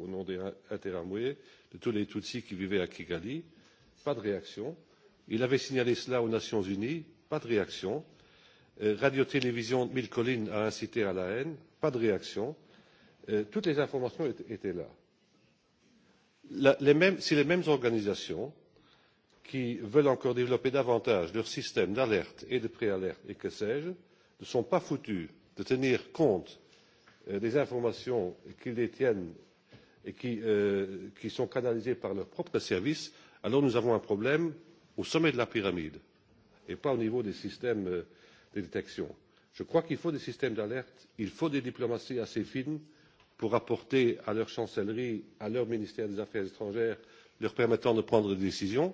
au nom d'interamwe de tous les tutsis qui vivaient à kigali pas de réaction. il avait signalé cela aux nations unies pas de réaction. Euh, radio télévision mille collines a incité à la haine pas de réaction. Euh, toutes les informations étaient là. si les mêmes organisations qui veulent encore développer davantage leur système d'alerte et de préalerte et que sais je ne sont pas foutues de tenir compte les euh, informations qu'ils détiennent et qui, euh, qui sont canalisées par leurs propres services alors nous avons un problème au sommet de la pyramide et pas au niveau des systèmes euh, de détection. je crois qu'il faut des systèmes d'alerte il faut des diplomaties assez fines pour apporter à leur chancellerie à leur ministère des affaires étrangères leur permettant de prendre des décisions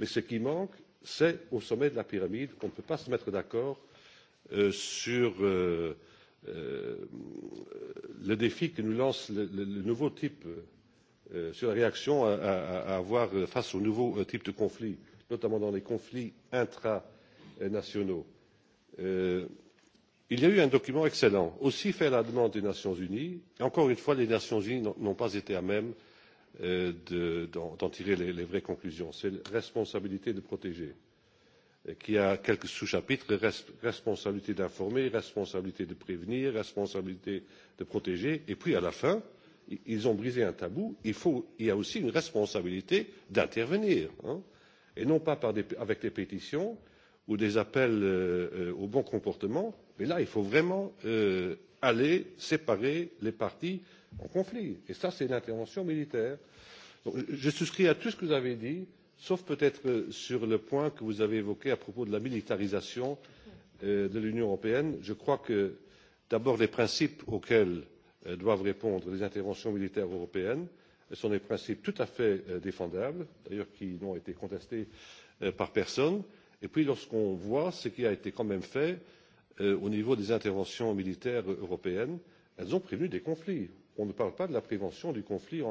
mais ce qui manque c'est au sommet de la pyramide qu'on ne peut pas se mettre d'accord euh, sur euh, Euh, le défi que nous lance le, le, le nouveau type euh, sur la réaction à, à, à avoir euh, face aux nouveaux euh, types de conflits, notamment dans les conflits intranationaux. Euh, il y a eu un document excellent aussi fait à la demande des nations unies et encore une fois les nations unies n'ont pas été à même euh, d'en de, tirer les, les vraies conclusions. c'est la responsabilité de protéger qui a quelques sous chapitres responsabilité d'informer responsabilité de prévenir responsabilité de protéger et puis à la fin ils ont brisé un tabou il y a aussi une responsabilité d'intervenir et non pas avec des pétitions ou des appels euh, euh, au bon comportement mais là il faut vraiment euh, aller séparer les parties en conflit et ça c'est l'intervention militaire. je souscris à tout ce que vous avez dit sauf peut être euh, sur le point que vous avez évoqué à propos de la militarisation euh, de l'union européenne je crois que d'abord les principes auxquels euh, doivent répondre les interventions militaires européennes sont des principes tout à fait défendables d'ailleurs qui n'ont été contestés par personne et puis lorsqu'on voit ce qui a été quand même fait au niveau des interventions militaires européennes elles ont prévenu des conflits. on ne parle pas de la prévention du conflit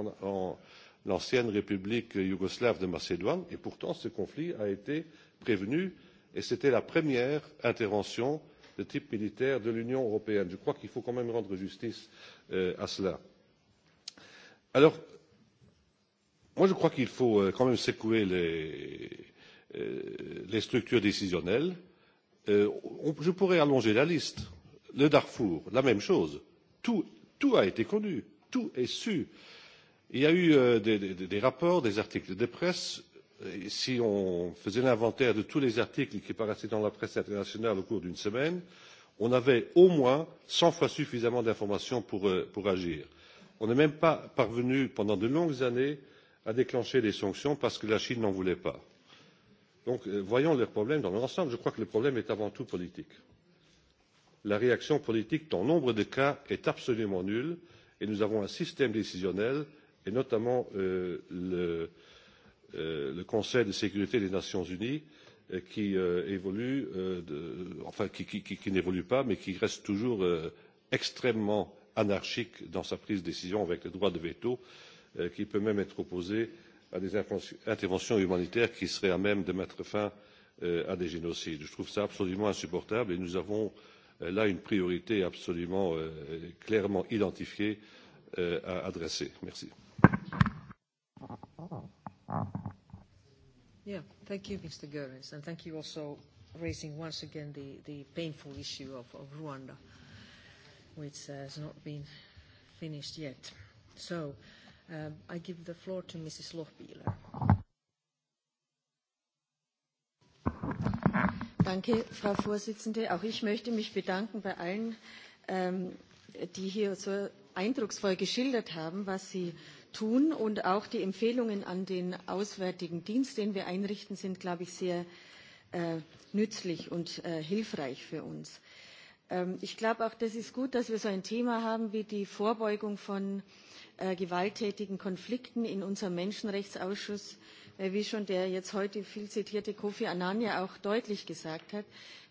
l'ancienne république yougoslave de macédoine et pourtant ce conflit a été prévenu et c'était la première intervention de type militaire de l'union européenne. je crois qu'il faut quand même rendre justice euh, à cela. alors je crois qu'il faut euh, quand même secouer les euh, structures décisionnelles. je pourrais allonger la liste le darfour la même chose. tout a été connu tout est il y a eu euh, des, des, des rapports des articles de presse et si on faisait l'inventaire de tous les articles qui paraissaient dans la presse internationale au cours d'une semaine on avait au moins cent fois suffisamment d'informations pour, euh, pour agir. on n'est même pas parvenu pendant de longues années à déclencher des sanctions parce que la chine n'en voulait pas. donc euh, voyons le problème dans l'ensemble je crois que le problème est avant tout politique. la réaction politique dans nombre de cas est absolument nulle et nous avons un système décisionnel et notamment euh, le, euh, le Conseil de sécurité des Nations Unies euh, qui euh, évolue, euh, de, enfin qui, qui, qui, qui n'évolue pas, mais qui reste toujours euh, extrêmement anarchique dans sa prise de décision avec le droit de veto euh, qui peut même être opposé à des interventions humanitaires qui seraient à même de mettre fin euh, à des génocides. Je trouve ça absolument insupportable et nous avons euh, là une priorité absolument euh, clairement identifiée euh, à adresser. Merci. Yeah. Thank you, Mr. Goerens, and thank you also raising once again the, the painful issue of, of Rwanda, which has not been finished yet. So um, I give the floor to Mrs. Lochbihler. Danke, Frau Vorsitzende. Auch ich möchte mich bedanken bei allen, ähm, die hier so eindrucksvoll geschildert haben, was sie äh, tun. Und auch die Empfehlungen an den Auswärtigen Dienst, den wir einrichten, sind, glaube ich, sehr äh, nützlich und äh, hilfreich für uns. Ähm, ich glaube auch, das ist gut, dass wir so ein Thema haben wie die Vorbeugung von äh, gewalttätigen Konflikten in unserem Menschenrechtsausschuss, äh, wie schon der jetzt heute viel zitierte Kofi Annan ja auch deutlich gesagt hat,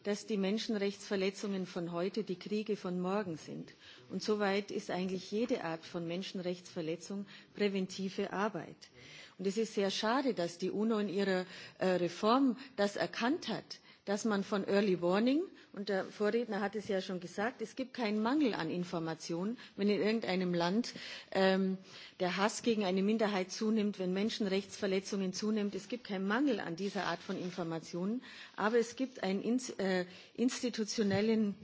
dass die Menschenrechtsverletzungen von heute die Kriege von morgen sind Und soweit ist eigentlich jede Art von Menschenrechtsverletzung präventive Arbeit. Und es ist sehr schade, dass die UNO in ihrer äh, Reform das erkannt hat, dass man von Early Warning, und der Vorredner hat es ja schon gesagt, es gibt keinen Mangel an Informationen, wenn in irgendeinem Land ähm, der Hass gegen eine Minderheit zunimmt, wenn Menschenrechtsverletzungen zunehmen. Es gibt keinen Mangel an dieser Art von Informationen, aber es gibt einen ins, äh, institutionellen äh,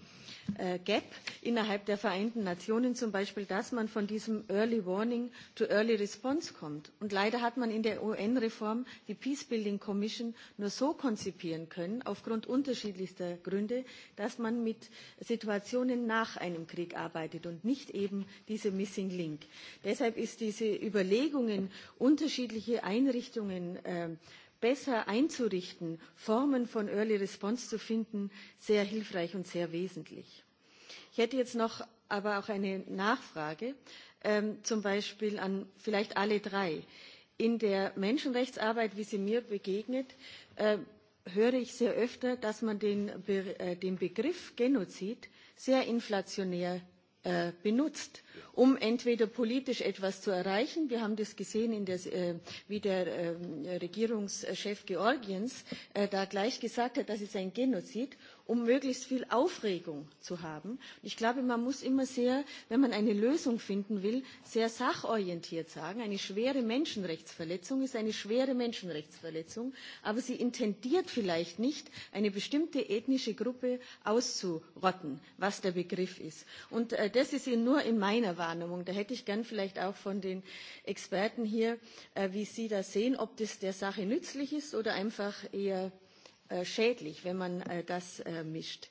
äh, Gap innerhalb der Vereinten Nationen, zum Beispiel, dass man von diesem Early Warning to Early Response kommt. Und leider hat man in der UN-Reform die Peacebuilding Commission nur so konzipieren können, aufgrund unterschiedlichster Gründe, dass man mit Situationen nach einem Krieg arbeitet und nicht eben diese Missing Link. Deshalb ist diese Überlegungen, unterschiedliche Einrichtungen äh, besser einzurichten, Formen von Early Response zu finden, sehr hilfreich und sehr wesentlich. Ich hätte jetzt noch aber auch eine Nachfrage, ähm, zum Beispiel an vielleicht alle drei. In der Menschenrechtsarbeit, wie sie mir begegnet, äh, höre ich sehr öfter, dass man den, äh, den Begriff Genozid sehr inflationär äh, benutzt um entweder politisch etwas zu erreichen wir haben das gesehen in der, äh, wie der äh, regierungschef georgiens äh, da gleich gesagt hat das ist ein genozid um möglichst viel aufregung zu haben. ich glaube man muss immer sehr wenn man eine lösung finden will sehr sachorientiert sagen eine schwere menschenrechtsverletzung ist eine schwere menschenrechtsverletzung aber sie intendiert vielleicht nicht eine bestimmte ethnische gruppe auszurotten was der begriff ist. und äh, das ist nur in meiner Wahrnehmung. Da hätte ich gern vielleicht auch von den Experten hier, äh, wie Sie das sehen, ob das der Sache nützlich ist oder einfach eher äh, schädlich, wenn man äh, das äh, mischt.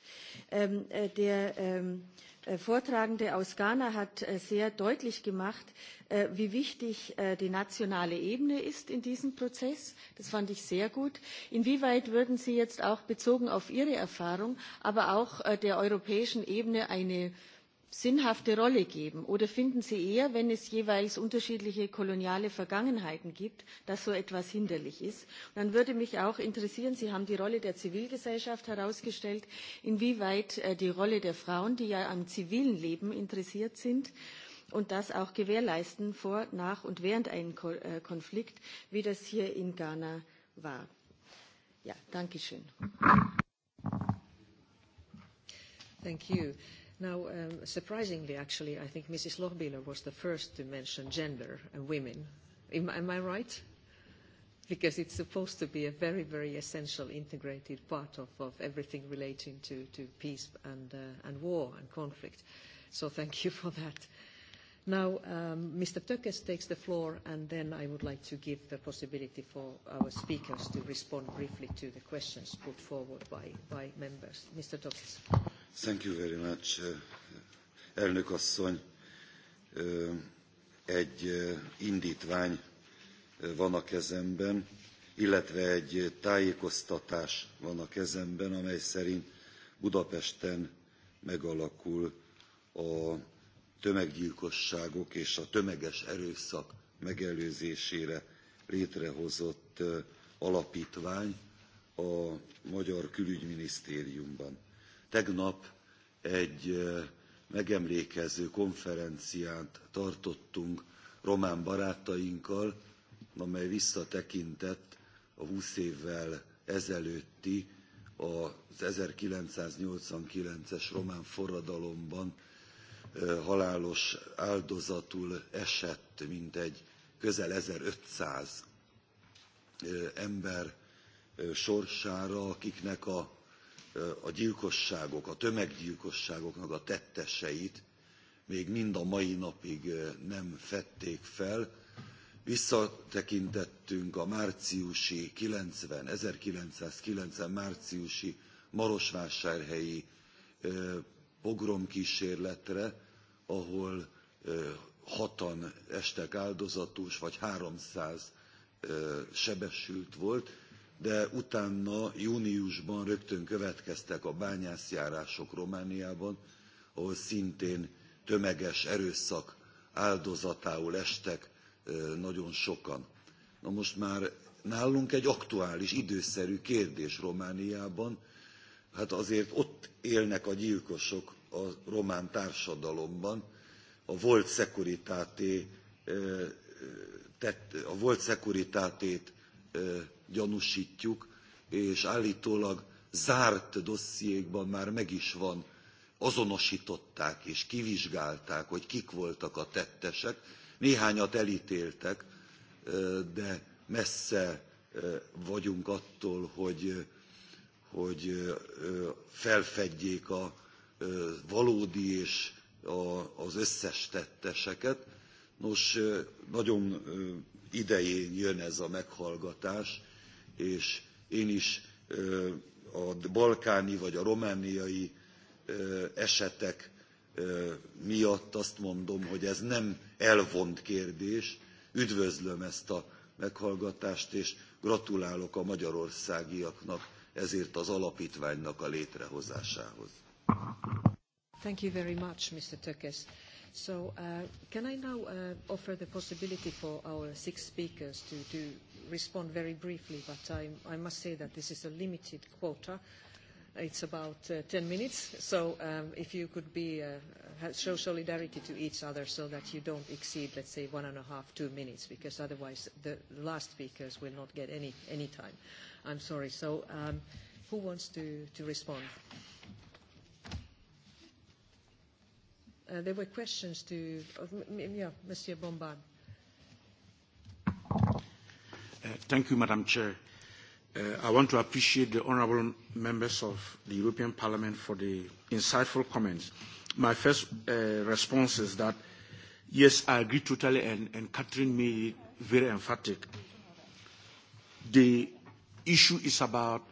Ähm, äh, der ähm, äh, Vortragende aus Ghana hat äh, sehr deutlich gemacht, äh, wie wichtig die nationale Ebene ist in diesem Prozess. Das fand ich sehr gut. Inwieweit würden Sie jetzt auch bezogen auf Ihre Erfahrung, aber auch der europäischen Ebene eine sinnhafte rolle geben oder finden sie eher wenn es jeweils unterschiedliche koloniale vergangenheiten gibt dass so etwas hinderlich ist? dann würde mich auch interessieren sie haben die rolle der zivilgesellschaft herausgestellt inwieweit äh, die rolle der frauen die ja am zivilen leben interessiert sind und das auch gewährleisten vor nach und während einem äh, konflikt wie das hier in ghana war. ja danke schön. Thank you. Now, um, surprisingly, actually, I think Mrs. Lochbihler was the first to mention gender and women. Am, am I right? Because it's supposed to be a very, very essential integrated part of, of everything relating to, to peace and, uh, and war and conflict. So thank you for that. Now, um, Mr. Töckes takes the floor, and then I would like to give the possibility for our speakers to respond briefly to the questions put forward by, by members. Mr. Töckes. Thank you very much, uh, elnök asszony. Egy indítvány van a kezemben, illetve egy tájékoztatás van a kezemben, amely szerint Budapesten megalakul a tömeggyilkosságok és a tömeges erőszak megelőzésére létrehozott alapítvány a Magyar Külügyminisztériumban Tegnap egy megemlékező konferenciát tartottunk román barátainkkal, amely visszatekintett a 20 évvel ezelőtti, az 1989-es román forradalomban halálos áldozatul esett mintegy közel 1500 ember sorsára, akiknek a a gyilkosságok, a tömeggyilkosságoknak a tetteseit még mind a mai napig nem fedték fel. Visszatekintettünk a márciusi 90, 1990 márciusi Marosvásárhelyi pogromkísérletre, ahol hatan estek áldozatus, vagy 300 sebesült volt, de utána júniusban rögtön következtek a bányászjárások Romániában, ahol szintén tömeges erőszak áldozatául estek nagyon sokan. Na most már nálunk egy aktuális, időszerű kérdés Romániában, hát azért ott élnek a gyilkosok a román társadalomban, a volt szekuritáté, tett, a volt szekuritáté gyanúsítjuk, és állítólag zárt dossziékban már meg is van, azonosították és kivizsgálták, hogy kik voltak a tettesek. Néhányat elítéltek, de messze vagyunk attól, hogy, hogy felfedjék a valódi és a, az összes tetteseket. Nos, nagyon idején jön ez a meghallgatás, és én is a balkáni vagy a romániai esetek miatt azt mondom, hogy ez nem elvont kérdés. Üdvözlöm ezt a meghallgatást, és gratulálok a magyarországiaknak ezért az alapítványnak a létrehozásához. Thank you very much, Mr. Tökes. So uh, can I now uh, offer the possibility for our six speakers to, to respond very briefly, but I, I must say that this is a limited quota. It's about uh, 10 minutes, so um, if you could be, uh, show solidarity to each other so that you don't exceed, let's say, one and a half, two minutes, because otherwise the last speakers will not get any, any time. I'm sorry. So um, who wants to, to respond? Uh, Uh, there were questions to, uh, yeah, Monsieur Bombard. Uh, thank you, Madam Chair. Uh, I want to appreciate the honourable members of the European Parliament for the insightful comments. My first uh, response is that, yes, I agree totally, and, and Catherine made it very emphatic. The issue is about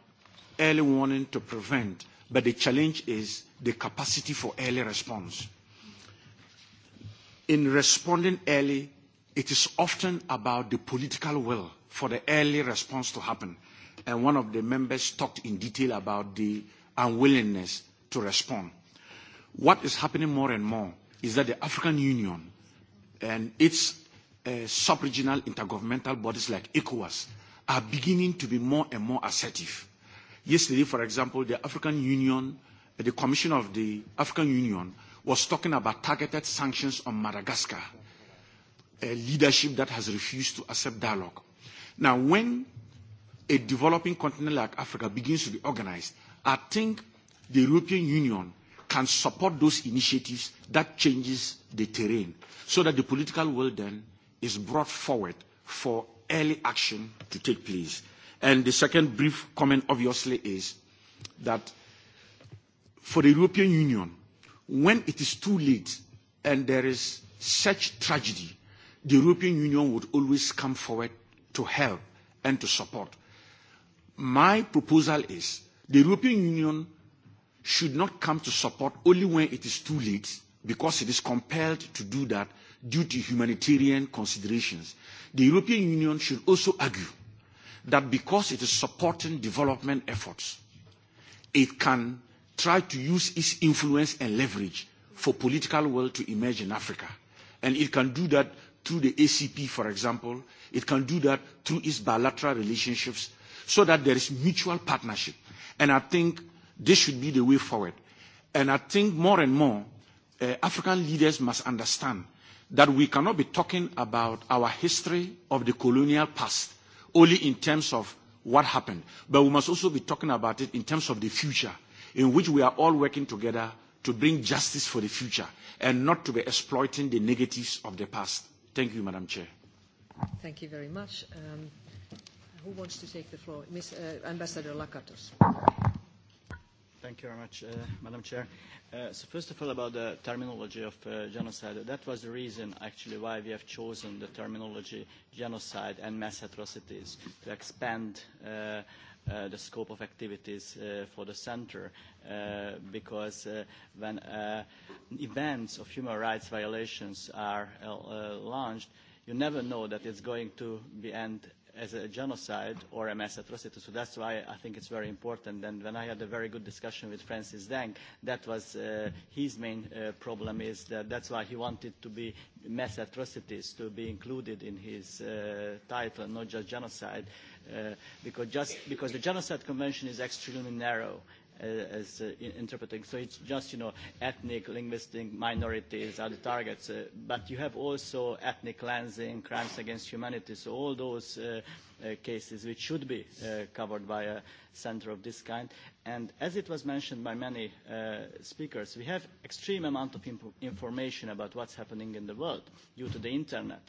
early warning to prevent, but the challenge is the capacity for early response. Uh, in responding early, it is often about the political will for the early response to happen. And one of the members talked in detail about the unwillingness to respond. What is happening more and more is that the African Union and its uh, sub-regional intergovernmental bodies like ECOWAS are beginning to be more and more assertive. Yesterday, for example, the African Union, the Commission of the African Union was talking about targeted sanctions on Madagascar, a leadership that has refused to accept dialogue. Now, when a developing continent like Africa begins to be organized, I think the European Union can support those initiatives that changes the terrain so that the political will then is brought forward for early action to take place. And the second brief comment, obviously, is that for the European Union, when it is too late and there is such tragedy, the European Union would always come forward to help and to support. My proposal is the European Union should not come to support only when it is too late, because it is compelled to do that due to humanitarian considerations. The European Union should also argue that because it is supporting development efforts, it can tried to use its influence and leverage for political will to emerge in Africa. And it can do that through the ACP, for example. It can do that through its bilateral relationships so that there is mutual partnership. And I think this should be the way forward. And I think more and more, uh, African leaders must understand that we cannot be talking about our history of the colonial past only in terms of what happened, but we must also be talking about it in terms of the future in which we are all working together to bring justice for the future and not to be exploiting the negatives of the past. Thank you, Madam Chair. Thank you very much. Um, who wants to take the floor? Ms. Uh, Ambassador Lakatos. Thank you very much, uh, Madam Chair. Uh, so first of all, about the terminology of uh, genocide, that was the reason actually why we have chosen the terminology genocide and mass atrocities to expand uh, uh, the scope of activities uh, for the center uh, because uh, when uh, events of human rights violations are uh, uh, launched, you never know that it's going to be end as a genocide or a mass atrocity. So that's why I think it's very important. And when I had a very good discussion with Francis Deng, that was uh, his main uh, problem is that that's why he wanted to be mass atrocities to be included in his uh, title, not just genocide, uh, because, just, because the Genocide Convention is extremely narrow uh, as uh, interpreting. So it's just, you know, ethnic, linguistic minorities are the targets. Uh, but you have also ethnic cleansing, crimes against humanity. So all those uh, uh, cases which should be uh, covered by a center of this kind. And as it was mentioned by many uh, speakers, we have extreme amount of imp information about what's happening in the world due to the internet.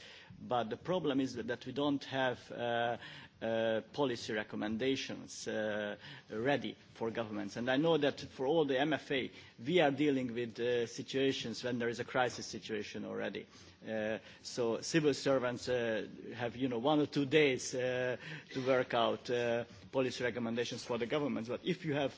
But the problem is that we don't have uh, uh, policy recommendations uh, ready for governments. And I know that for all the MFA, we are dealing with uh, situations when there is a crisis situation already. Uh, so civil servants uh, have, you know, one or two days uh, to work out uh, policy recommendations for the governments. But if you have,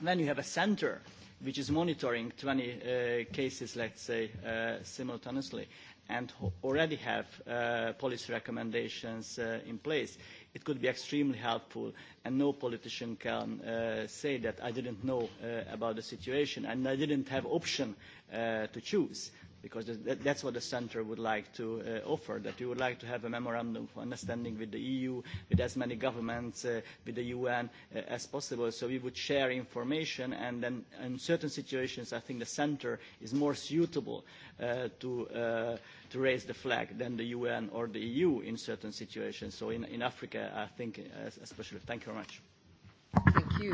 when you have a center which is monitoring 20 uh, cases, let's say, uh, simultaneously, and already have uh, policy recommendations uh, in place, it could be extremely helpful and no politician can uh, say that I didn't know uh, about the situation and I didn't have option uh, to choose because that, that's what the center would like to uh, offer, that you would like to have a memorandum of understanding with the EU, with as many governments, uh, with the UN uh, as possible, so we would share information, and then in certain situations I think the center is more suitable uh, to, uh, to raise the flag than the UN or the EU in certain situations. So in, in Africa, I think uh, especially. Thank you very much. Thank you.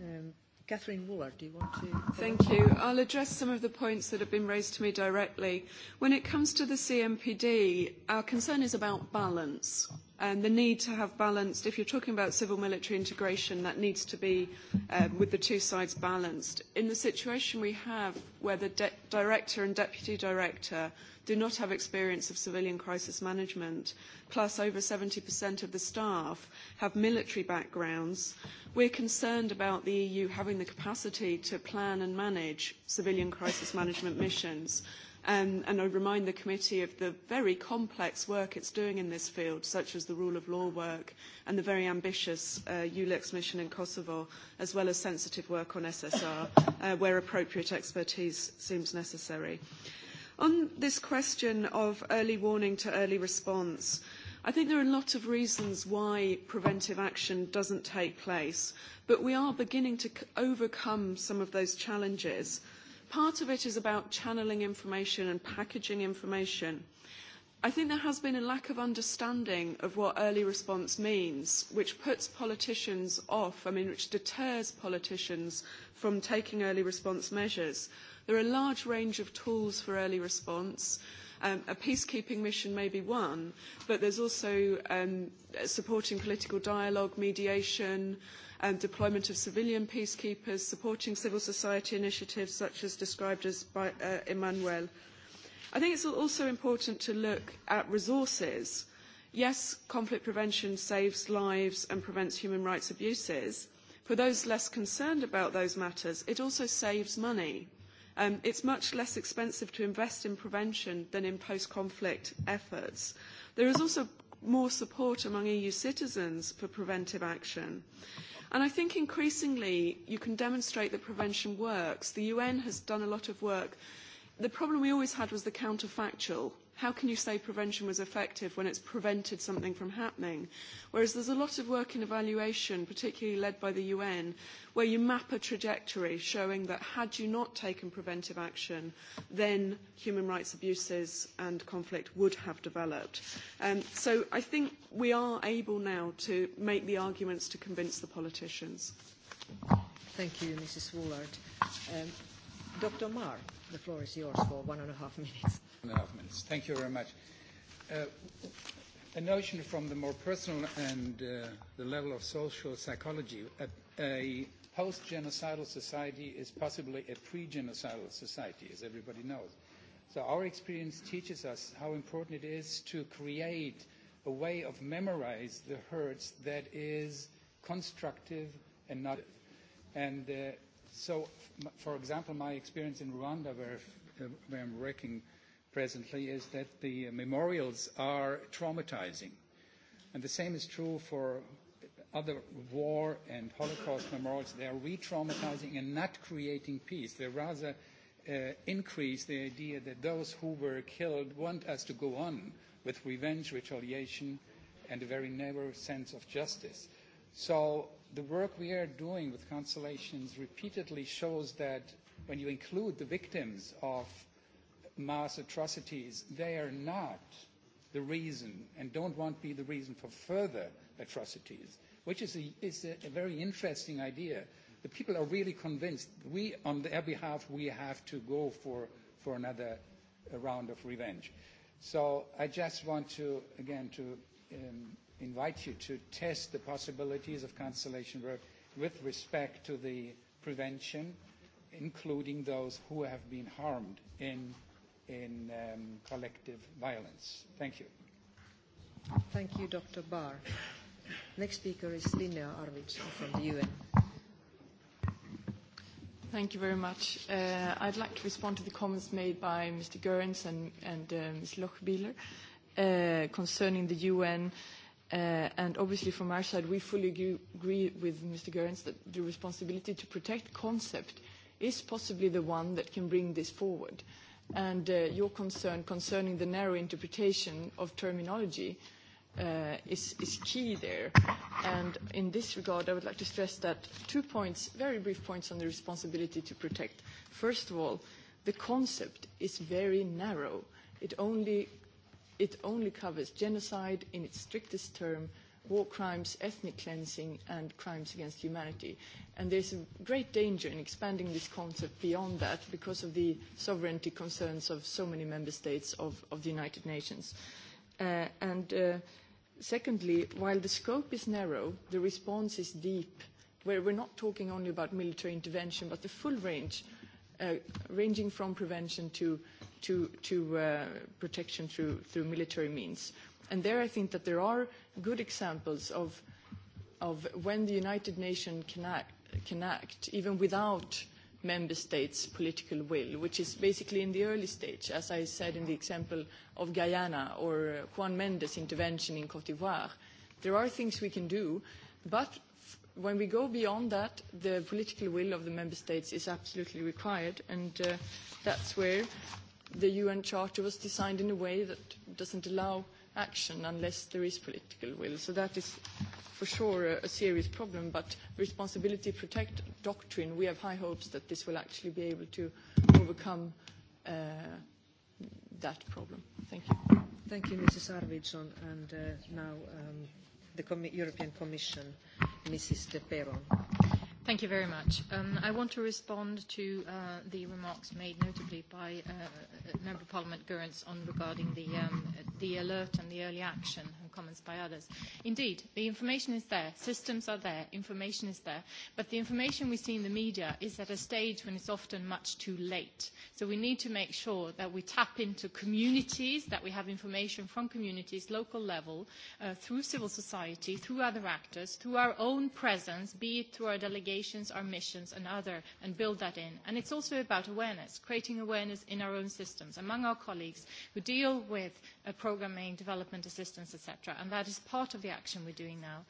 Um, Catherine Wooler, do you want to? Thank you. I'll address some of the points that have been raised to me directly. When it comes to the CMPD, our concern is about balance and the need to have balanced, if you're talking about civil military integration, that needs to be um, with the two sides balanced. In the situation we have where the de- director and deputy director do not have experience of civilian crisis management, plus over 70% of the staff have military backgrounds. We're concerned about the EU having the capacity to plan and manage civilian crisis management missions. Um, and I remind the committee of the very complex work it's doing in this field, such as the rule of law work and the very ambitious uh, ULEX mission in Kosovo, as well as sensitive work on SSR, uh, where appropriate expertise seems necessary. Uh, On this question of early warning to early response, I think there are a lot of reasons why preventive action doesn't take place, but we are beginning to overcome some of those challenges. Part of it is about channeling information and packaging information. I think there has been a lack of understanding of what early response means, which puts politicians off, I mean, which deters politicians from taking early response measures. There are a large range of tools for early response. Um, a peacekeeping mission may be one, but there's also um, supporting political dialogue, mediation, um, deployment of civilian peacekeepers, supporting civil society initiatives such as described as by uh, Emmanuel. I think it's also important to look at resources. Yes, conflict prevention saves lives and prevents human rights abuses. For those less concerned about those matters, it also saves money Um, it's much less expensive to invest in prevention than in post-conflict efforts. There is also more support among EU citizens for preventive action. And I think increasingly you can demonstrate that prevention works. The UN has done a lot of work. The problem we always had was the counterfactual how can you say prevention was effective when it's prevented something from happening? Whereas there's a lot of work in evaluation, particularly led by the UN, where you map a trajectory showing that had you not taken preventive action, then human rights abuses and conflict would have developed. Um, so I think we are able now to make the arguments to convince the politicians. Thank you, Mrs. Woolard. Um, Dr. Marr, the floor is yours for one and a half minutes. Thank you very much. Uh, a notion from the more personal and uh, the level of social psychology. A, a post-genocidal society is possibly a pre-genocidal society, as everybody knows. So our experience teaches us how important it is to create a way of memorize the hurts that is constructive and not. And uh, so, for example, my experience in Rwanda, where, uh, where I'm working – presently is that the memorials are traumatizing. And the same is true for other war and Holocaust memorials. They are re-traumatizing and not creating peace. They rather uh, increase the idea that those who were killed want us to go on with revenge, retaliation, and a very narrow sense of justice. So the work we are doing with Constellations repeatedly shows that when you include the victims of mass atrocities, they are not the reason and don't want to be the reason for further atrocities, which is a, is a, a very interesting idea. The people are really convinced. We, on their behalf, we have to go for, for another uh, round of revenge. So I just want to, again, to um, invite you to test the possibilities of constellation work with respect to the prevention, including those who have been harmed in in um, collective violence. Thank you. Thank you, Dr. Barr. Next speaker is Linnea Arvidsson from the UN. Thank you very much. Uh, I'd like to respond to the comments made by Mr. Goerens and, and uh, Ms. Lochbieler uh, concerning the UN. Uh, and obviously from our side, we fully agree, agree with Mr. Goerens that the responsibility to protect concept is possibly the one that can bring this forward. Uh, and uh, your concern concerning the narrow interpretation of terminology uh, is, is key there. And in this regard, I would like to stress that two points, very brief points on the responsibility to protect. First of all, the concept is very narrow. It only, it only covers genocide in its strictest term, war crimes, ethnic cleansing, and crimes against humanity. And there's a great danger in expanding this concept beyond that because of the sovereignty concerns of so many member states of, of the United Nations. Uh, and uh, secondly, while the scope is narrow, the response is deep, where we're not talking only about military intervention, but the full range Uh, ranging from prevention to, to, to uh, protection through, through military means. And there I think that there are good examples of, of when the United Nations can act, can act, even without member states' political will, which is basically in the early stage, as I said in the example of Guyana or uh, Juan Mendes' intervention in Cote d'Ivoire. There are things we can do, but when we go beyond that, the political will of the member states is absolutely required, and uh, that's where the UN Charter was designed in a way that doesn't allow – action unless there is political will. So that is for sure a, a serious problem, but responsibility protect doctrine, we have high hopes that this will actually be able to overcome uh, that problem. Thank you. Thank you, Mrs. Arvidsson. And uh, now um, the Com European Commission, Mrs. De Peron. Thank you very much. Um, I want to respond to uh, the remarks made notably by uh, Member of Parliament Goerens on regarding the, um, the alert and the early action comments by others. Indeed, the information is there, systems are there, information is there, but the information we see in the media is at a stage when it's often much too late. So we need to make sure that we tap into communities, that we have information from communities, local level, uh, through civil society, through other actors, through our own presence, be it through our delegations, our missions, and other, and build that in. And it's also about awareness, creating awareness in our own systems, among our colleagues who deal with uh, programming, development assistance, etc etc. And that is part of the action we're doing now.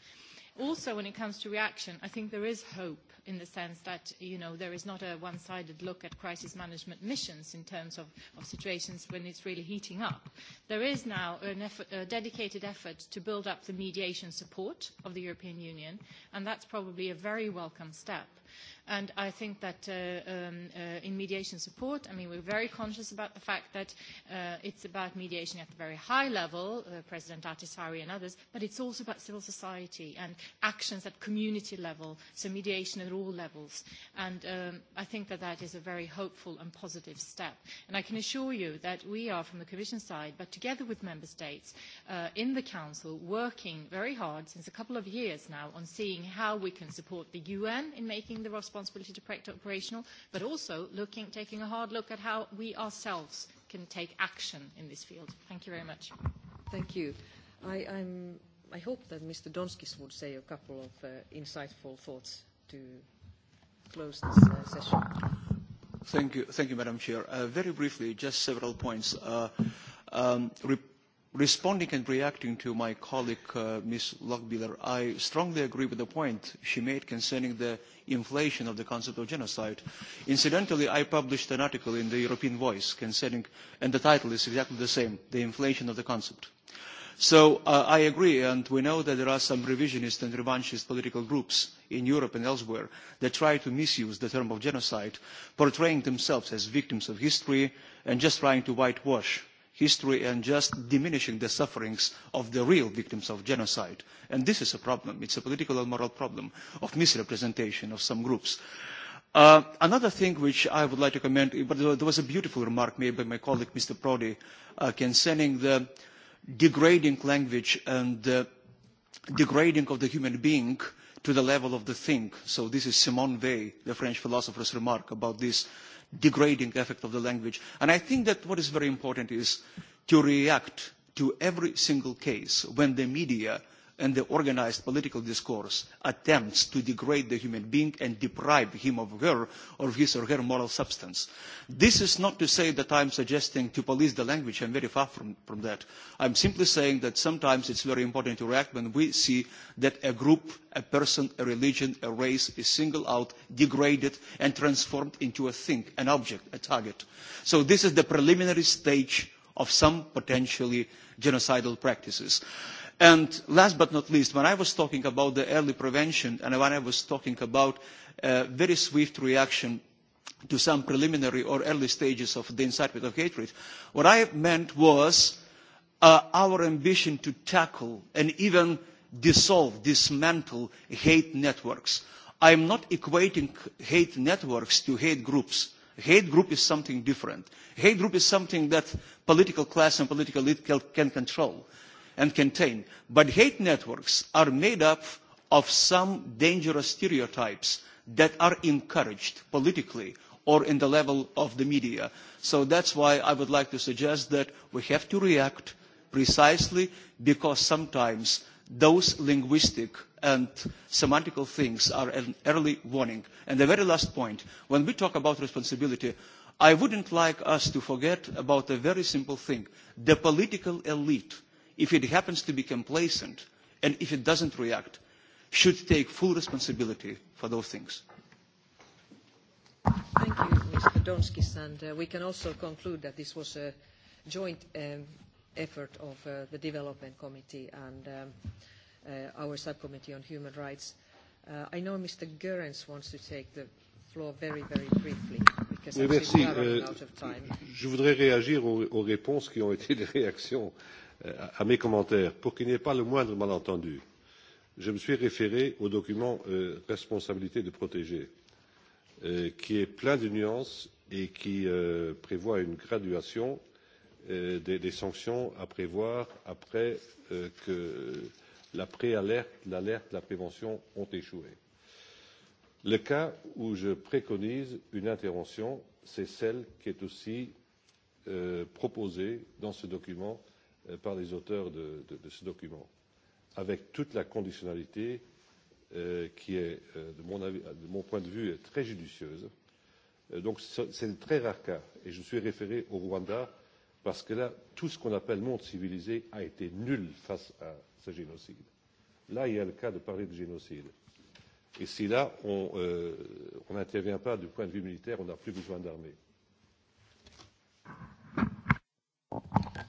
Also, when it comes to reaction, I think there is hope in the sense that, you know, there is not a one-sided look at crisis management missions in terms of, of situations when it's really heating up. There is now an effort, a dedicated effort to build up the mediation support of the European Union, and that's probably a very welcome step. Uh, And I think that uh, um, uh, in mediation support, I mean, we're very conscious about the fact that uh, it's about mediation at the very high level, uh, President Atisari and others, but it's also about civil society and actions at community level, so mediation at all levels. And um, I think that that is a very hopeful and positive step. And I can assure you that we are from the Commission side, but together with Member States uh, in the Council, working very hard since a couple of years now on seeing how we can support the UN in making the the responsibility to protect operational, but also looking, taking a hard look at how we ourselves can take action in this field. Thank you very much. Thank you. I, I'm, I hope that Mr. Donskis would say a couple of uh, insightful thoughts to close this uh, session. Thank you, thank you, Madam Chair. Uh, very briefly, just several points. Uh, um, rep- responding and reacting to my colleague, uh, Ms. Lockbiller, I strongly agree with the point she made concerning the inflation of the concept of genocide. Incidentally, I published an article in the European Voice concerning, and the title is exactly the same, The Inflation of the Concept. So uh, I agree, and we know that there are some revisionist and revanchist political groups in Europe and elsewhere that try to misuse the term of genocide, portraying themselves as victims of history and just trying to whitewash history and just diminishing the sufferings of the real victims of genocide. And this is a problem. It's a political and moral problem of misrepresentation of some groups. Uh, another thing which I would like to comment, but there was a beautiful remark made by my colleague, Mr. Prodi, uh, concerning the degrading language and the degrading of the human being uh, to the level of the thing. So this is Simone Weil, the French philosopher's remark about this degrading effect of the language. And I think that what is very important is to react to every single case when the media – and the organized political discourse attempts to degrade the human being and deprive him of her or his or her moral substance. This is not to say that I'm suggesting to police the language. I'm very far from, from that. I'm simply saying that sometimes it's very important to react when we see that a group, a person, a religion, a race is singled out, degraded, and transformed into a thing, an object, a target. So this is the preliminary stage of some potentially genocidal practices. Uh, And last but not least, when I was talking about the early prevention and when I was talking about uh, very swift reaction to some preliminary or early stages of the incitement of hatred, what I meant was uh, our ambition to tackle and even dissolve, dismantle hate networks. I am not equating hate networks to hate groups. Hate group is something different. Hate group is something that political class and political elite can control. Uh, and contain. But hate networks are made up of some dangerous stereotypes that are encouraged politically or in the level of the media. So that's why I would like to suggest that we have to react precisely because sometimes those linguistic and semantical things are an early warning. And the very last point, when we talk about responsibility, I wouldn't like us to forget about a very simple thing. The political elite if it happens to be complacent and if it doesn't react, should take full responsibility for those things. Thank you, Mr. Donskis, and uh, we can also conclude that this was a joint um, effort of uh, the Development Committee and um, uh, our Subcommittee on Human Rights. Uh, I know Mr. Goerens wants to take the floor very, very briefly because oui, I'm running euh, out of time. Je voudrais réagir aux, aux réponses qui ont été des réactions euh, à mes commentaires. pour qu'il n'y ait pas le moindre malentendu je me suis référé au document euh, responsabilité de protéger euh, qui est plein de nuances et qui euh, prévoit une graduation des, des sanctions à prévoir après que la préalerte l'alerte la prévention ont échoué. le cas où je préconise une intervention c'est celle qui est aussi proposée dans ce document Euh, par les auteurs de, de, de ce document, avec toute la conditionnalité euh, qui est, euh, de, mon avis, de mon point de vue, est très judicieuse. Euh, donc c'est le très rare cas, et je suis référé au Rwanda parce que là, tout ce qu'on appelle monde civilisé a été nul face à ce génocide. Là, il y a le cas de parler de génocide. Et si là, on euh, n'intervient pas du point de vue militaire, on n'a plus besoin d'armée.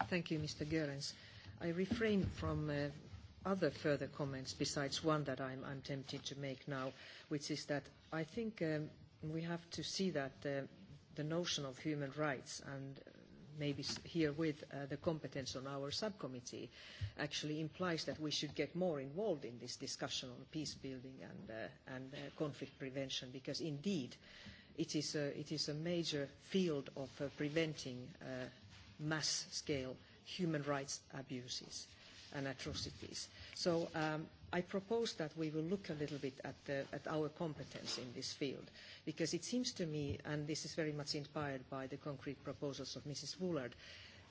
Thank you, Mr. Goerens. I refrain from uh, other further comments besides one that I'm, I'm tempted to make now, which is that I think um, we have to see that uh, the notion of human rights and uh, maybe herewith uh, the competence on our subcommittee actually implies that we should get more involved in this discussion on peace building and, uh, and uh, conflict prevention because indeed it is a, it is a major field of uh, preventing uh, mass scale human rights abuses and atrocities. So um, I propose that we will look a little bit at, the, at our competence in this field, because it seems to me, and this is very much inspired by the concrete proposals of Mrs. Woolard,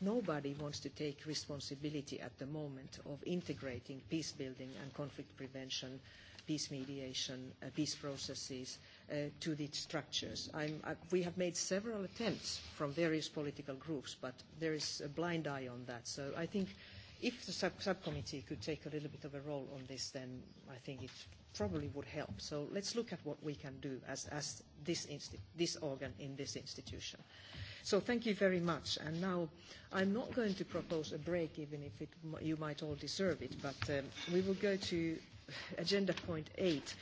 nobody wants to take responsibility at the moment of integrating peace building and conflict prevention, peace mediation, uh, peace processes, uh, to the structures. I'm, I, we have made several attempts from various political groups, but there is a blind eye on that. So I think if the sub- subcommittee could take a little bit of a role on this, then I think it probably would help. So let's look at what we can do as, as this, insti- this organ in this institution. So thank you very much. And now I'm not going to propose a break, even if it, you might all deserve it, but um, we will go to agenda point eight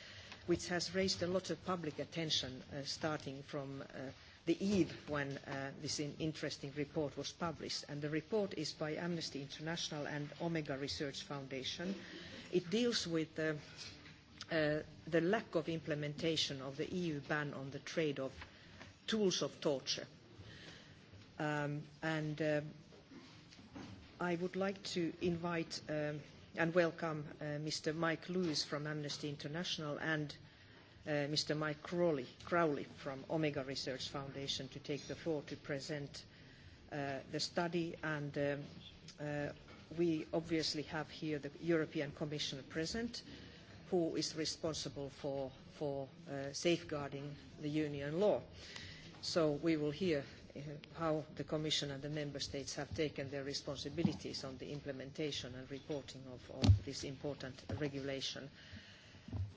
which has raised a lot of public attention uh, starting from uh, the eve when uh, this in interesting report was published. And the report is by Amnesty International and Omega Research Foundation. It deals with uh, uh, the lack of implementation of the EU ban on the trade of tools of torture. Um, and uh, I would like to invite um, uh, and welcome uh, Mr. Mike Lewis from Amnesty International and uh, Mr. Mike Crowley, Crowley from Omega Research Foundation to take the floor to present uh, the study. And um, uh, we obviously have here the European Commission present, who is responsible for, for uh, safeguarding the union law. So we will hear Uh, how the Commission and the Member States have taken their responsibilities on the implementation and reporting of, of this important regulation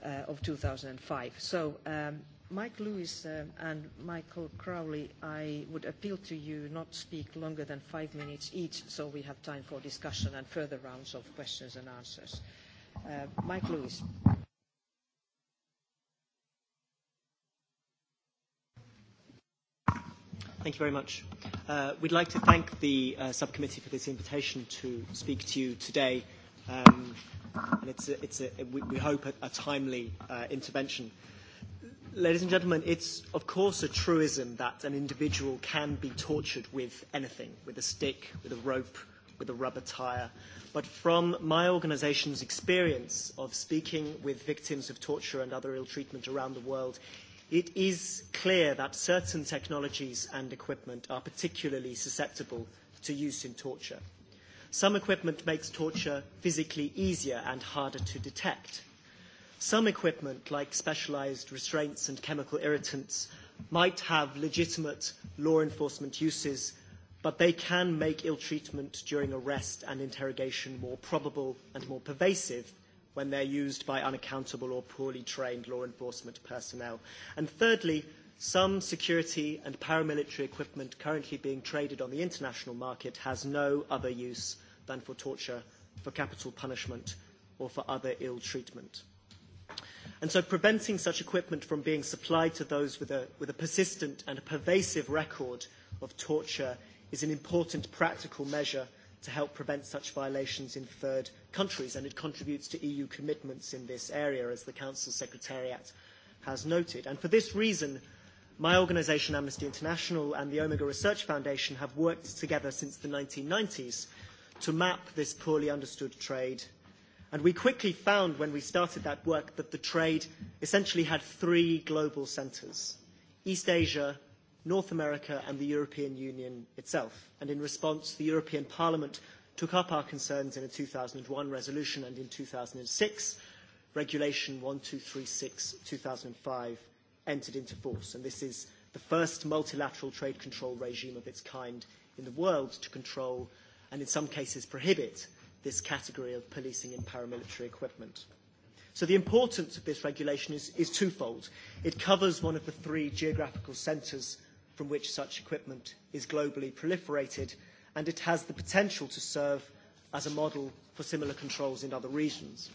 uh, of 2005. So, um, Mike Lewis um, and Michael Crowley, I would appeal to you not speak longer than five minutes each so we have time for discussion and further rounds of questions and answers. Uh, Mike Lewis. Uh, Thank you very much. Uh, we'd like to thank the uh, subcommittee for this invitation to speak to you today. Um, and it's a, it's a, we, we hope, a, a timely uh, intervention. Ladies and gentlemen, it's of course a truism that an individual can be tortured with anything, with a stick, with a rope, with a rubber tire. But from my organization's experience of speaking with victims of torture and other ill treatment around the world, it is clear that certain technologies and equipment are particularly susceptible to use in torture. Some equipment makes torture physically easier and harder to detect. Some equipment, like specialized restraints and chemical irritants, might have legitimate law enforcement uses, but they can make ill treatment during arrest and interrogation more probable and more pervasive when they're used by unaccountable or poorly trained law enforcement personnel. And thirdly, some security and paramilitary equipment currently being traded on the international market has no other use than for torture, for capital punishment, or for other ill treatment. And so preventing such equipment from being supplied to those with a, with a persistent and a pervasive record of torture is an important practical measure – to help prevent such violations in third countries, and it contributes to EU commitments in this area, as the Council Secretariat has noted. And for this reason, my organisation, Amnesty International, and the Omega Research Foundation have worked together since the 1990s to map this poorly understood trade. And we quickly found when we started that work that the trade essentially had three global centres East Asia, North America and the European Union itself. And in response, the European Parliament took up our concerns in a 2001 resolution and in 2006, Regulation 1236-2005 entered into force. And this is the first multilateral trade control regime of its kind in the world to control and in some cases prohibit this category of policing and paramilitary equipment. So the importance of this regulation is, is twofold. It covers one of the three geographical centres from which such equipment is globally proliferated, and it has the potential to serve as a model for similar controls in other regions.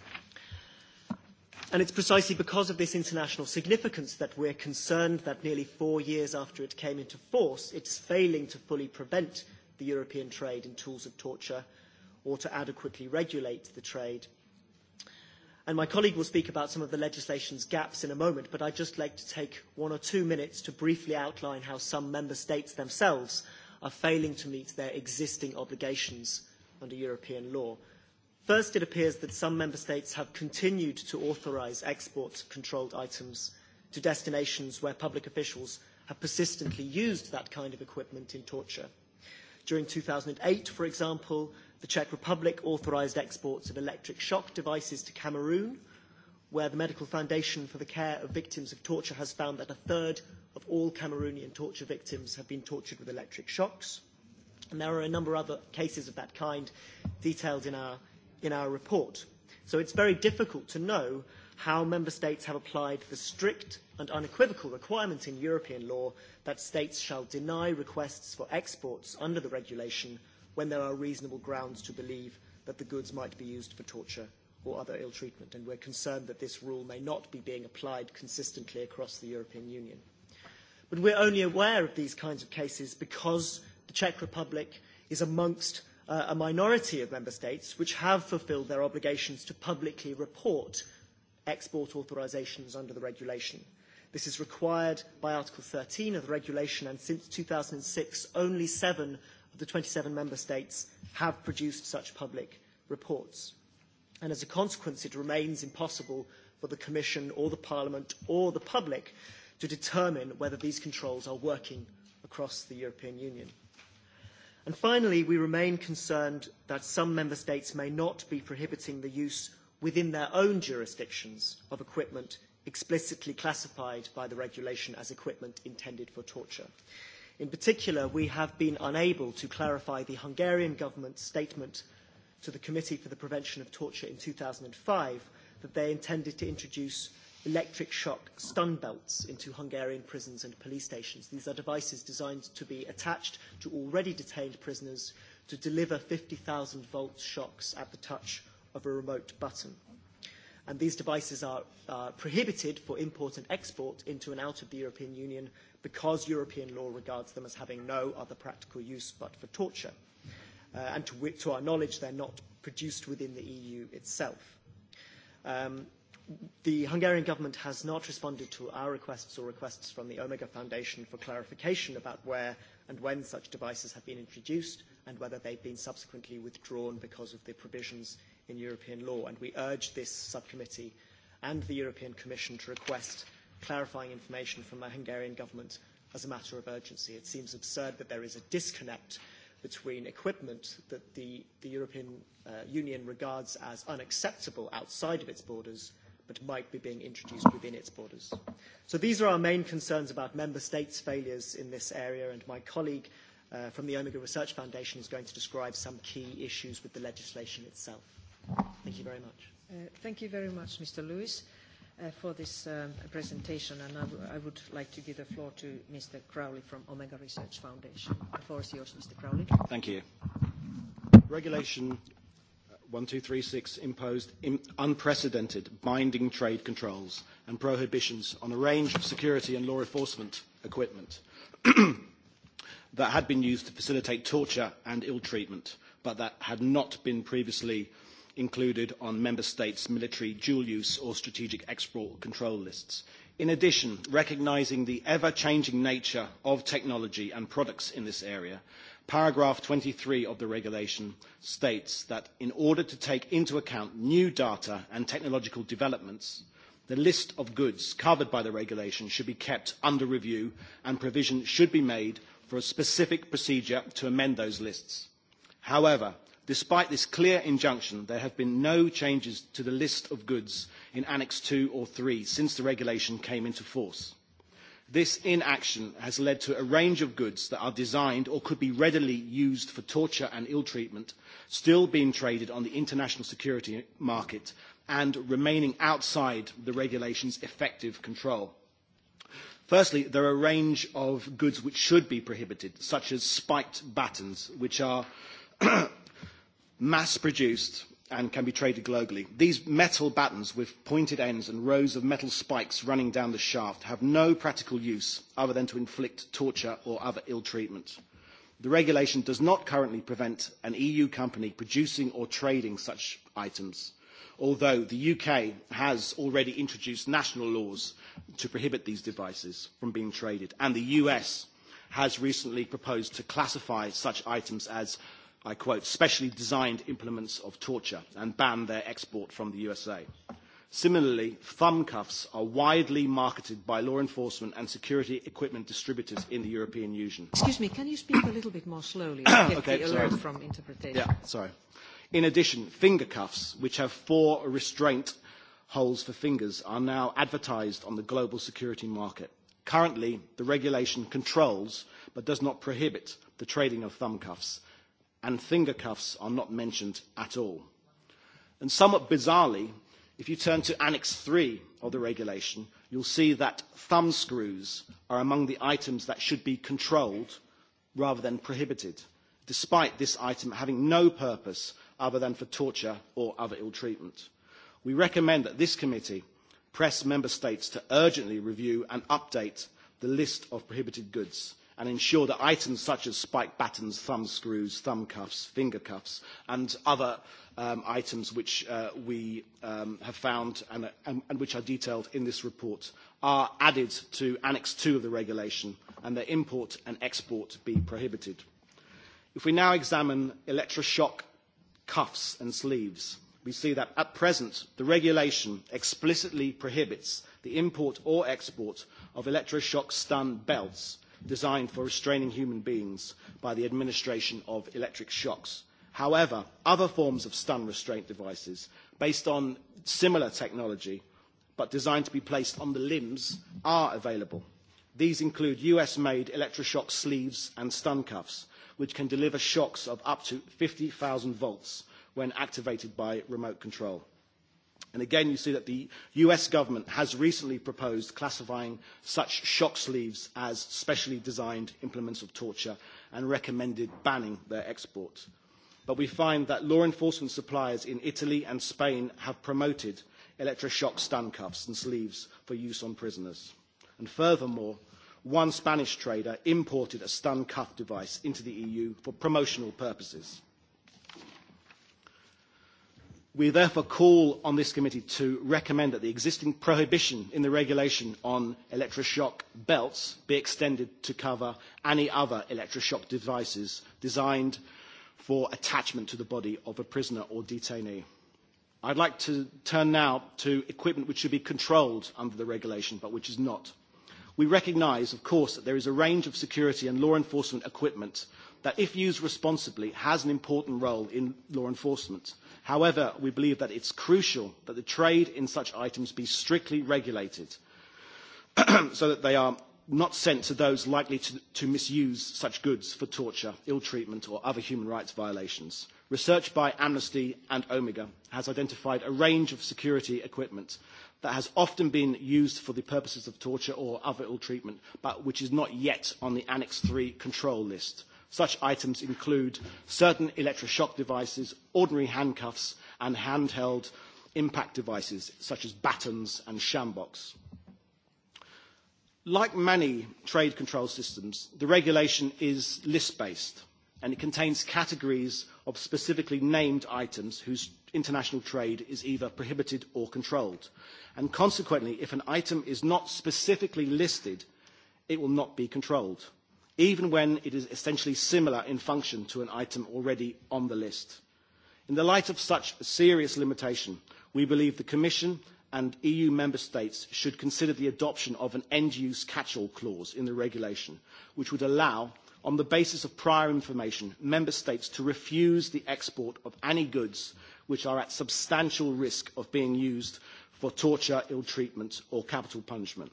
And it's precisely because of this international significance that we're concerned that nearly four years after it came into force, it's failing to fully prevent the European trade in tools of torture or to adequately regulate the trade – And my colleague will speak about some of the legislation's gaps in a moment, but I'd just like to take one or two minutes to briefly outline how some member states themselves are failing to meet their existing obligations under European law. First, it appears that some member states have continued to authorize export-controlled items to destinations where public officials have persistently used that kind of equipment in torture. During 2008, for example, The Czech Republic authorised exports of electric shock devices to Cameroon, where the Medical Foundation for the Care of Victims of Torture has found that a third of all Cameroonian torture victims have been tortured with electric shocks. And there are a number of other cases of that kind detailed in our, in our report. So it's very difficult to know how member states have applied the strict and unequivocal requirement in European law that states shall deny requests for exports under the regulation – when there are reasonable grounds to believe that the goods might be used for torture or other ill treatment, and we're concerned that this rule may not be being applied consistently across the European Union. But we're only aware of these kinds of cases because the Czech Republic is amongst uh, a minority of member states which have fulfilled their obligations to publicly report export authorizations under the regulation. This is required by Article 13 of the regulation, and since 2006, only seven the 27 member states have produced such public reports. And as a consequence, it remains impossible for the Commission or the Parliament or the public to determine whether these controls are working across the European Union. And finally, we remain concerned that some member states may not be prohibiting the use within their own jurisdictions of equipment explicitly classified by the regulation as equipment intended for torture. Uh, In particular, we have been unable to clarify the Hungarian government's statement to the Committee for the Prevention of Torture in 2005 that they intended to introduce electric shock stun belts into Hungarian prisons and police stations. These are devices designed to be attached to already detained prisoners to deliver 50,000 volt shocks at the touch of a remote button and these devices are uh, prohibited for import and export into and out of the European Union because European law regards them as having no other practical use but for torture. Uh, and to, to our knowledge, they're not produced within the EU itself. Um, the Hungarian government has not responded to our requests or requests from the Omega Foundation for clarification about where and when such devices have been introduced and whether they've been subsequently withdrawn because of the provisions in European law, and we urge this subcommittee and the European Commission to request clarifying information from the Hungarian government as a matter of urgency. It seems absurd that there is a disconnect between equipment that the, the European uh, Union regards as unacceptable outside of its borders but might be being introduced within its borders. So these are our main concerns about member states' failures in this area, and my colleague uh, from the Omega Research Foundation is going to describe some key issues with the legislation itself. Thank you very much. Uh, thank you very much, Mr. Lewis, uh, for this um, presentation. And I, w I would like to give the floor to Mr. Crowley from Omega Research Foundation. The floor is yours, Mr. Crowley. Thank you. Regulation 1236 uh, imposed in unprecedented binding trade controls and prohibitions on a range of security and law enforcement equipment [clears throat] that had been used to facilitate torture and ill treatment, but that had not been previously uh, included on member states' military dual-use or strategic export control lists. In addition, recognizing the ever-changing nature of technology and products in this area, paragraph 23 of the regulation states that in order to take into account new data and technological developments, the list of goods covered by the regulation should be kept under review and provision should be made for a specific procedure to amend those lists. However, Despite this clear injunction, there have been no changes to the list of goods in Annex 2 or 3 since the regulation came into force. This inaction has led to a range of goods that are designed or could be readily used for torture and ill treatment still being traded on the international security market and remaining outside the regulation's effective control. Firstly, there are a range of goods which should be prohibited, such as spiked battens, which are [clears throat] mass-produced and can be traded globally. These metal battens with pointed ends and rows of metal spikes running down the shaft have no practical use other than to inflict torture or other ill treatment. The regulation does not currently prevent an EU company producing or trading such items, although the UK has already introduced national laws to prohibit these devices from being traded, and the US has recently proposed to classify such items as I quote, specially designed implements of torture and ban their export from the USA. Similarly, thumb cuffs are widely marketed by law enforcement and security equipment distributors in the European Union. Excuse me, can you speak a little bit more slowly to [coughs] get okay, the alert sorry. from interpretation? Yeah, sorry. In addition, finger cuffs, which have four restraint holes for fingers, are now advertised on the global security market. Currently, the regulation controls but does not prohibit the trading of thumb cuffs and finger cuffs are not mentioned at all. And somewhat bizarrely, if you turn to Annex 3 of the regulation, you'll see that thumb screws are among the items that should be controlled rather than prohibited, despite this item having no purpose other than for torture or other ill treatment. We recommend that this committee press member states to urgently review and update the list of prohibited goods and ensure that items such as spike battens, thumb screws, thumb cuffs, finger cuffs, and other um, items which uh, we um, have found and, and, and which are detailed in this report are added to Annex 2 of the regulation, and their import and export be prohibited. If we now examine electroshock cuffs and sleeves, we see that at present the regulation explicitly prohibits the import or export of electroshock stun belts designed for restraining human beings by the administration of electric shocks. However, other forms of stun restraint devices based on similar technology but designed to be placed on the limbs are available. These include US-made electroshock sleeves and stun cuffs, which can deliver shocks of up to 50,000 volts when activated by remote control. And again, you see that the US government has recently proposed classifying such shock sleeves as specially designed implements of torture and recommended banning their export. But we find that law enforcement suppliers in Italy and Spain have promoted electroshock stun cuffs and sleeves for use on prisoners. And furthermore, one Spanish trader imported a stun cuff device into the EU for promotional purposes We therefore call on this committee to recommend that the existing prohibition in the regulation on electroshock belts be extended to cover any other electroshock devices designed for attachment to the body of a prisoner or detainee. I'd like to turn now to equipment which should be controlled under the regulation but which is not. We recognise, of course, that there is a range of security and law enforcement equipment that, if used responsibly, has an important role in law enforcement. However, we believe that it's crucial that the trade in such items be strictly regulated [clears throat] so that they are not sent to those likely to, to misuse such goods for torture, ill treatment, or other human rights violations. Research by Amnesty and Omega has identified a range of security equipment that has often been used for the purposes of torture or other ill treatment, but which is not yet on the Annex 3 control list Such items include certain electroshock devices, ordinary handcuffs, and handheld impact devices such as batons and shambox. Like many trade control systems, the regulation is list-based, and it contains categories of specifically named items whose international trade is either prohibited or controlled. And consequently, if an item is not specifically listed, it will not be controlled even when it is essentially similar in function to an item already on the list. In the light of such a serious limitation, we believe the Commission and EU member states should consider the adoption of an end-use catch-all clause in the regulation, which would allow, on the basis of prior information, member states to refuse the export of any goods which are at substantial risk of being used for torture, ill treatment or capital punishment.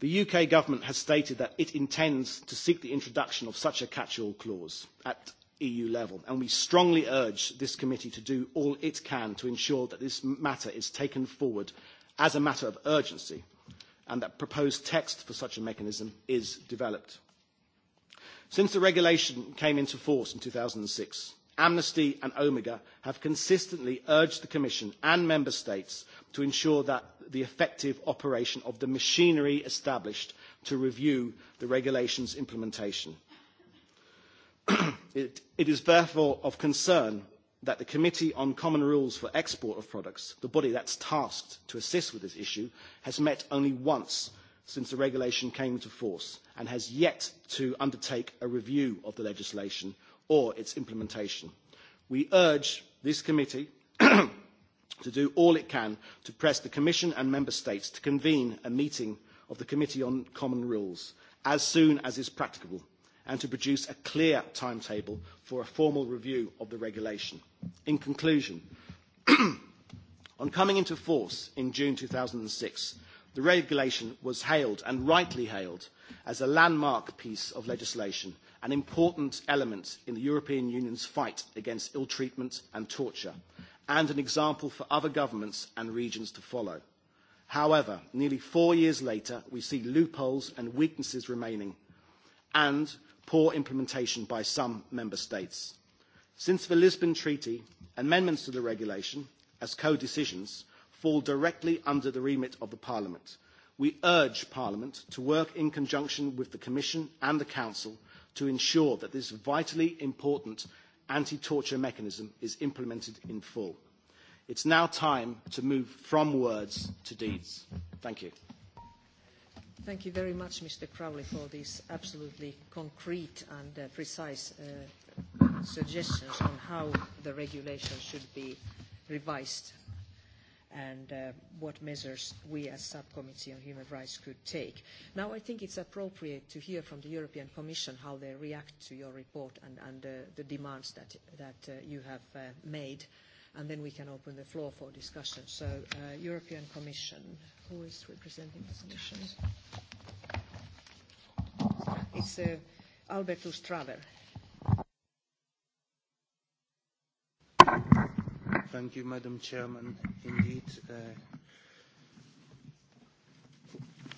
The UK government has stated that it intends to seek the introduction of such a catch-all clause at EU level, and we strongly urge this committee to do all it can to ensure that this matter is taken forward as a matter of urgency and that proposed text for such a mechanism is developed. Since the regulation came into force in 2006, Amnesty and Omega have consistently urged the Commission and Member States to ensure that the effective operation of the machinery established to review the regulation's implementation. it, it is therefore of concern that the Committee on Common Rules for Export of Products, the body that's tasked to assist with this issue, has met only once since the regulation came into force and has yet to undertake a review of the legislation or its implementation. We urge this committee [clears throat] to do all it can to press the Commission and Member States to convene a meeting of the Committee on Common Rules as soon as is practicable and to produce a clear timetable for a formal review of the regulation. In conclusion, [clears throat] on coming into force in June 2006, the regulation was hailed, and rightly hailed, as a landmark piece of legislation, an important element in the European Union's fight against ill treatment and torture, and an example for other governments and regions to follow. However, nearly four years later, we see loopholes and weaknesses remaining, and poor implementation by some member states. Since the Lisbon Treaty, amendments to the regulation, as co-decisions, fall directly under the remit of the Parliament – we urge Parliament to work in conjunction with the Commission and the Council to ensure that this vitally important anti-torture mechanism is implemented in full. It's now time to move from words to deeds. Thank you. Thank you very much, Mr. Crowley, for these absolutely concrete and uh, precise uh, suggestions on how the regulation should be revised and uh, what measures we as Subcommittee on Human Rights could take. Now I think it's appropriate to hear from the European Commission how they react to your report and, and uh, the demands that, that uh, you have uh, made, and then we can open the floor for discussion. So uh, European Commission, who is representing the Commission? It's uh, Albert Lustrader. Thank you, Madam Chairman. Indeed, uh,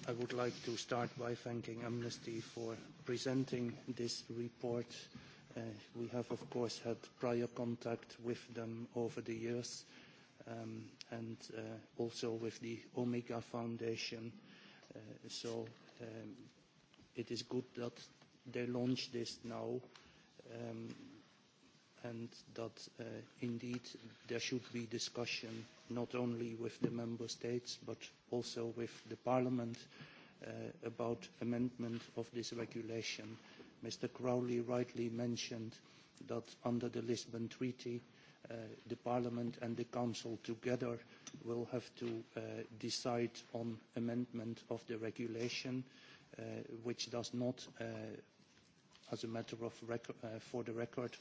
I would like to start by thanking Amnesty for presenting this report. Uh, we have, of course, had prior contact with them over the years, um, and uh, also with the Omega Foundation. Uh, so um, it is good that they launched this now. Um, and that uh, indeed there should be discussion not only with the member states but also with the parliament uh, about amendment of this regulation. Mr Crowley rightly mentioned that under the Lisbon Treaty uh, the Parliament and the Council together will have to uh, decide on amendment of the regulation uh, which does not, uh, as a matter of record, uh, for the record, uh,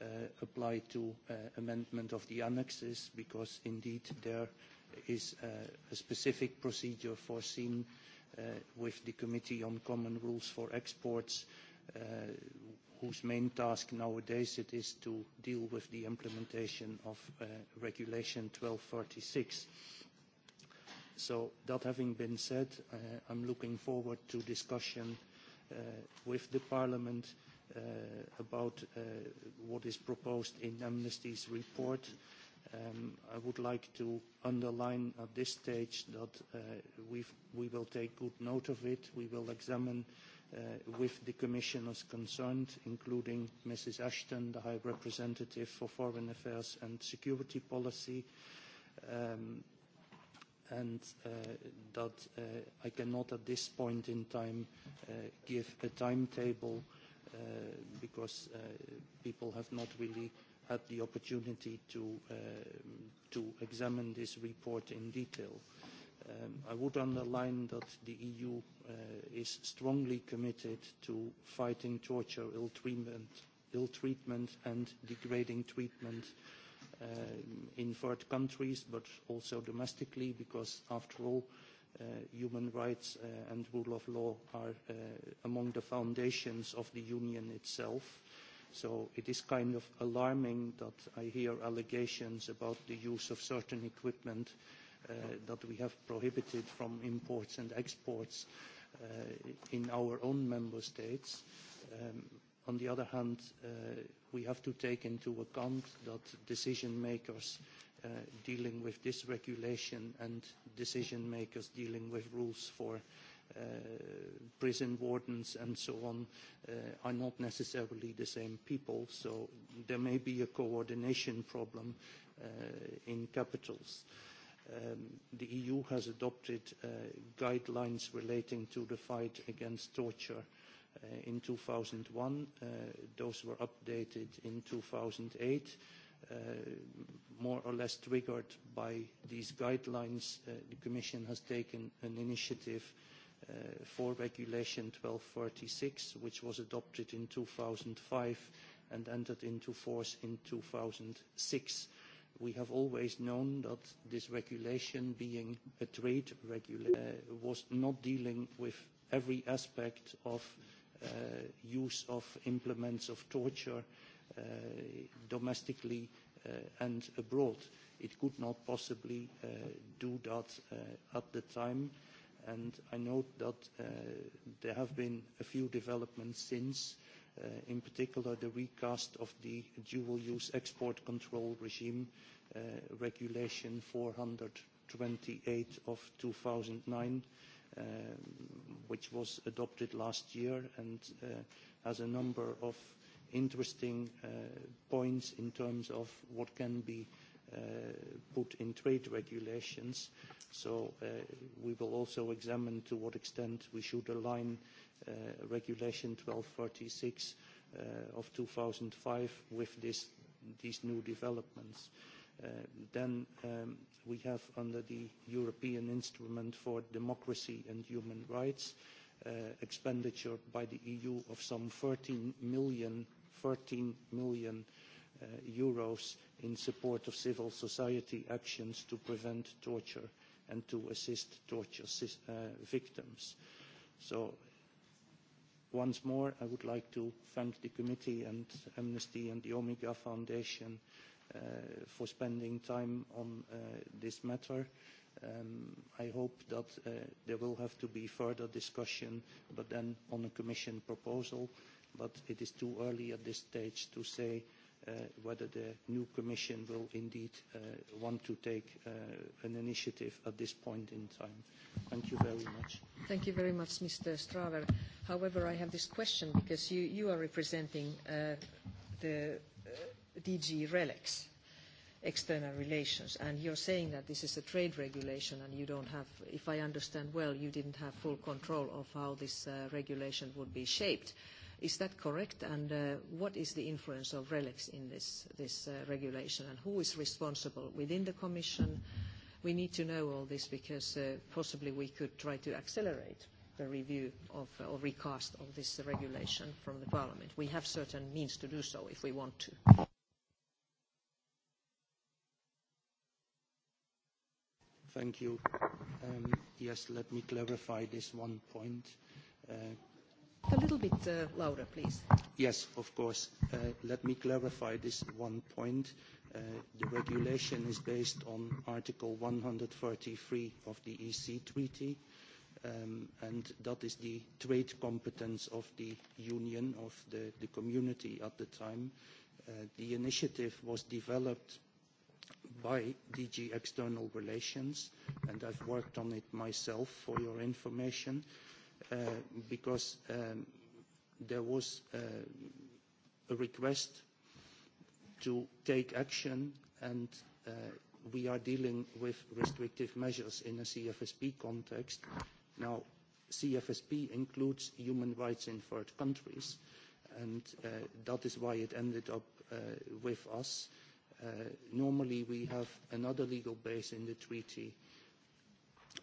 uh, apply to uh, amendment of the annexes because indeed there is uh, a specific procedure foreseen uh, with the Committee on Common Rules for Exports uh, whose main task nowadays it is to deal with the implementation of uh, Regulation 1236. So that having been said, uh, I'm looking forward to discussion uh, with the Parliament uh, uh, about uh, what is proposed in Amnesty's report. Um, I would like to underline at this stage that uh, we will take good note of it. We will examine uh, with the commissioners concerned, including Mrs. Ashton, the High Representative for Foreign Affairs and Security Policy, um, and uh, that uh, I cannot at this point in time uh, give a timetable uh, because uh, people have not really had the opportunity to, uh, to examine this report in detail. Um, I would underline that the EU uh, is strongly committed to fighting torture, ill treatment, ill treatment and degrading treatment um, in third countries, but also domestically, because after all, uh, uh, human rights uh, and rule of law are uh, among the foundations of the Union itself. So it is kind of alarming that I hear allegations about the use of certain equipment uh, that we have prohibited from imports and exports uh, in our own member states. Um, on the other hand, uh, we have to take into account that decision makers uh, dealing with this regulation and decision makers dealing with rules for uh, prison wardens and so on uh, are not necessarily the same people. So there may be a coordination problem uh, in capitals. Um, the EU has adopted uh, guidelines relating to the fight against torture uh, in 2001. Uh, those were updated in 2008 uh, more or less triggered by these guidelines, uh, the Commission has taken an initiative uh, for Regulation 1246, which was adopted in 2005 and entered into force in 2006. We have always known that this regulation, being a trade regulation, uh, was not dealing with every aspect of uh, use of implements of torture uh, uh, domestically uh, and abroad. It could not possibly uh, do that uh, at the time. And I note that uh, there have been a few developments since, uh, in particular the recast of the dual-use export control regime uh, regulation 428 of 2009, um, which was adopted last year and uh, has a number of uh, interesting uh, points in terms of what can be uh, put in trade regulations. So uh, we will also examine to what extent we should align uh, Regulation 1236 uh, of 2005 with this, these new developments. Uh, then um, we have under the European Instrument for Democracy and Human Rights uh, expenditure by the EU of some 13 million 14 million uh, euros in support of civil society actions to prevent torture and to assist torture uh, victims. So once more, I would like to thank the committee and Amnesty and the Omega Foundation uh, for spending time on uh, this matter. Um, I hope that uh, there will have to be further discussion, but then on a commission proposal. Uh, but it is too early at this stage to say uh, whether the new Commission will indeed uh, want to take uh, an initiative at this point in time. Thank you very much. Thank you very much, Mr. Straver. However, I have this question because you, you are representing uh, the uh, DG RELEX, external relations, and you're saying that this is a trade regulation and you don't have, if I understand well, you didn't have full control of how this uh, regulation would be shaped. Uh, Is that correct? And uh, what is the influence of RELEX in this, this uh, regulation, and who is responsible within the Commission? We need to know all this because uh, possibly we could try to accelerate the review of, uh, or recast of this regulation from the Parliament. We have certain means to do so if we want to. Thank you. Um, yes, let me clarify this one point. Uh, a little bit uh, louder, please. Yes, of course. Uh, let me clarify this one point. Uh, the regulation is based on Article 133 of the EC Treaty, um, and that is the trade competence of the Union, of the, the community at the time. Uh, the initiative was developed by DG External Relations, and I've worked on it myself for your information. Uh, uh, because um, there was uh, a request to take action and uh, we are dealing with restrictive measures in a CFSP context. Now, CFSP includes human rights in third countries and uh, that is why it ended up uh, with us. Uh, normally we have another legal base in the treaty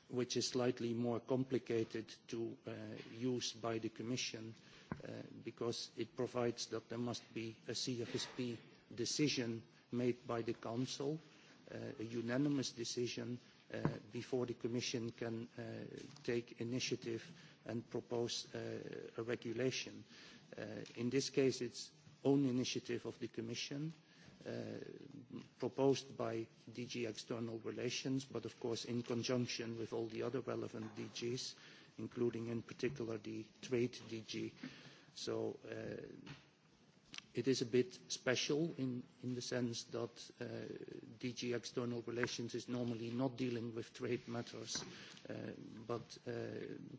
which is slightly more complicated to uh, use by the Commission uh, because it provides that there must be a CFSP decision made by the Council, uh, a unanimous decision, uh, before the Commission can uh, take initiative and propose uh, a regulation. Uh, in this case, it's own initiative of the Commission. Uh, Uh, proposed by DG External Relations, but of course in conjunction with all the other relevant DGs, including in particular the Trade DG. So uh, it is a bit special in, in the sense that uh, DG External Relations is normally not dealing with trade matters, uh, but uh,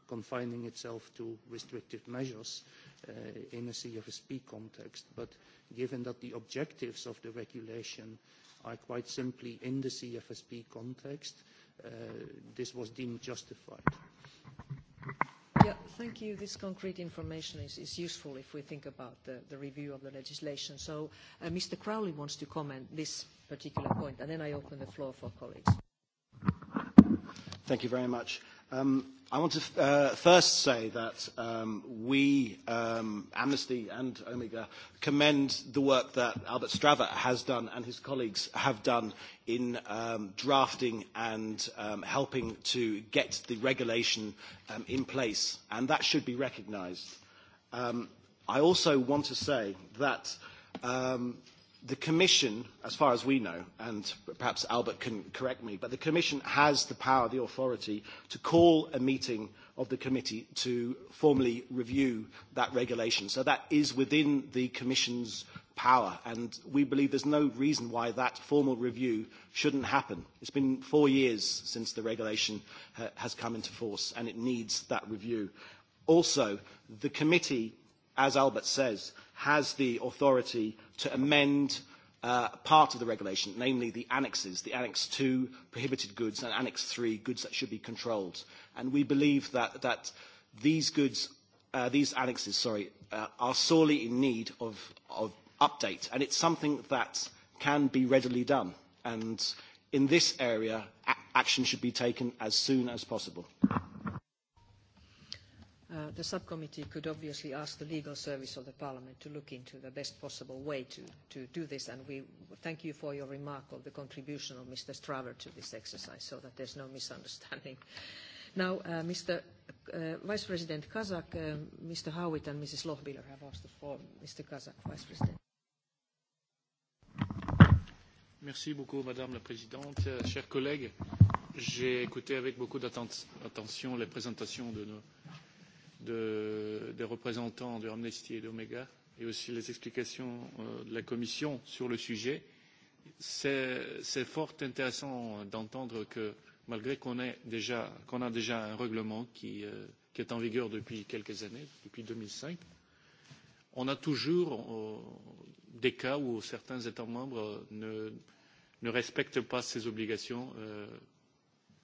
confining itself to restrictive measures uh, in a CFSP context. But given that the objectives of the regulation are quite simply in the CFSP context, uh, this was deemed justified. Thank you. Yeah, thank you. This concrete information is, is useful if we think about the, the review of the legislation. So uh, Mr. Crowley wants to comment this particular point, and then I open the floor for colleagues. Thank you very much. Um, I want to uh, first say that um, we, um, Amnesty and Omega, commend the work that Albert Strava has done and his colleagues have done in um, drafting and um, helping to get the regulation um, in place, and that should be recognised. Um, I also want to say that um, the Commission, as far as we know, and perhaps Albert can correct me, but the Commission has the power, the authority, to call a meeting of the committee to formally review that regulation. So that is within the Commission's power, and we believe there's no reason why that formal review shouldn't happen. It's been four years since the regulation ha- uh, has come into force, and it needs that review. Also, the committee, as Albert says, has the authority to amend uh, part of the regulation, namely the annexes, the Annex 2 prohibited goods and Annex 3 goods that should be controlled. And we believe that, that these goods, uh, these annexes, sorry, uh, are sorely in need of, of update. And it's something that can be readily done. And in this area, action should be taken as soon as possible. Uh, the subcommittee could obviously ask the legal service of the parliament to look into the best possible way to, to do this, and we thank you for your remark of the contribution of Mr. Straver to this exercise, so that there's no misunderstanding. [laughs] Now, uh, Mr. Uh, Vice President Kazak, um, uh, Mr. Howitt and Mrs. Lochbiller have asked the floor. Mr. Kazak, Vice President. Merci beaucoup, Madame la Présidente. Euh, chers collègues, j'ai écouté avec beaucoup d'attention les présentations de nos de, des représentants de Amnesty et d'Omega et aussi les explications euh, de la Commission sur le sujet. C'est fort intéressant d'entendre que malgré qu'on qu, déjà, qu a déjà un règlement qui, euh, qui est en vigueur depuis quelques années, depuis 2005, on a toujours euh, des cas où certains États membres ne, ne respectent pas ces obligations euh,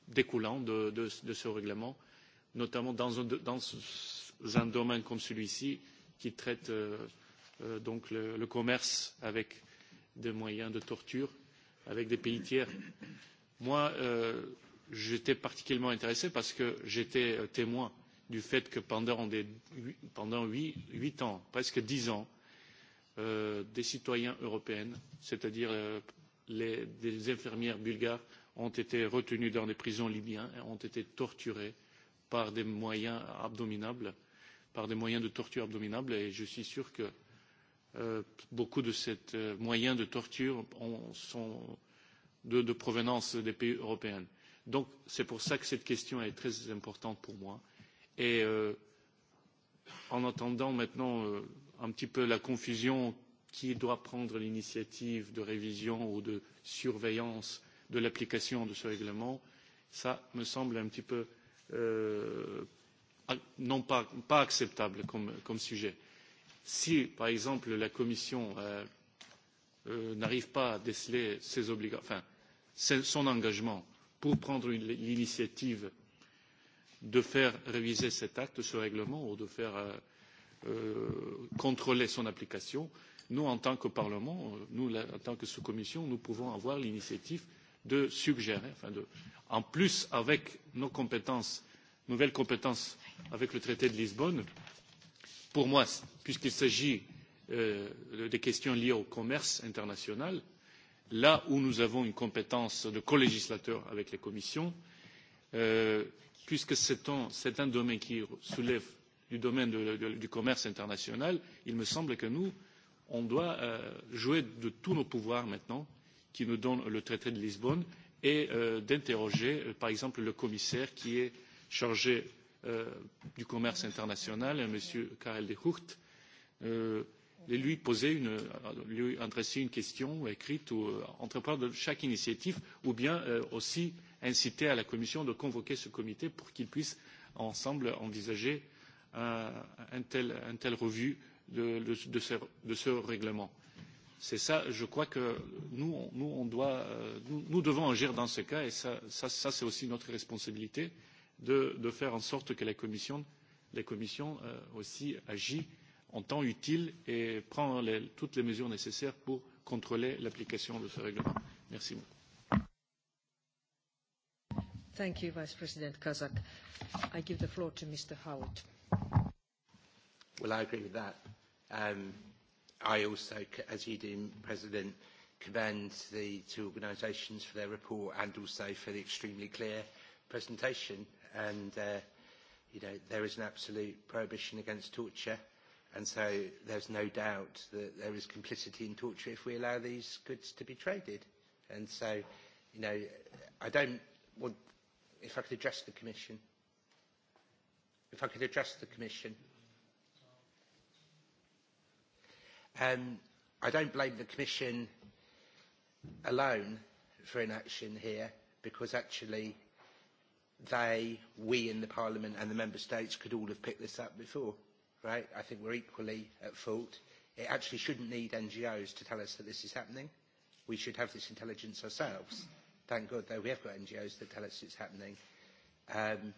découlant de, de, de ce règlement notamment dans un, dans un domaine comme celui-ci qui traite euh, euh, donc le, le commerce avec des moyens de torture avec des pays tiers. Moi, euh, j'étais particulièrement intéressé parce que j'étais euh, témoin du fait que pendant, des, pendant 8, 8 ans, presque 10 ans, euh, des citoyens européens, c'est-à-dire euh, les, des infirmières bulgares, ont été retenus dans des prisons libyennes, ont été torturés, euh, par des moyens abominables, par des moyens de torture abominables, et je suis sûr que euh, beaucoup de ces euh, moyens de torture ont, sont de, de provenance des pays européens. Donc c'est pour ça que cette question est très importante pour moi. Et euh, en attendant maintenant euh, un petit peu la confusion qui doit prendre l'initiative de révision ou de surveillance de l'application de ce règlement, ça me semble un petit peu euh, euh, ah, non pas, pas acceptable comme, comme sujet. Si, par exemple, la Commission euh, euh, n'arrive pas à déceler ses enfin, son engagement pour prendre l'initiative de faire réviser cet acte, ce règlement, ou de faire euh, euh, contrôler son application, nous, en tant que Parlement, euh, nous, en tant que sous-commission, nous pouvons avoir l'initiative de suggérer, enfin de, en plus avec nos compétences, nouvelles compétences avec le traité de Lisbonne, pour moi, puisqu'il s'agit euh, des questions liées au commerce international, là où nous avons une compétence de colégislateur avec les commissions, euh, puisque c'est un, un domaine qui soulève du domaine de, de, du commerce international, il me semble que nous, on doit euh, jouer de tous nos pouvoirs maintenant qui nous donne le traité de lisbonne et euh, d'interroger euh, par exemple le commissaire qui est chargé euh, du commerce international m. karel de gucht euh, et lui poser une, lui adresser une question écrite ou euh, entreprendre chaque initiative ou bien aussi inciter à la commission de convoquer ce comité pour qu'ils puissent ensemble envisager un, un tel, une telle revue de, de, de, ce, de ce règlement. C'est ça, je crois que nous, on, nous, on doit, euh, nous, nous devons agir dans ce cas et ça, ça, ça c'est aussi notre responsabilité de, de faire en sorte que la Commission, la commission euh, aussi agit en temps utile et prend les, toutes les mesures nécessaires pour contrôler l'application de ce règlement. Merci beaucoup. Thank you, Vice President Kazak. I give the floor to Mr. Howard. Well, I agree with that. Um, I also, as you do, President, commend the two organisations for their report and also for the extremely clear presentation. And, uh, you know, there is an absolute prohibition against torture. And so there's no doubt that there is complicity in torture if we allow these goods to be traded. And so, you know, I don't want, if I could address the Commission, if I could address the Commission, Um, I don't blame the Commission alone for inaction here because actually they, we in the Parliament and the Member States could all have picked this up before, right? I think we're equally at fault. It actually shouldn't need NGOs to tell us that this is happening. We should have this intelligence ourselves. Thank God, though, we have got NGOs that tell us it's happening. Um,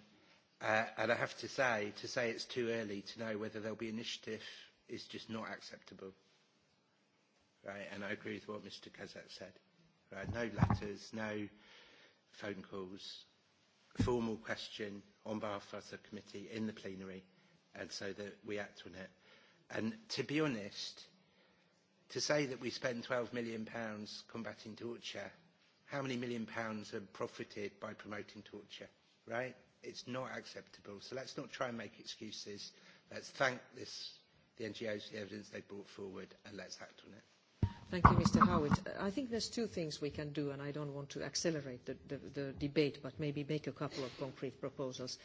uh, and I have to say, to say it's too early to know whether there'll be initiative is just not acceptable right? And I agree with what Mr. Kazak said, right? No letters, no phone calls, formal question on behalf of the committee in the plenary, and so that we act on it. And to be honest, to say that we spend 12 million pounds combating torture, how many million pounds are profited by promoting torture, right? It's not acceptable. So let's not try and make excuses. Let's thank this, the NGOs for the evidence they brought forward, and let's act on it. Thank you, Mr. Howitt. I think there's two things we can do, and I don't want to accelerate the, the, the debate, but maybe make a couple of concrete proposals.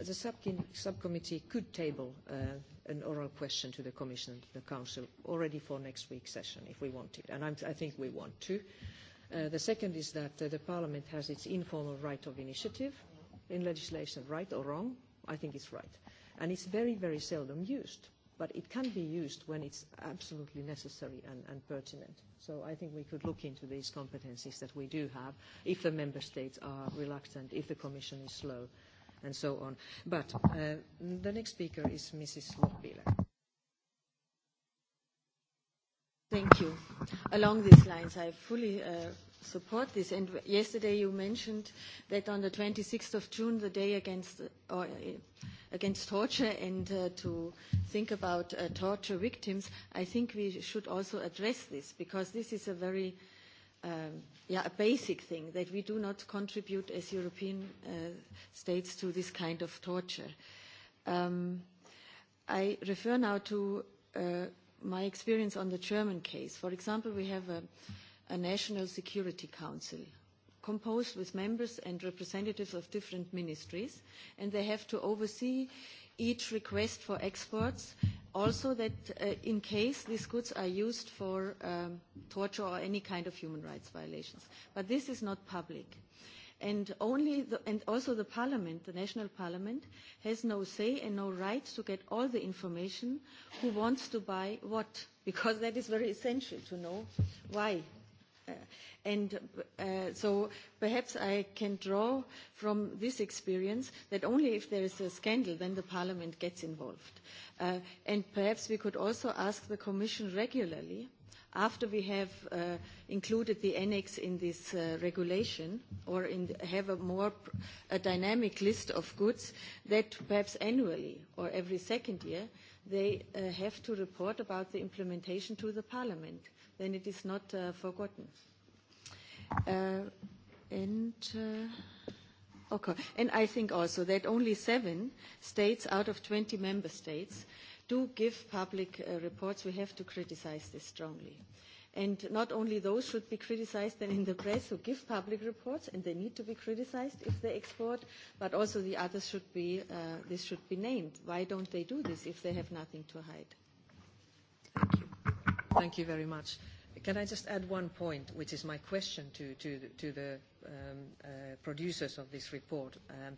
The sub subcommittee could table uh, an oral question to the Commission and the Council already for next week's session if we want it, and I'm, I think we want to. Uh, the second is that uh, the Parliament has its informal right of initiative in legislation, right or wrong. I think it's right. And it's very, very seldom used. Uh, but it can be used when it's absolutely necessary and, and pertinent. So I think we could look into these competencies that we do have if the member states are reluctant, if the Commission is slow, and so on. But uh, the next speaker is Mrs. Lochbieler. Thank you. Along these lines, I fully uh, support this. And yesterday you mentioned that on the 26th of June, the day against, or, uh, against torture and uh, to think about uh, torture victims, I think we should also address this because this is a very um, yeah, a basic thing that we do not contribute as European uh, states to this kind of torture. Um, I refer now to uh, my experience on the German case. For example, we have a, a National Security Council composed with members and representatives of different ministries, and they have to oversee each request for exports, also that uh, in case these goods are used for um, torture or any kind of human rights violations. But this is not public. And, only the, and also the parliament, the national parliament, has no say and no right to get all the information who wants to buy what, because that is very essential to know why Uh, and uh, so perhaps I can draw from this experience that only if there is a scandal then the Parliament gets involved. Uh, and perhaps we could also ask the Commission regularly after we have uh, included the annex in this uh, regulation or in the, have a more pr- a dynamic list of goods that perhaps annually or every second year they uh, have to report about the implementation to the parliament. Uh, then it is not uh, forgotten. Uh, and uh, okay, and I think also that only seven states out of 20 member states do give public uh, reports. We have to criticize this strongly. And not only those should be criticized then in the press who give public reports, and they need to be criticized if they export, but also the others should be, uh, this should be named. Why don't they do this if they have nothing to hide? Thank you. Thank you very much. Can I just add one point, which is my question to, to, to the um, uh, producers of this report? Um,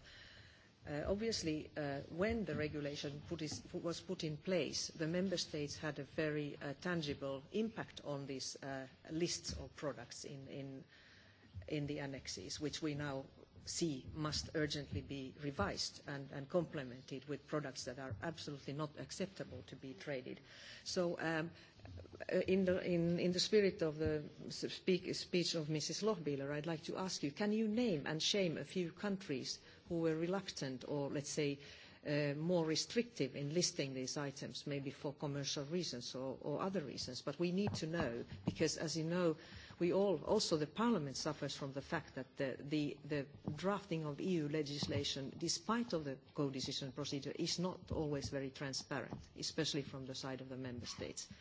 uh, obviously, uh, when the regulation put is, was put in place, the member states had a very uh, tangible impact on these uh, lists of products in, in, in the annexes, which we now see must urgently be revised and, and complemented with products that are absolutely not acceptable to be traded. So um, Uh, in the, in, in the spirit of the speak, speech of Mrs. Lochbieler, I'd like to ask you, can you name and shame a few countries who were reluctant or, let's say, uh, more restrictive in listing these items, maybe for commercial reasons or, or other reasons. But we need to know, because as you know, we all, also the Parliament suffers from the fact that the, the, the drafting of EU legislation, despite of the co-decision procedure, is not always very transparent, especially from the side of the Member States. Uh,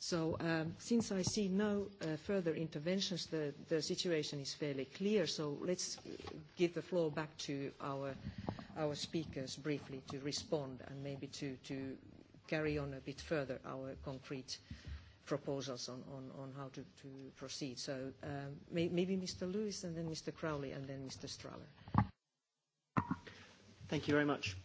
So um, since I see no uh, further interventions, the, the situation is fairly clear. So let's uh, give the floor back to our, our speakers briefly to respond and maybe to, to carry on a bit further our concrete proposals on, on, on how to, to proceed. So um, may, maybe Mr. Lewis and then Mr. Crowley and then Mr. Strahler. Thank you very much.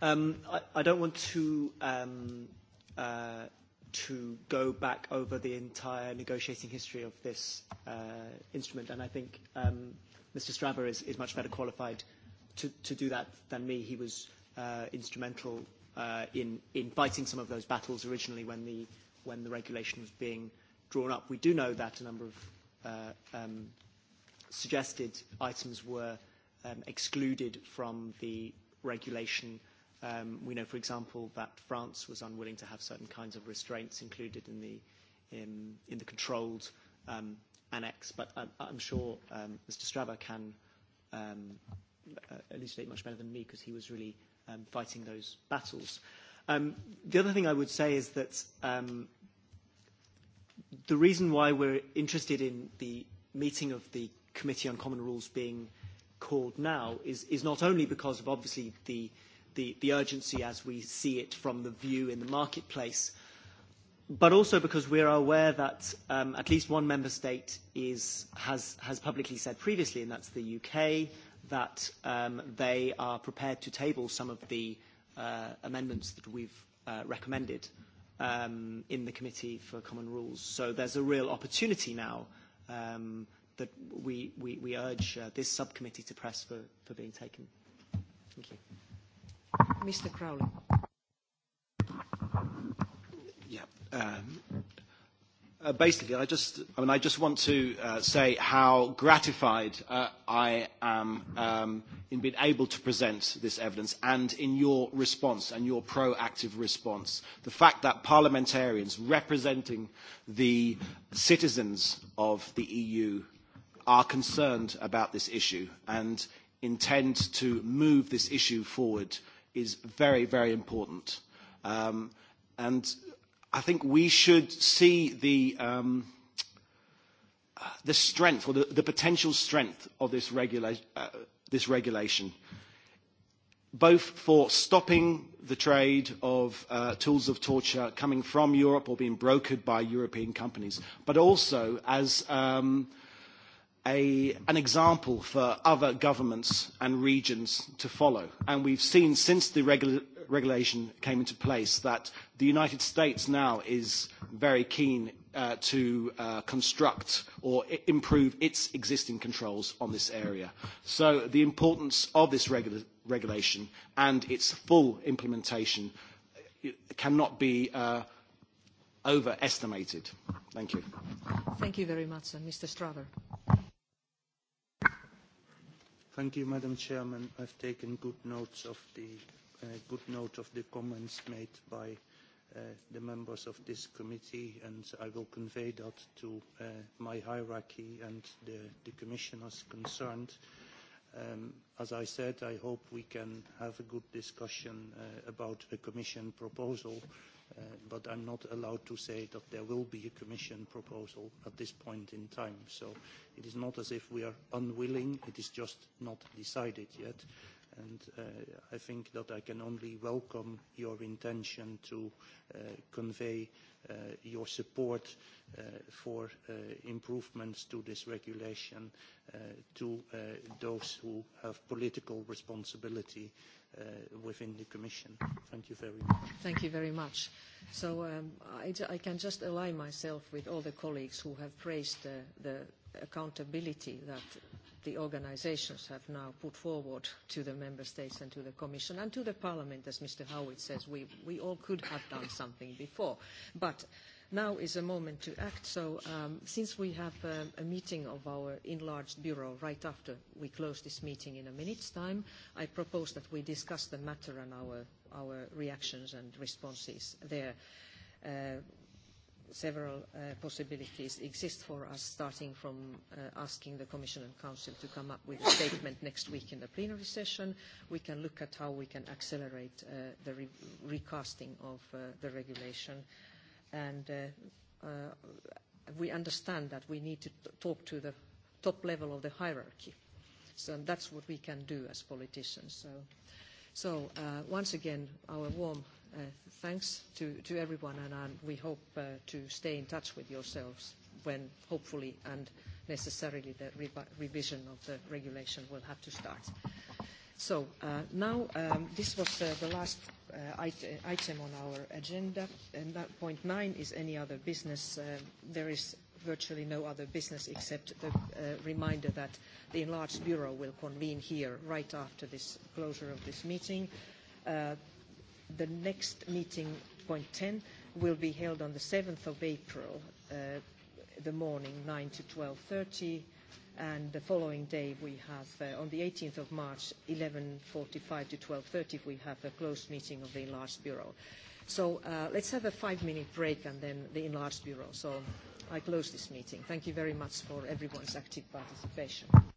Um, I, I don't want to um, uh, to go back over the entire negotiating history of this uh, instrument. And I think um, Mr. Straba is, is much better qualified to, to do that than me. He was uh, instrumental uh, in, in fighting some of those battles originally when the, when the regulation was being drawn up. We do know that a number of uh, um, suggested items were um, excluded from the regulation uh, Um, we know, for example, that France was unwilling to have certain kinds of restraints included in the, in, in the controlled um, annex, but I, I'm sure um, Mr. Straba can um, uh, elucidate much better than me because he was really um, fighting those battles. Um, the other thing I would say is that um, the reason why we're interested in the meeting of the Committee on Common Rules being called now is, is not only because of obviously the uh, the, the urgency as we see it from the view in the marketplace, but also because we are aware that um, at least one member state is, has, has publicly said previously, and that's the UK, that um, they are prepared to table some of the uh, amendments that we've uh, recommended um, in the Committee for Common Rules. So there's a real opportunity now um, that we, we, we urge uh, this subcommittee to press for, for being taken. Thank you. Mr. Crowley. Yeah. Um, uh, basically, I just, I mean, I just want to uh, say how gratified uh, I am um, in being able to present this evidence and in your response and your proactive response. The fact that parliamentarians representing the citizens of the EU are concerned about this issue and intend to move this issue forward is very, very important. Um, and I think we should see the, um, the strength or the, the potential strength of this, regula- uh, this regulation, both for stopping the trade of uh, tools of torture coming from Europe or being brokered by European companies, but also as um, uh, a, an example for other governments and regions to follow. And we've seen since the regula- regulation came into place that the United States now is very keen uh, to uh, construct or I- improve its existing controls on this area. So the importance of this regula- regulation and its full implementation uh, cannot be uh, overestimated. Thank you. Thank you very much. And Mr. Strother. Thank you, Madam Chairman. I've taken good notes of the uh, good note of the comments made by uh, the members of this committee, and I will convey that to uh, my hierarchy and the, the commissioners concerned. Um, as I said, I hope we can have a good discussion uh, about a Commission proposal uh, Uh, but I'm not allowed to say that there will be a Commission proposal at this point in time. So it is not as if we are unwilling, it is just not decided yet. Uh, and uh, I think that I can only welcome your intention to uh, convey uh, your support uh, for uh, improvements to this regulation uh, to uh, those who have political responsibility uh, within the Commission. Thank you very much. Thank you very much. So um, I, I can just align myself with all the colleagues who have praised uh, the accountability that the organizations have now put forward to the member states and to the commission and to the parliament, as Mr. Howitt says, we, we all could have done something before. But now is a moment to act. So um, since we have um, a meeting of our enlarged bureau right after we close this meeting in a minute's time, I propose that we discuss the matter and our, our reactions and responses there. Uh, several uh, possibilities exist for us, starting from uh, asking the Commission and Council to come up with a statement next week in the plenary session. We can look at how we can accelerate uh, the re recasting of uh, the regulation. And uh, uh, we understand that we need to talk to the top level of the hierarchy. So that's what we can do as politicians. So, so uh, once again, our warm uh, thanks to, to everyone, and, and we hope uh, to stay in touch with yourselves when hopefully and necessarily the re revision of the regulation will have to start. So uh, now um, this was uh, the last uh, item on our agenda, and that point nine is any other business. Uh, there is virtually no other business except the uh, reminder that the enlarged bureau will convene here right after this closure of this meeting. Uh, the next meeting, point 10, will be held on the 7th of April, uh, the morning, 9 to 12.30, and the following day we have, uh, on the 18th of March, 11.45 to 12.30, we have a closed meeting of the Enlarged Bureau. So uh, let's have a five-minute break and then the Enlarged Bureau. So I close this meeting. Thank you very much for everyone's active participation.